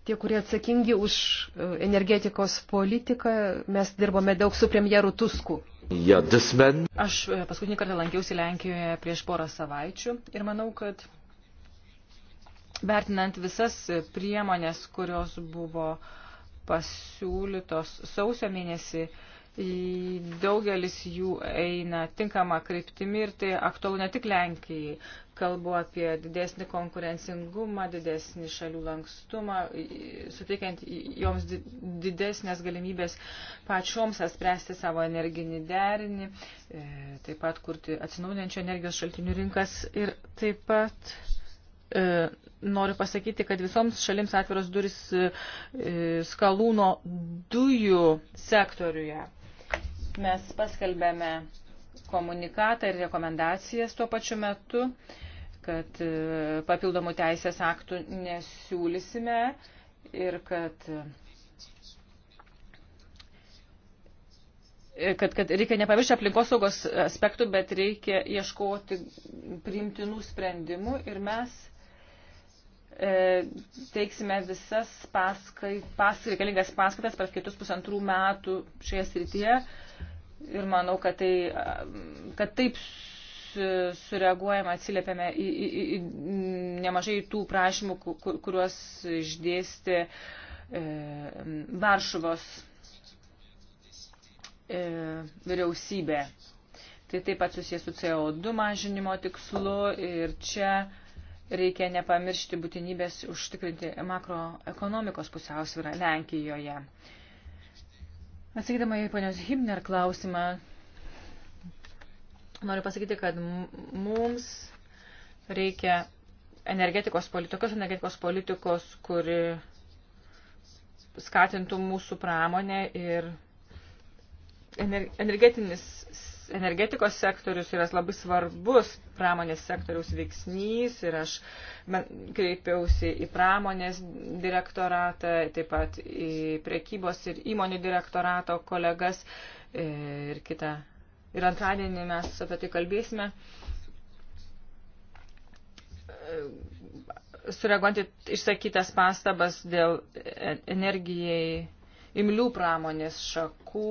tie, kurie atsakingi už e, energetikos politiką, mes dirbome daug su premjeru Tusku. Ja, man... Aš e, paskutinį kartą lankiausi Lenkijoje prieš porą savaičių ir manau, kad vertinant visas e, priemonės, kurios buvo pasiūlytos sausio mėnesį, uh, Daugelis jų eina tinkama kryptimi ir tai aktualu ne tik Lenkijai. Kalbu apie didesnį konkurencingumą, didesnį šalių lankstumą, suteikiant joms didesnės galimybės pačioms spręsti savo energinį derinį, e, taip pat kurti atsinaujinančio energijos šaltinių rinkas ir taip pat e, noriu pasakyti, kad visoms šalims atviros duris e, skalūno dujų sektoriuje. Mes paskelbėme komunikatą ir rekomendacijas tuo pačiu metu, kad e, papildomų teisės aktų nesiūlysime ir kad e, kad, kad reikia nepamiršti aplinkosaugos aspektų, bet reikia ieškoti priimtinų sprendimų ir mes e, teiksime visas paskai, pas, reikalingas paskatas per kitus pusantrų metų šioje srityje. E, ir manau, kad, tai, kad taip sureaguojame, atsiliepiame į, į, į, į nemažai tų prašymų, kur, kuriuos išdėsti e, Varšuvos e, vyriausybė. Tai taip pat susijęs su CO2 mažinimo tikslu ir čia reikia nepamiršti būtinybės užtikrinti makroekonomikos pusiausvyrą Lenkijoje. E, Atsakydama į ponios Himner klausimą, noriu pasakyti, kad mums reikia energetikos politikos, energetikos politikos, kuri skatintų mūsų pramonę ir energetinis energetikos sektorius yra labai svarbus pramonės sektoriaus veiksnys ir aš kreipiausi į pramonės direktoratą, taip pat į prekybos ir įmonių direktorato kolegas ir kitą. Ir antradienį mes apie tai kalbėsime sureaguojant į išsakytas pastabas dėl energijai imlių pramonės šakų,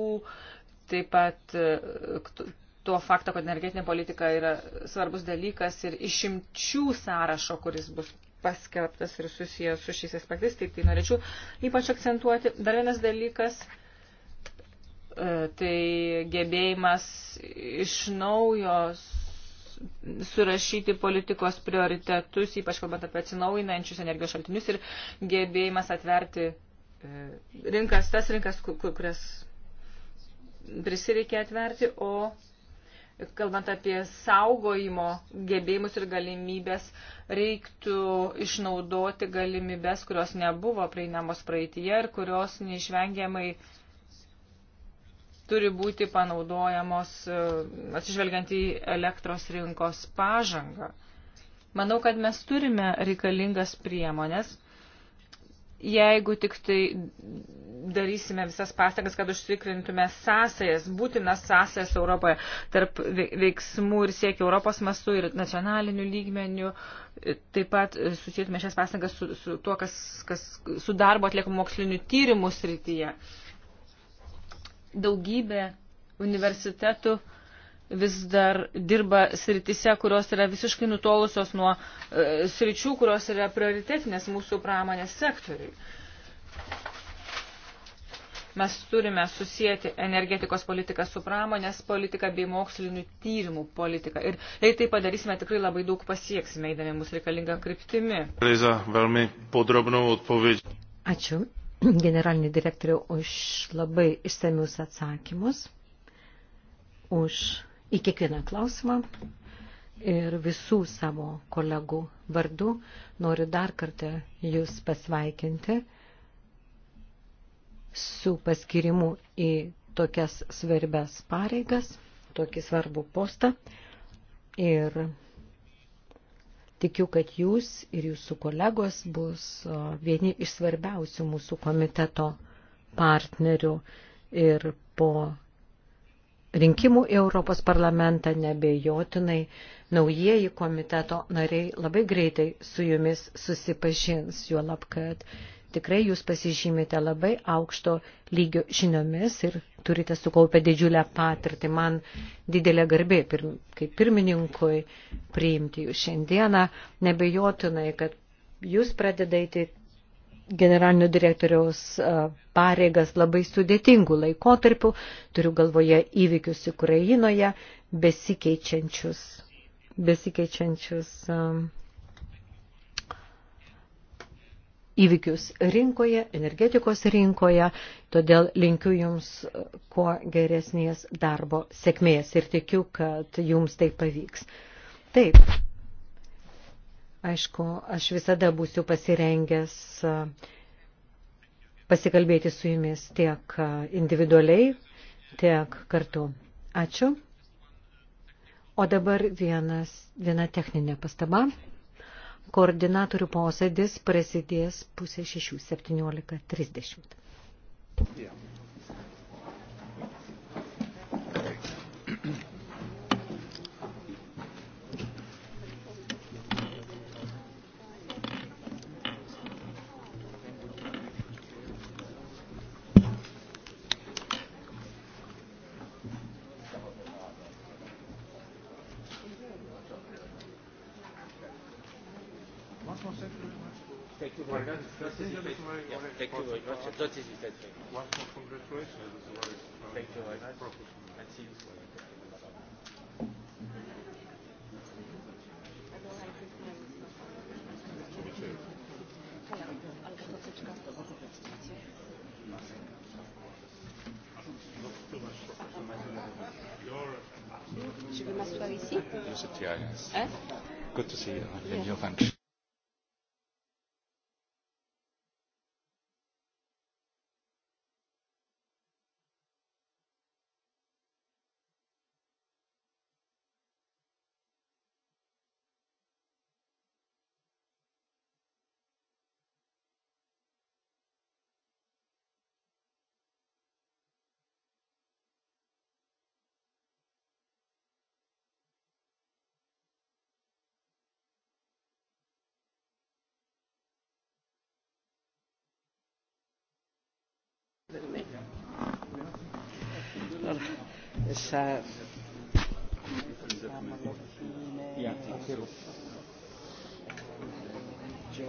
taip pat e, tuo fakto, kad energetinė politika yra svarbus dalykas ir išimčių sąrašo, kuris bus paskelbtas ir susijęs su šiais aspektais, taip tai norėčiau ypač akcentuoti. Dar vienas dalykas e, tai gebėjimas iš naujo surašyti politikos prioritetus, ypač kalbant apie atsinaujinančius energijos šaltinius ir gebėjimas atverti e, rinkas, tas rinkas, kur, kur, kurias prisireikė atverti, o kalbant apie saugojimo gebėjimus ir galimybės, reiktų išnaudoti galimybės, kurios nebuvo prieinamos praeitie ir kurios neišvengiamai turi būti panaudojamos e, atsižvelgiant į elektros rinkos pažangą. Manau, kad mes turime reikalingas priemonės jeigu tik tai darysime visas pastangas, kad užtikrintume sąsajas, būtinas sąsajas Europoje tarp veiksmų ir siekių Europos mastų ir nacionalinių lygmenių. Taip pat e, susijėtume šias pastangas su, su, tuo, kas, kas, su darbo atliekamų mokslinių tyrimų srityje. Daugybė universitetų uh, vis dar dirba sritise, kurios yra visiškai nutolusios nuo e, sričių, kurios yra prioritetinės mūsų pramonės sektoriui. Mes turime susijęti energetikos politiką su pramonės politika bei mokslinių tyrimų politika. Ir jei tai padarysime, tikrai labai daug pasieksime, eidami mūsų reikalingą kryptimi. Ačiū, generalinį direktorių, už labai išsamius atsakymus, už į kiekvieną klausimą ir visų savo kolegų vardu noriu dar kartą Jūs pasveikinti su paskirimu į tokias svarbias pareigas, tokį svarbų postą ir tikiu, kad Jūs ir Jūsų kolegos bus vieni iš svarbiausių mūsų komiteto partnerių ir po rinkimų į Europos parlamentą nebejotinai naujieji komiteto nariai labai greitai su jumis susipažins, juolab, kad tikrai jūs pasižymite labai aukšto lygio žiniomis ir turite sukaupę didžiulę patirtį. Man didelė garbė pirm, kaip pirmininkui priimti jūs šiandieną. Nebejotinai, kad jūs pradedate generalinio direktoriaus e, pareigas labai sudėtingų laikotarpių, turiu galvoje įvykius Ukrainoje, besikeičiančius, besikeičiančius e, įvykius rinkoje, energetikos rinkoje, todėl linkiu Jums kuo geresnės darbo sėkmės ir tikiu, kad Jums tai pavyks. Taip, Aišku, aš visada būsiu pasirengęs pasikalbėti su jumis tiek individualiai, tiek kartu. Ačiū. O dabar vienas, viena techninė pastaba. Koordinatorių posėdis prasidės pusė 6.17.30. Yeah. Essa... Ja,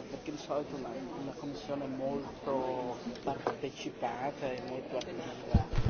perché di solito è una commissione molto partecipata e molto attiva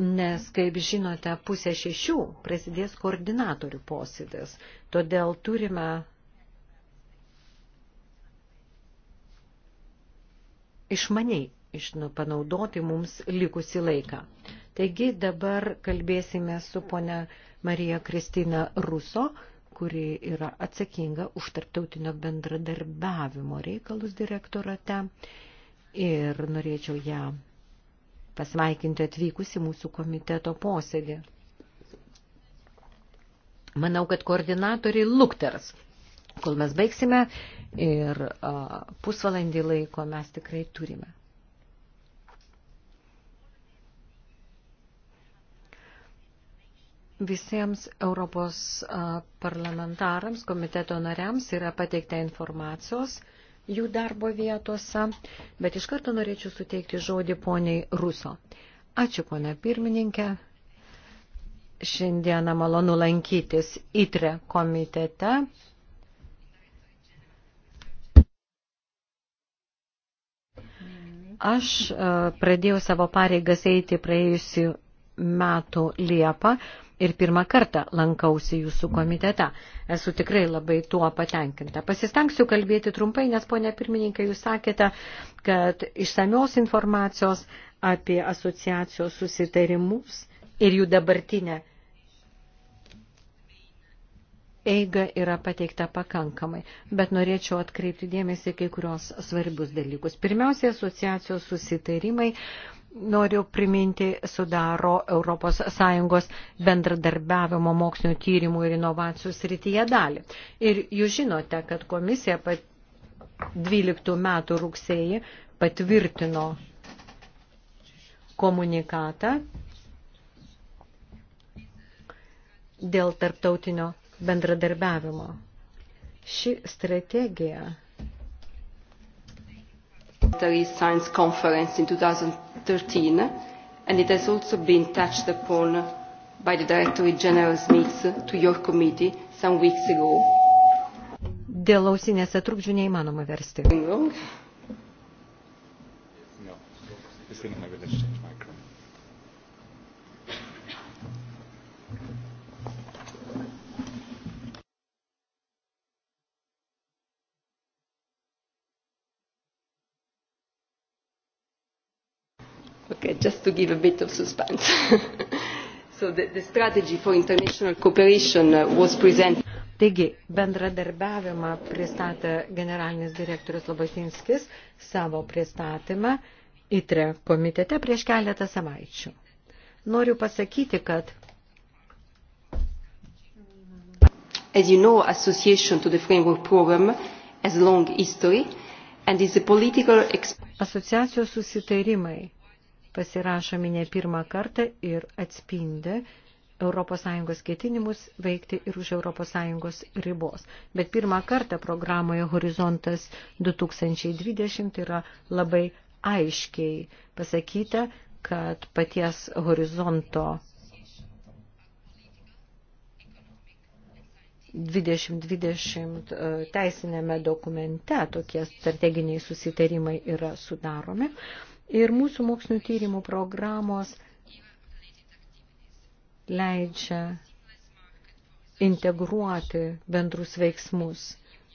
nes, kaip žinote, pusė šešių prasidės koordinatorių posėdės. Todėl turime išmaniai nu, panaudoti mums likusi laiką. Taigi dabar kalbėsime su ponia Marija Kristina Ruso, kuri yra atsakinga už tarptautinio bendradarbiavimo reikalus direktorate. Ir norėčiau ją pasveikinti atvykusi mūsų komiteto posėdį. Manau, kad koordinatoriai lukters, kol mes baigsime ir a, pusvalandį laiko mes tikrai turime. Visiems Europos parlamentarams, komiteto nariams yra pateikta informacijos, jų darbo vietose, bet iš karto norėčiau suteikti žodį poniai Ruso. Ačiū, ponia pirmininkė. Šiandieną malonu lankytis ITRE komitete. Aš e, pradėjau savo pareigas eiti praėjusiu metų Liepą ir pirmą kartą lankausi jūsų komitete. Esu tikrai labai tuo patenkinta. Pasistengsiu kalbėti trumpai, nes, ponė pirmininkai, jūs sakėte, kad išsamios informacijos apie asociacijos susitarimus ir jų dabartinę eiga yra pateikta pakankamai, bet norėčiau atkreipti dėmesį kai kurios svarbius dalykus. Pirmiausia, asociacijos susitarimai noriu priminti, sudaro ES bendradarbiavimo mokslinio tyrimų ir inovacijų srityje dalį. Ir jūs žinote, kad komisija 12 metų rugsėjį patvirtino komunikatą dėl tarptautinio bendradarbiavimo. Ši strategija Science Conference in 2013, and it has also been touched upon by the Directorate General Smiths to your committee some weeks ago. Dėl ausinėse trukdžių neįmanoma versti. Wrong. No. Okay, just to give a bit of suspense. so the, the strategy for international cooperation uh, was presented. Taigi, bendradarbiavimą pristatė generalinis direktorius Labatinskis savo pristatymą ITRE komitete prieš keletą savaičių. Noriu pasakyti, kad As you know, association to the framework program has long history and is a political Asociacijos susitarimai pasirašomi ne pirmą kartą ir atspindi ES ketinimus veikti ir už ES ribos. Bet pirmą kartą programoje Horizontas 2020 yra labai aiškiai pasakyta, kad paties horizonto 2020 e, teisinėme dokumente tokie strateginiai susitarimai yra sudaromi, Ir mūsų mokslinio tyrimų programos leidžia integruoti bendrus veiksmus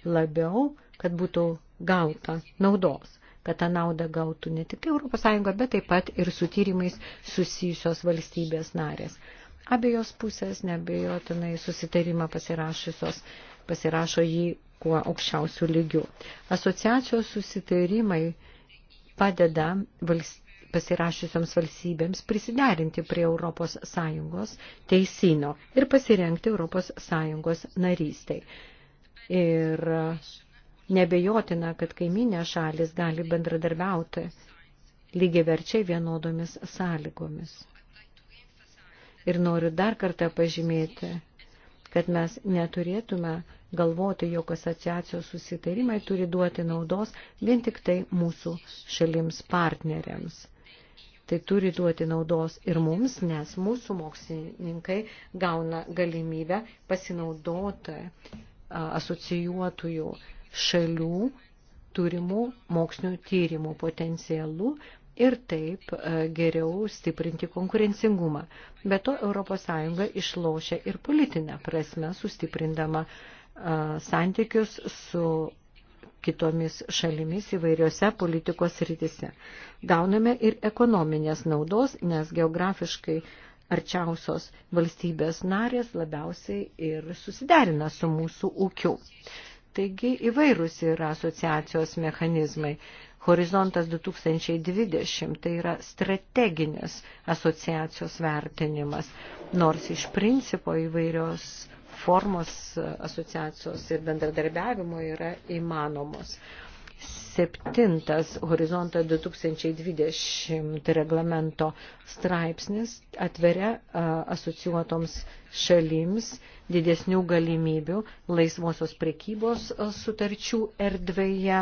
labiau, kad būtų gauta naudos, kad tą naudą gautų ne tik ES, bet taip pat ir su tyrimais susijusios valstybės narės. Abiejos pusės nebejotinai susitarimą pasirašysios, pasirašo jį kuo aukščiausių lygių. Asociacijos susitarimai padeda valstybės pasirašiusioms valstybėms prisiderinti prie ES teisino ir pasirengti ES narystai. Ir nebejotina, kad kaiminė šalis gali bendradarbiauti lygiai verčiai vienodomis sąlygomis. Ir noriu dar kartą pažymėti, kad mes neturėtume galvoti, jog asociacijos susitarimai turi duoti naudos vien tik tai mūsų šalims partneriams. Tai turi duoti naudos ir mums, nes mūsų mokslininkai gauna galimybę pasinaudoti asocijuotųjų šalių turimų mokslinio tyrimų potencialų, ir taip e, geriau stiprinti konkurencingumą. Be to ES išlošia ir politinę prasme, sustiprindama e, santykius su kitomis šalimis įvairiose politikos rytise. Gauname ir ekonominės naudos, nes geografiškai arčiausios valstybės narės labiausiai ir susiderina su mūsų ūkiu. Taigi įvairūs yra asociacijos mechanizmai. Horizontas 2020 tai yra strateginis asociacijos vertinimas, nors iš principo įvairios formos asociacijos ir bendradarbiavimo yra įmanomos. Septintas horizonto 2020 reglamento straipsnis atveria asociuotoms šalims didesnių galimybių laisvosios prekybos sutarčių erdvėje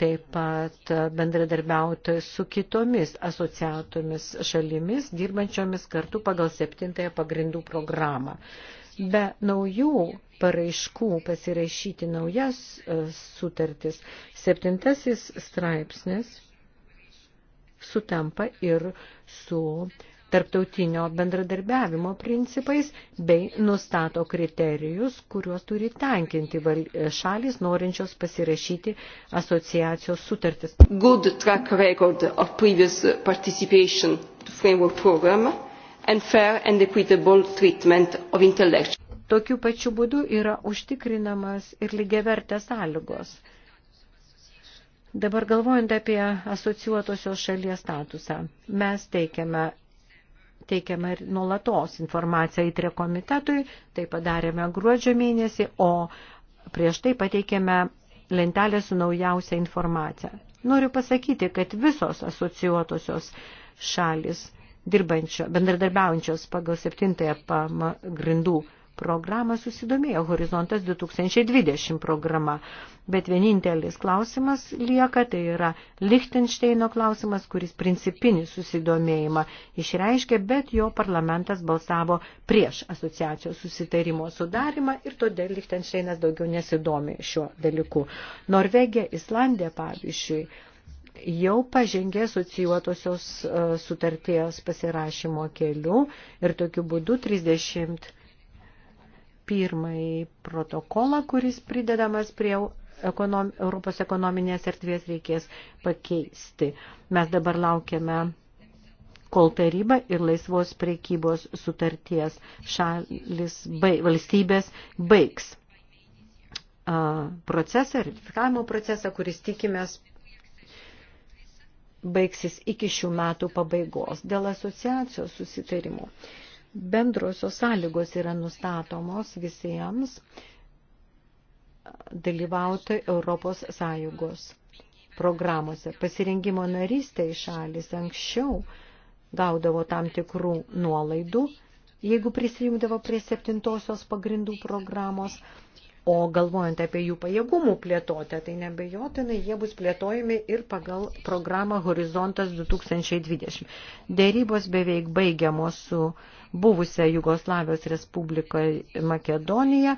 taip pat bendradarbiauti su kitomis asociatomis šalimis, dirbančiomis kartu pagal septintąją pagrindų programą. Be naujų paraiškų pasirašyti naujas e, sutartis, septintasis straipsnis sutampa ir su tarptautinio bendradarbiavimo principais bei nustato kriterijus, kuriuos turi tenkinti šalis norinčios pasirašyti asociacijos sutartis. Good track record of previous participation to framework program and fair and equitable treatment of intellectual. Tokiu pačiu būdu yra užtikrinamas ir lygiavertės sąlygos. Dabar galvojant apie asociuotosios šalies statusą, mes teikiame teikiama ir nuolatos informacija įtrė komitetui, tai padarėme gruodžio mėnesį, o prieš tai pateikėme lentelę su naujausia informacija. Noriu pasakyti, kad visos asociuotosios šalis dirbančio, bendradarbiaujančios pagal septintąją pagrindų programą susidomėjo Horizontas 2020 programa. Bet vienintelis klausimas lieka, tai yra Lichtensteino klausimas, kuris principinį susidomėjimą išreiškė, bet jo parlamentas balsavo prieš asociacijos susitarimo sudarimą ir todėl Lichtensteinas daugiau nesidomi šiuo dalyku. Norvegija, Islandija pavyzdžiui jau pažengė asocijuotosios e, sutarties pasirašymo keliu ir tokiu būdu 30 pirmąjį protokolą, kuris pridedamas prie ekonom, Europos ekonominės erdvės reikės pakeisti. Mes dabar laukiame, kol taryba ir laisvos priekybos sutarties šalis baig, valstybės baigs procesą, ratifikavimo procesą, kuris tikimės baigsis iki šių metų pabaigos dėl asociacijos susitarimų bendrosios sąlygos yra nustatomos visiems dalyvauti Europos sąjungos programuose. Pasirengimo narystė į šalis anksčiau gaudavo tam tikrų nuolaidų, jeigu prisijungdavo prie septintosios pagrindų programos, O galvojant apie jų pajėgumų plėtotę, tai nebejotinai jie bus plėtojami ir pagal programą Horizontas 2020. Dėrybos beveik baigiamos su buvusia Jugoslavijos Respublika Makedonija,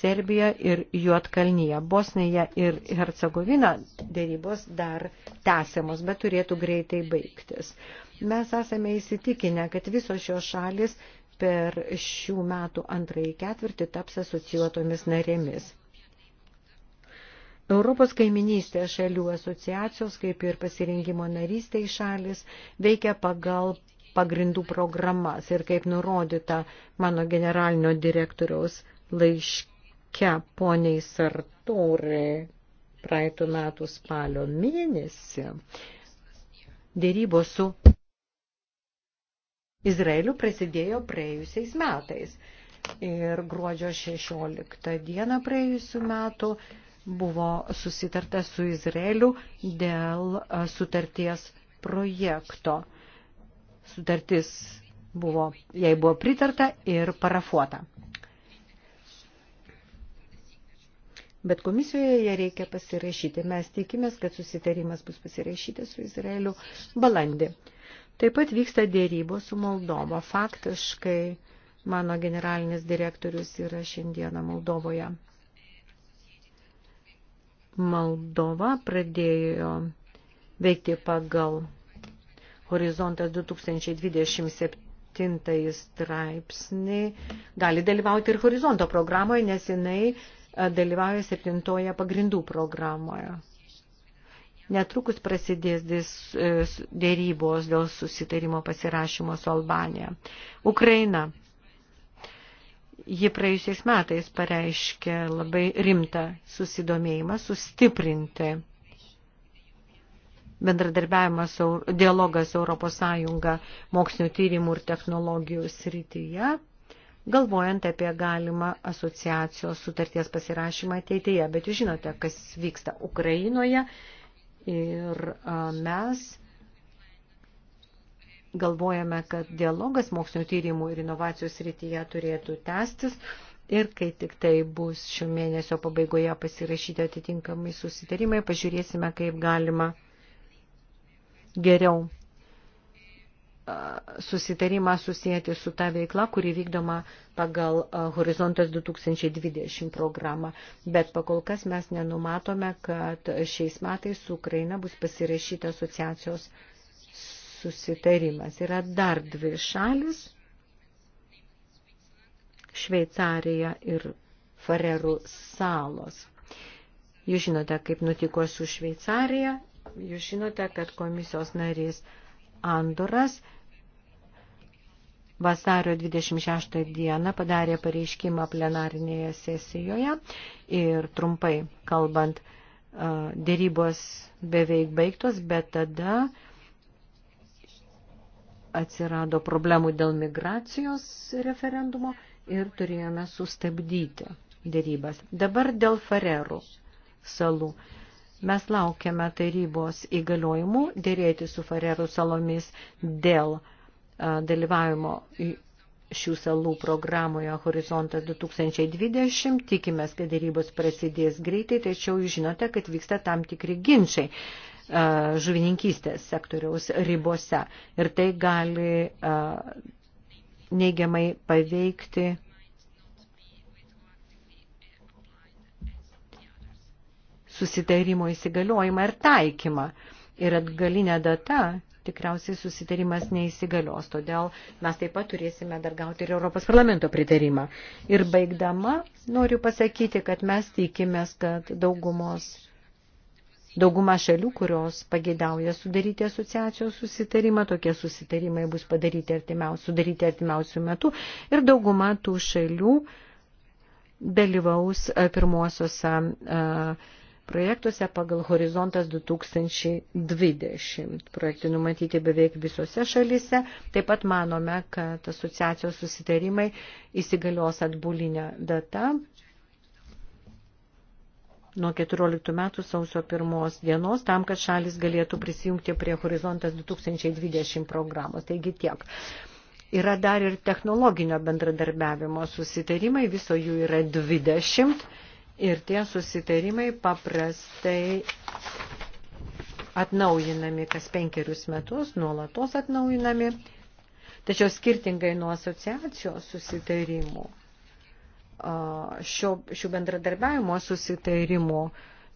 Serbija ir Juotkalnyje. Bosnija ir Hercegovina dėrybos dar tęsiamos, bet turėtų greitai baigtis. Mes esame įsitikinę, kad visos šios šalis per šių metų antrąjį ketvirtį taps asocijuotomis narėmis. Europos kaiminystės šalių asociacijos, kaip ir pasirinkimo narystė į šalis, veikia pagal pagrindų programas ir kaip nurodyta mano generalinio direktoriaus laiške poniai Sartori praeitų metų spalio mėnesį, dėrybos su Izraeliu prasidėjo praėjusiais metais. Ir gruodžio 16 dieną praėjusių metų buvo susitarta su Izraeliu dėl e, sutarties projekto. Sutartis buvo, jai buvo pritarta ir parafuota. Bet komisijoje ją reikia pasirašyti. Mes tikimės, kad susitarimas bus pasirašytas su Izraeliu balandį. Taip pat vyksta dėrybos su Moldovo. Faktiškai mano generalinis direktorius yra šiandieną Moldovoje. Moldova pradėjo veikti pagal Horizontas 2027 straipsnį. Gali dalyvauti ir Horizonto programoje, nes jinai e, dalyvauja septintoje pagrindų programoje. Netrukus prasidės e, dėrybos dėl susitarimo pasirašymo su Albanija. Ukraina. Ji praėjusiais metais pareiškė labai rimtą susidomėjimą sustiprinti bendradarbiavimas, dialogas Europos Sąjunga mokslinio tyrimų ir technologijų srityje, galvojant apie galimą asociacijos sutarties pasirašymą ateityje. Bet jūs žinote, kas vyksta Ukrainoje Ir mes galvojame, kad dialogas mokslinio tyrimų ir inovacijos rytyje turėtų tęstis ir kai tik tai bus šio mėnesio pabaigoje pasirašyti atitinkamai susitarimai, pažiūrėsime, kaip galima geriau susitarimą susijęti su ta veikla, kuri vykdoma pagal Horizontas 2020 programą. Bet pakol kas mes nenumatome, kad šiais metais su Ukraina bus pasirašyta asociacijos susitarimas. Yra dar dvi šalis - Šveicarija ir Farerų salos. Jūs žinote, kaip nutiko su Šveicarija, jūs žinote, kad komisijos narys Andoras vasario 26 dieną padarė pareiškimą plenarinėje sesijoje ir trumpai kalbant, dėrybos beveik baigtos, bet tada atsirado problemų dėl migracijos referendumo ir turėjome sustabdyti dėrybas. Dabar dėl Farerų salų. Mes laukiame tarybos įgaliojimų dėrėti su Farerų salomis dėl uh, dalyvavimo šių salų programoje Horizontas 2020. Tikimės, kad dėrybos prasidės greitai, tačiau jūs žinote, kad vyksta tam tikri ginčiai žuvininkystės sektoriaus ribose. Ir tai gali neigiamai paveikti susitarimo įsigaliojimą ir taikymą. Ir atgalinė data tikriausiai susitarimas neįsigalios. Todėl mes taip pat turėsime dar gauti ir Europos parlamento pritarimą. Ir baigdama noriu pasakyti, kad mes tikimės, kad daugumos. Dauguma šalių, kurios pagėdauja sudaryti asociacijos susitarimą, tokie susitarimai bus padaryti artimiausių, sudaryti artimiausių metų ir dauguma tų šalių dalyvaus e, pirmuosiuose uh, e, projektuose pagal Horizontas 2020. Projektai numatyti beveik visose šalyse. Taip pat manome, kad asociacijos susitarimai įsigalios atbulinę datą nuo 14 metų sausio 1 dienos, tam, kad šalis galėtų prisijungti prie Horizontas 2020 programos. Taigi tiek. Yra dar ir technologinio bendradarbiavimo susitarimai, viso jų yra 20 ir tie susitarimai paprastai atnaujinami kas penkerius metus, nuolatos atnaujinami, tačiau skirtingai nuo asociacijos susitarimų, šio, šių bendradarbiavimo susitarimų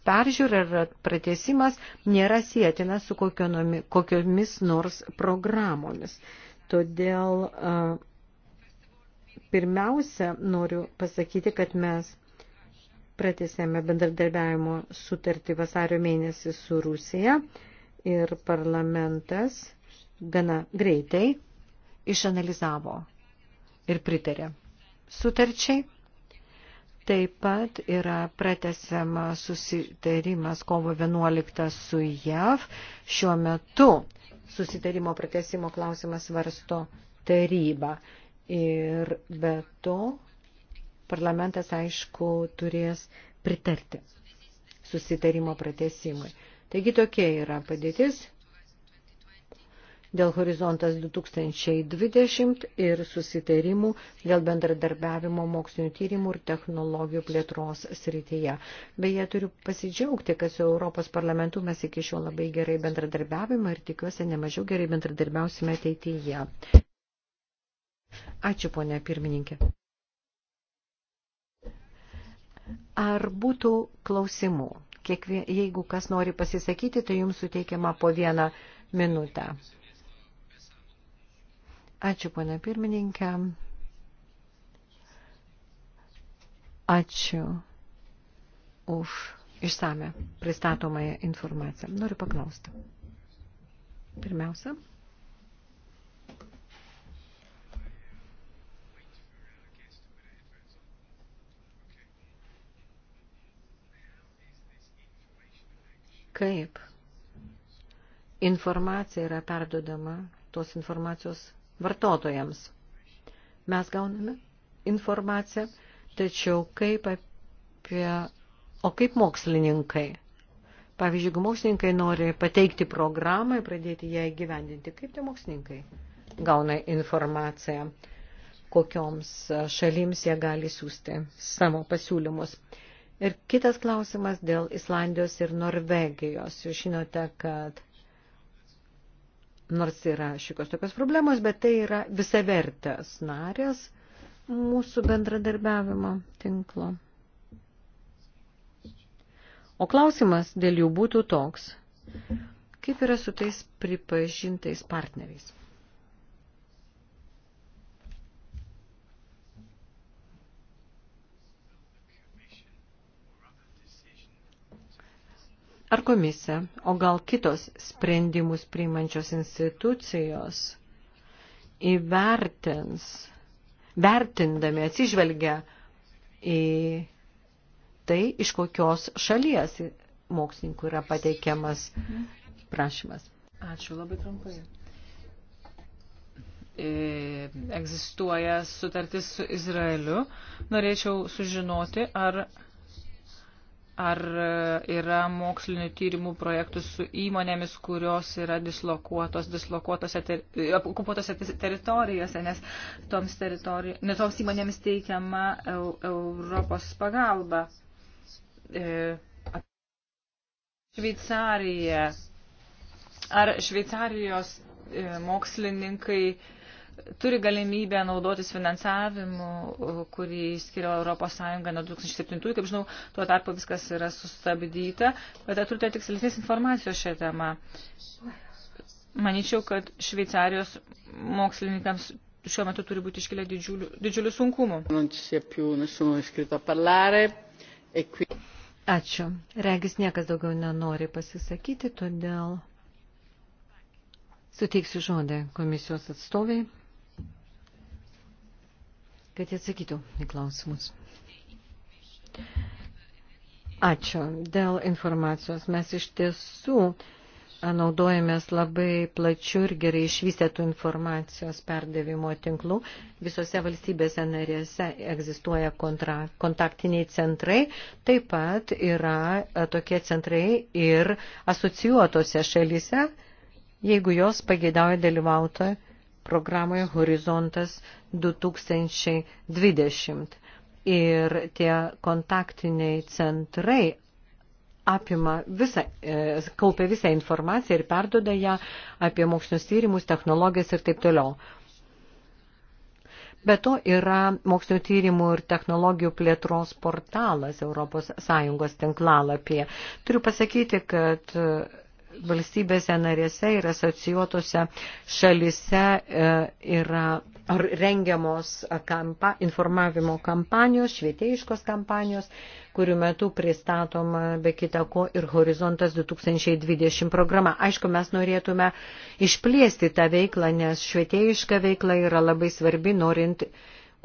peržiūra ir pratesimas nėra sėtina su kokiomis, kokiomis nors programomis. Todėl pirmiausia noriu pasakyti, kad mes pratesėme bendradarbiavimo sutartį vasario mėnesį su Rusija ir parlamentas gana greitai išanalizavo ir pritarė sutarčiai. Taip pat yra pratesiama susitarimas kovo 11 su JAV. Šiuo metu susitarimo pratesimo klausimas svarsto taryba. Ir be to parlamentas, aišku, turės pritarti susitarimo pratesimui. Taigi tokia yra padėtis dėl horizontas 2020 ir susitarimų dėl bendradarbiavimo mokslinių tyrimų ir technologijų plėtros srityje. Beje, turiu pasidžiaugti, kad su Europos parlamentu mes iki šiol labai gerai bendradarbiavimą ir tikiuosi nemažiau gerai bendradarbiausime ateityje. Ačiū, ponia pirmininkė. Ar būtų klausimų? Kiekvie, jeigu kas nori pasisakyti, tai jums suteikiama po vieną minutę. Ačiū, pana pirmininkė. Ačiū už išsame pristatomąją informaciją. Noriu paklausti. Pirmiausia. kaip informacija yra perdodama tos informacijos vartotojams. Mes gauname informaciją, tačiau kaip apie, o kaip mokslininkai. Pavyzdžiui, jeigu mokslininkai nori pateikti programą ir pradėti ją įgyvendinti, kaip tie mokslininkai gauna informaciją, kokioms šalims jie gali siūsti savo pasiūlymus. Ir kitas klausimas dėl Islandijos ir Norvegijos. Jūs žinote, kad nors yra šikos tokios problemos, bet tai yra visavertės narės mūsų bendradarbiavimo tinklo. O klausimas dėl jų būtų toks, kaip yra su tais pripažintais partneriais. Ar komisija, o gal kitos sprendimus priimančios institucijos įvertins, vertindami atsižvelgia į tai, iš kokios šalies mokslininkų yra pateikiamas prašymas. Ačiū labai trumpai. E, egzistuoja sutartis su Izraeliu. Norėčiau sužinoti, ar Ar e, yra mokslinių tyrimų projektų su įmonėmis, kurios yra dislokuotos, dislokuotose, ter, okupuotose teritorijose, nes toms, teritorij, nes toms įmonėmis teikiama Europos pagalba. E, Šveicarija. Ar Šveicarijos e, mokslininkai turi galimybę naudotis finansavimu, kurį skiria ES nuo 2007, kaip žinau, tuo tarpu viskas yra sustabdyta, bet ar turite tikslesnės informacijos šią temą? Maničiau, kad Šveicarijos mokslininkams šiuo metu turi būti iškilę didžiulių, didžiulių sunkumų. E Ačiū. Regis niekas daugiau nenori pasisakyti, todėl suteiksiu žodį komisijos atstoviai kad jie atsakytų į klausimus. Ačiū dėl informacijos. Mes iš tiesų naudojamės labai plačiu ir gerai išvystėtų informacijos perdavimo tinklų. Visose valstybėse narėse egzistuoja kontra, kontaktiniai centrai, taip pat yra tokie centrai ir asocijuotose šalyse, jeigu jos pageidauja dalyvauti programoje Horizontas 2020. Ir tie kontaktiniai centrai apima visą, e, kaupia visą informaciją ir perdoda ją apie mokslinius tyrimus, technologijas ir taip toliau. Be to yra mokslinio tyrimų ir technologijų plėtros portalas ES tinklalapyje. Turiu pasakyti, kad valstybėse narėse ir asocijuotose šalise e, yra ar rengiamos kampa, informavimo kampanijos, švietėjiškos kampanijos, kurių metu pristatoma be kita ko ir Horizontas 2020 programa. Aišku, mes norėtume išplėsti tą veiklą, nes švietėjiška veikla yra labai svarbi, norint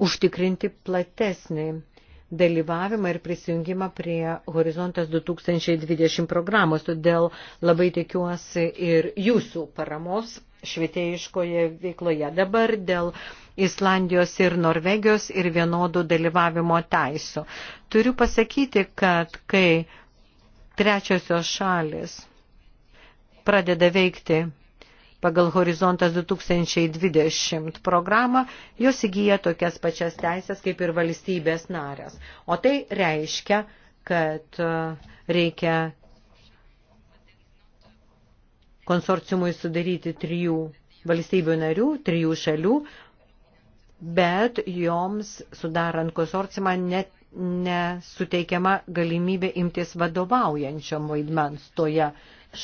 užtikrinti platesnį dalyvavimą ir prisijungimą prie Horizontas 2020 programos. Todėl labai tikiuosi ir jūsų paramos švietėjiškoje veikloje. Dabar dėl Islandijos ir Norvegijos ir vienodų dalyvavimo teisų. Turiu pasakyti, kad kai trečiosios šalis pradeda veikti pagal Horizontas 2020 programą, jos įgyja tokias pačias teisės kaip ir valstybės narės. O tai reiškia, kad e, reikia konsorciumui sudaryti trijų valstybių narių, trijų šalių, bet joms sudarant konsorciumą net nesuteikiama galimybė imtis vadovaujančio vaidmens toje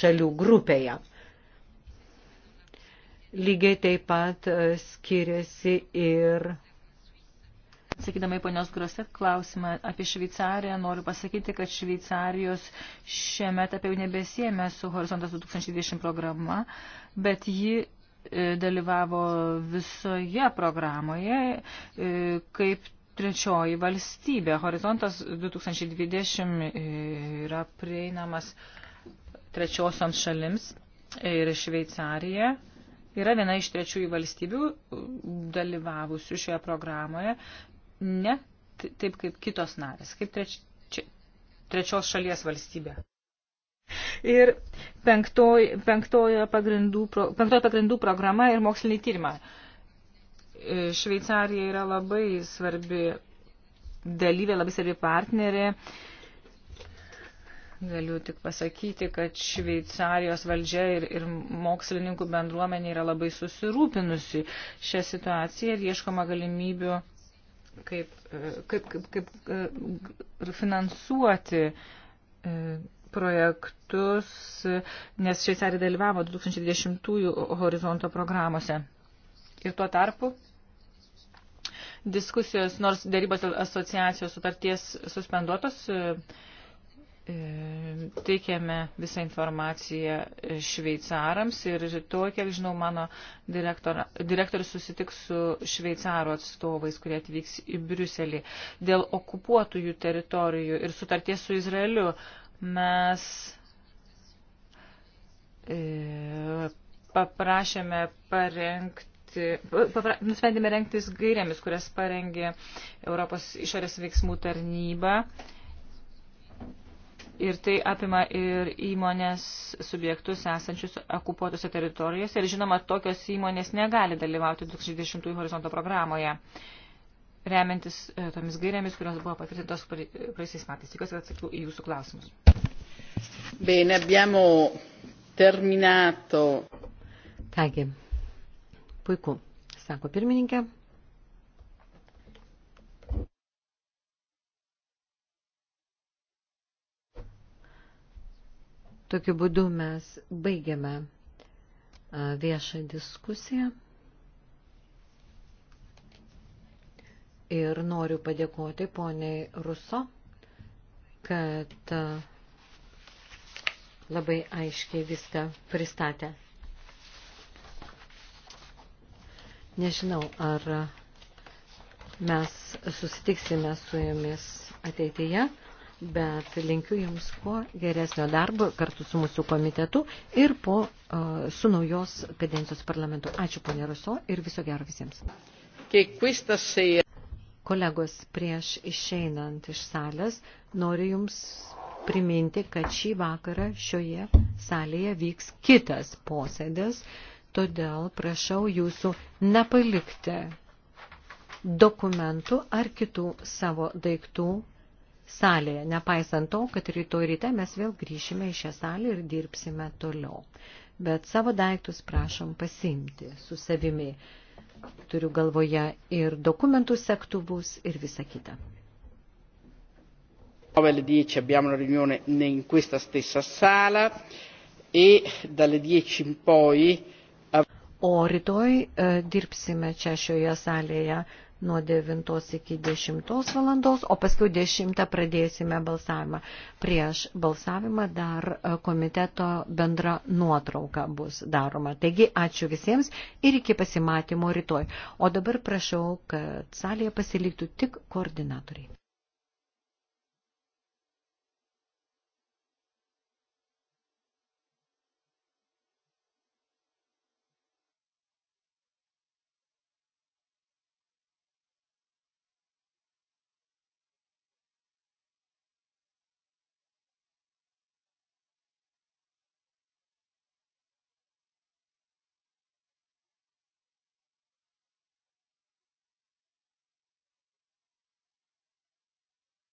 šalių grupėje lygiai taip pat e, skiriasi ir. Sakydama į ponios Groset klausimą apie Šveicariją, noriu pasakyti, kad Šveicarijos šiame etape jau nebesijėmė su Horizontas 2020 programa, bet ji e, dalyvavo visoje programoje e, kaip trečioji valstybė. Horizontas 2020 yra prieinamas trečiosioms šalims ir Šveicarija yra viena iš trečiųjų valstybių uh, dalyvavusių šioje programoje, ne taip kaip kitos narės, kaip treč, čia, trečios šalies valstybė. Ir penktojo, penktojo, pagrindų, penktojo pagrindų programa ir moksliniai tyrimai. E, Šveicarija yra labai svarbi dalyvė, labai svarbi partnerė Galiu tik pasakyti, kad Šveicarijos valdžia ir, ir mokslininkų bendruomenė yra labai susirūpinusi šią situaciją ir ieškoma galimybių, kaip, e, kaip, kaip, kaip e, finansuoti e, projektus, nes Šveicarija dalyvavo 2010 horizonto programuose. Ir tuo tarpu diskusijos, nors darybos asociacijos sutarties suspenduotos, E, teikėme visą informaciją šveicarams ir rytoj, kiek žinau, mano direktorius susitiks su šveicarų atstovais, kurie atvyks į Briuselį. Dėl okupuotųjų teritorijų ir sutarties su Izraeliu mes e, paprašėme parengti Nusprendėme rengtis gairėmis, kurias parengė Europos išorės veiksmų tarnyba. E, Ir tai apima ir įmonės subjektus esančius okupuotose teritorijose. Ir žinoma, tokios įmonės negali dalyvauti 2020 horizonto programoje, remiantis e, tomis gairėmis, kurios buvo patvirtintos praeisiais metais. Tikiuosi, kad atsakiau į jūsų klausimus. Bene, abbiamo terminato. Kągi, puiku, sako pirmininkė. Tokiu būdu mes baigiame viešą diskusiją. Ir noriu padėkoti poniai Ruso, kad labai aiškiai viską pristatė. Nežinau, ar mes susitiksime su jumis ateityje bet linkiu Jums kuo geresnio darbo kartu su mūsų komitetu ir po, su naujos kadencijos parlamentu. Ačiū, ponė Ruso, ir viso gero visiems. Kolegos, prieš išeinant iš salės, noriu Jums priminti, kad šį vakarą šioje salėje vyks kitas posėdis, todėl prašau jūsų nepalikti dokumentų ar kitų savo daiktų salėje, nepaisant to, kad rytoj ryte mes vėl grįšime į šią salę ir dirbsime toliau. Bet savo daiktus prašom pasimti su savimi. Turiu galvoje ir dokumentų sektuvus ir visą kitą. Alle 10 abbiamo una riunione in questa stessa sala e dalle 10 in poi. O rytoj e, dirbsime čia šioje salėje nuo 9 iki 10 valandos, o paskui 10 pradėsime balsavimą. Prieš balsavimą dar e, komiteto bendra nuotrauka bus daroma. Taigi ačiū visiems ir iki pasimatymo rytoj. O dabar prašau, kad salėje pasiliktų tik koordinatoriai.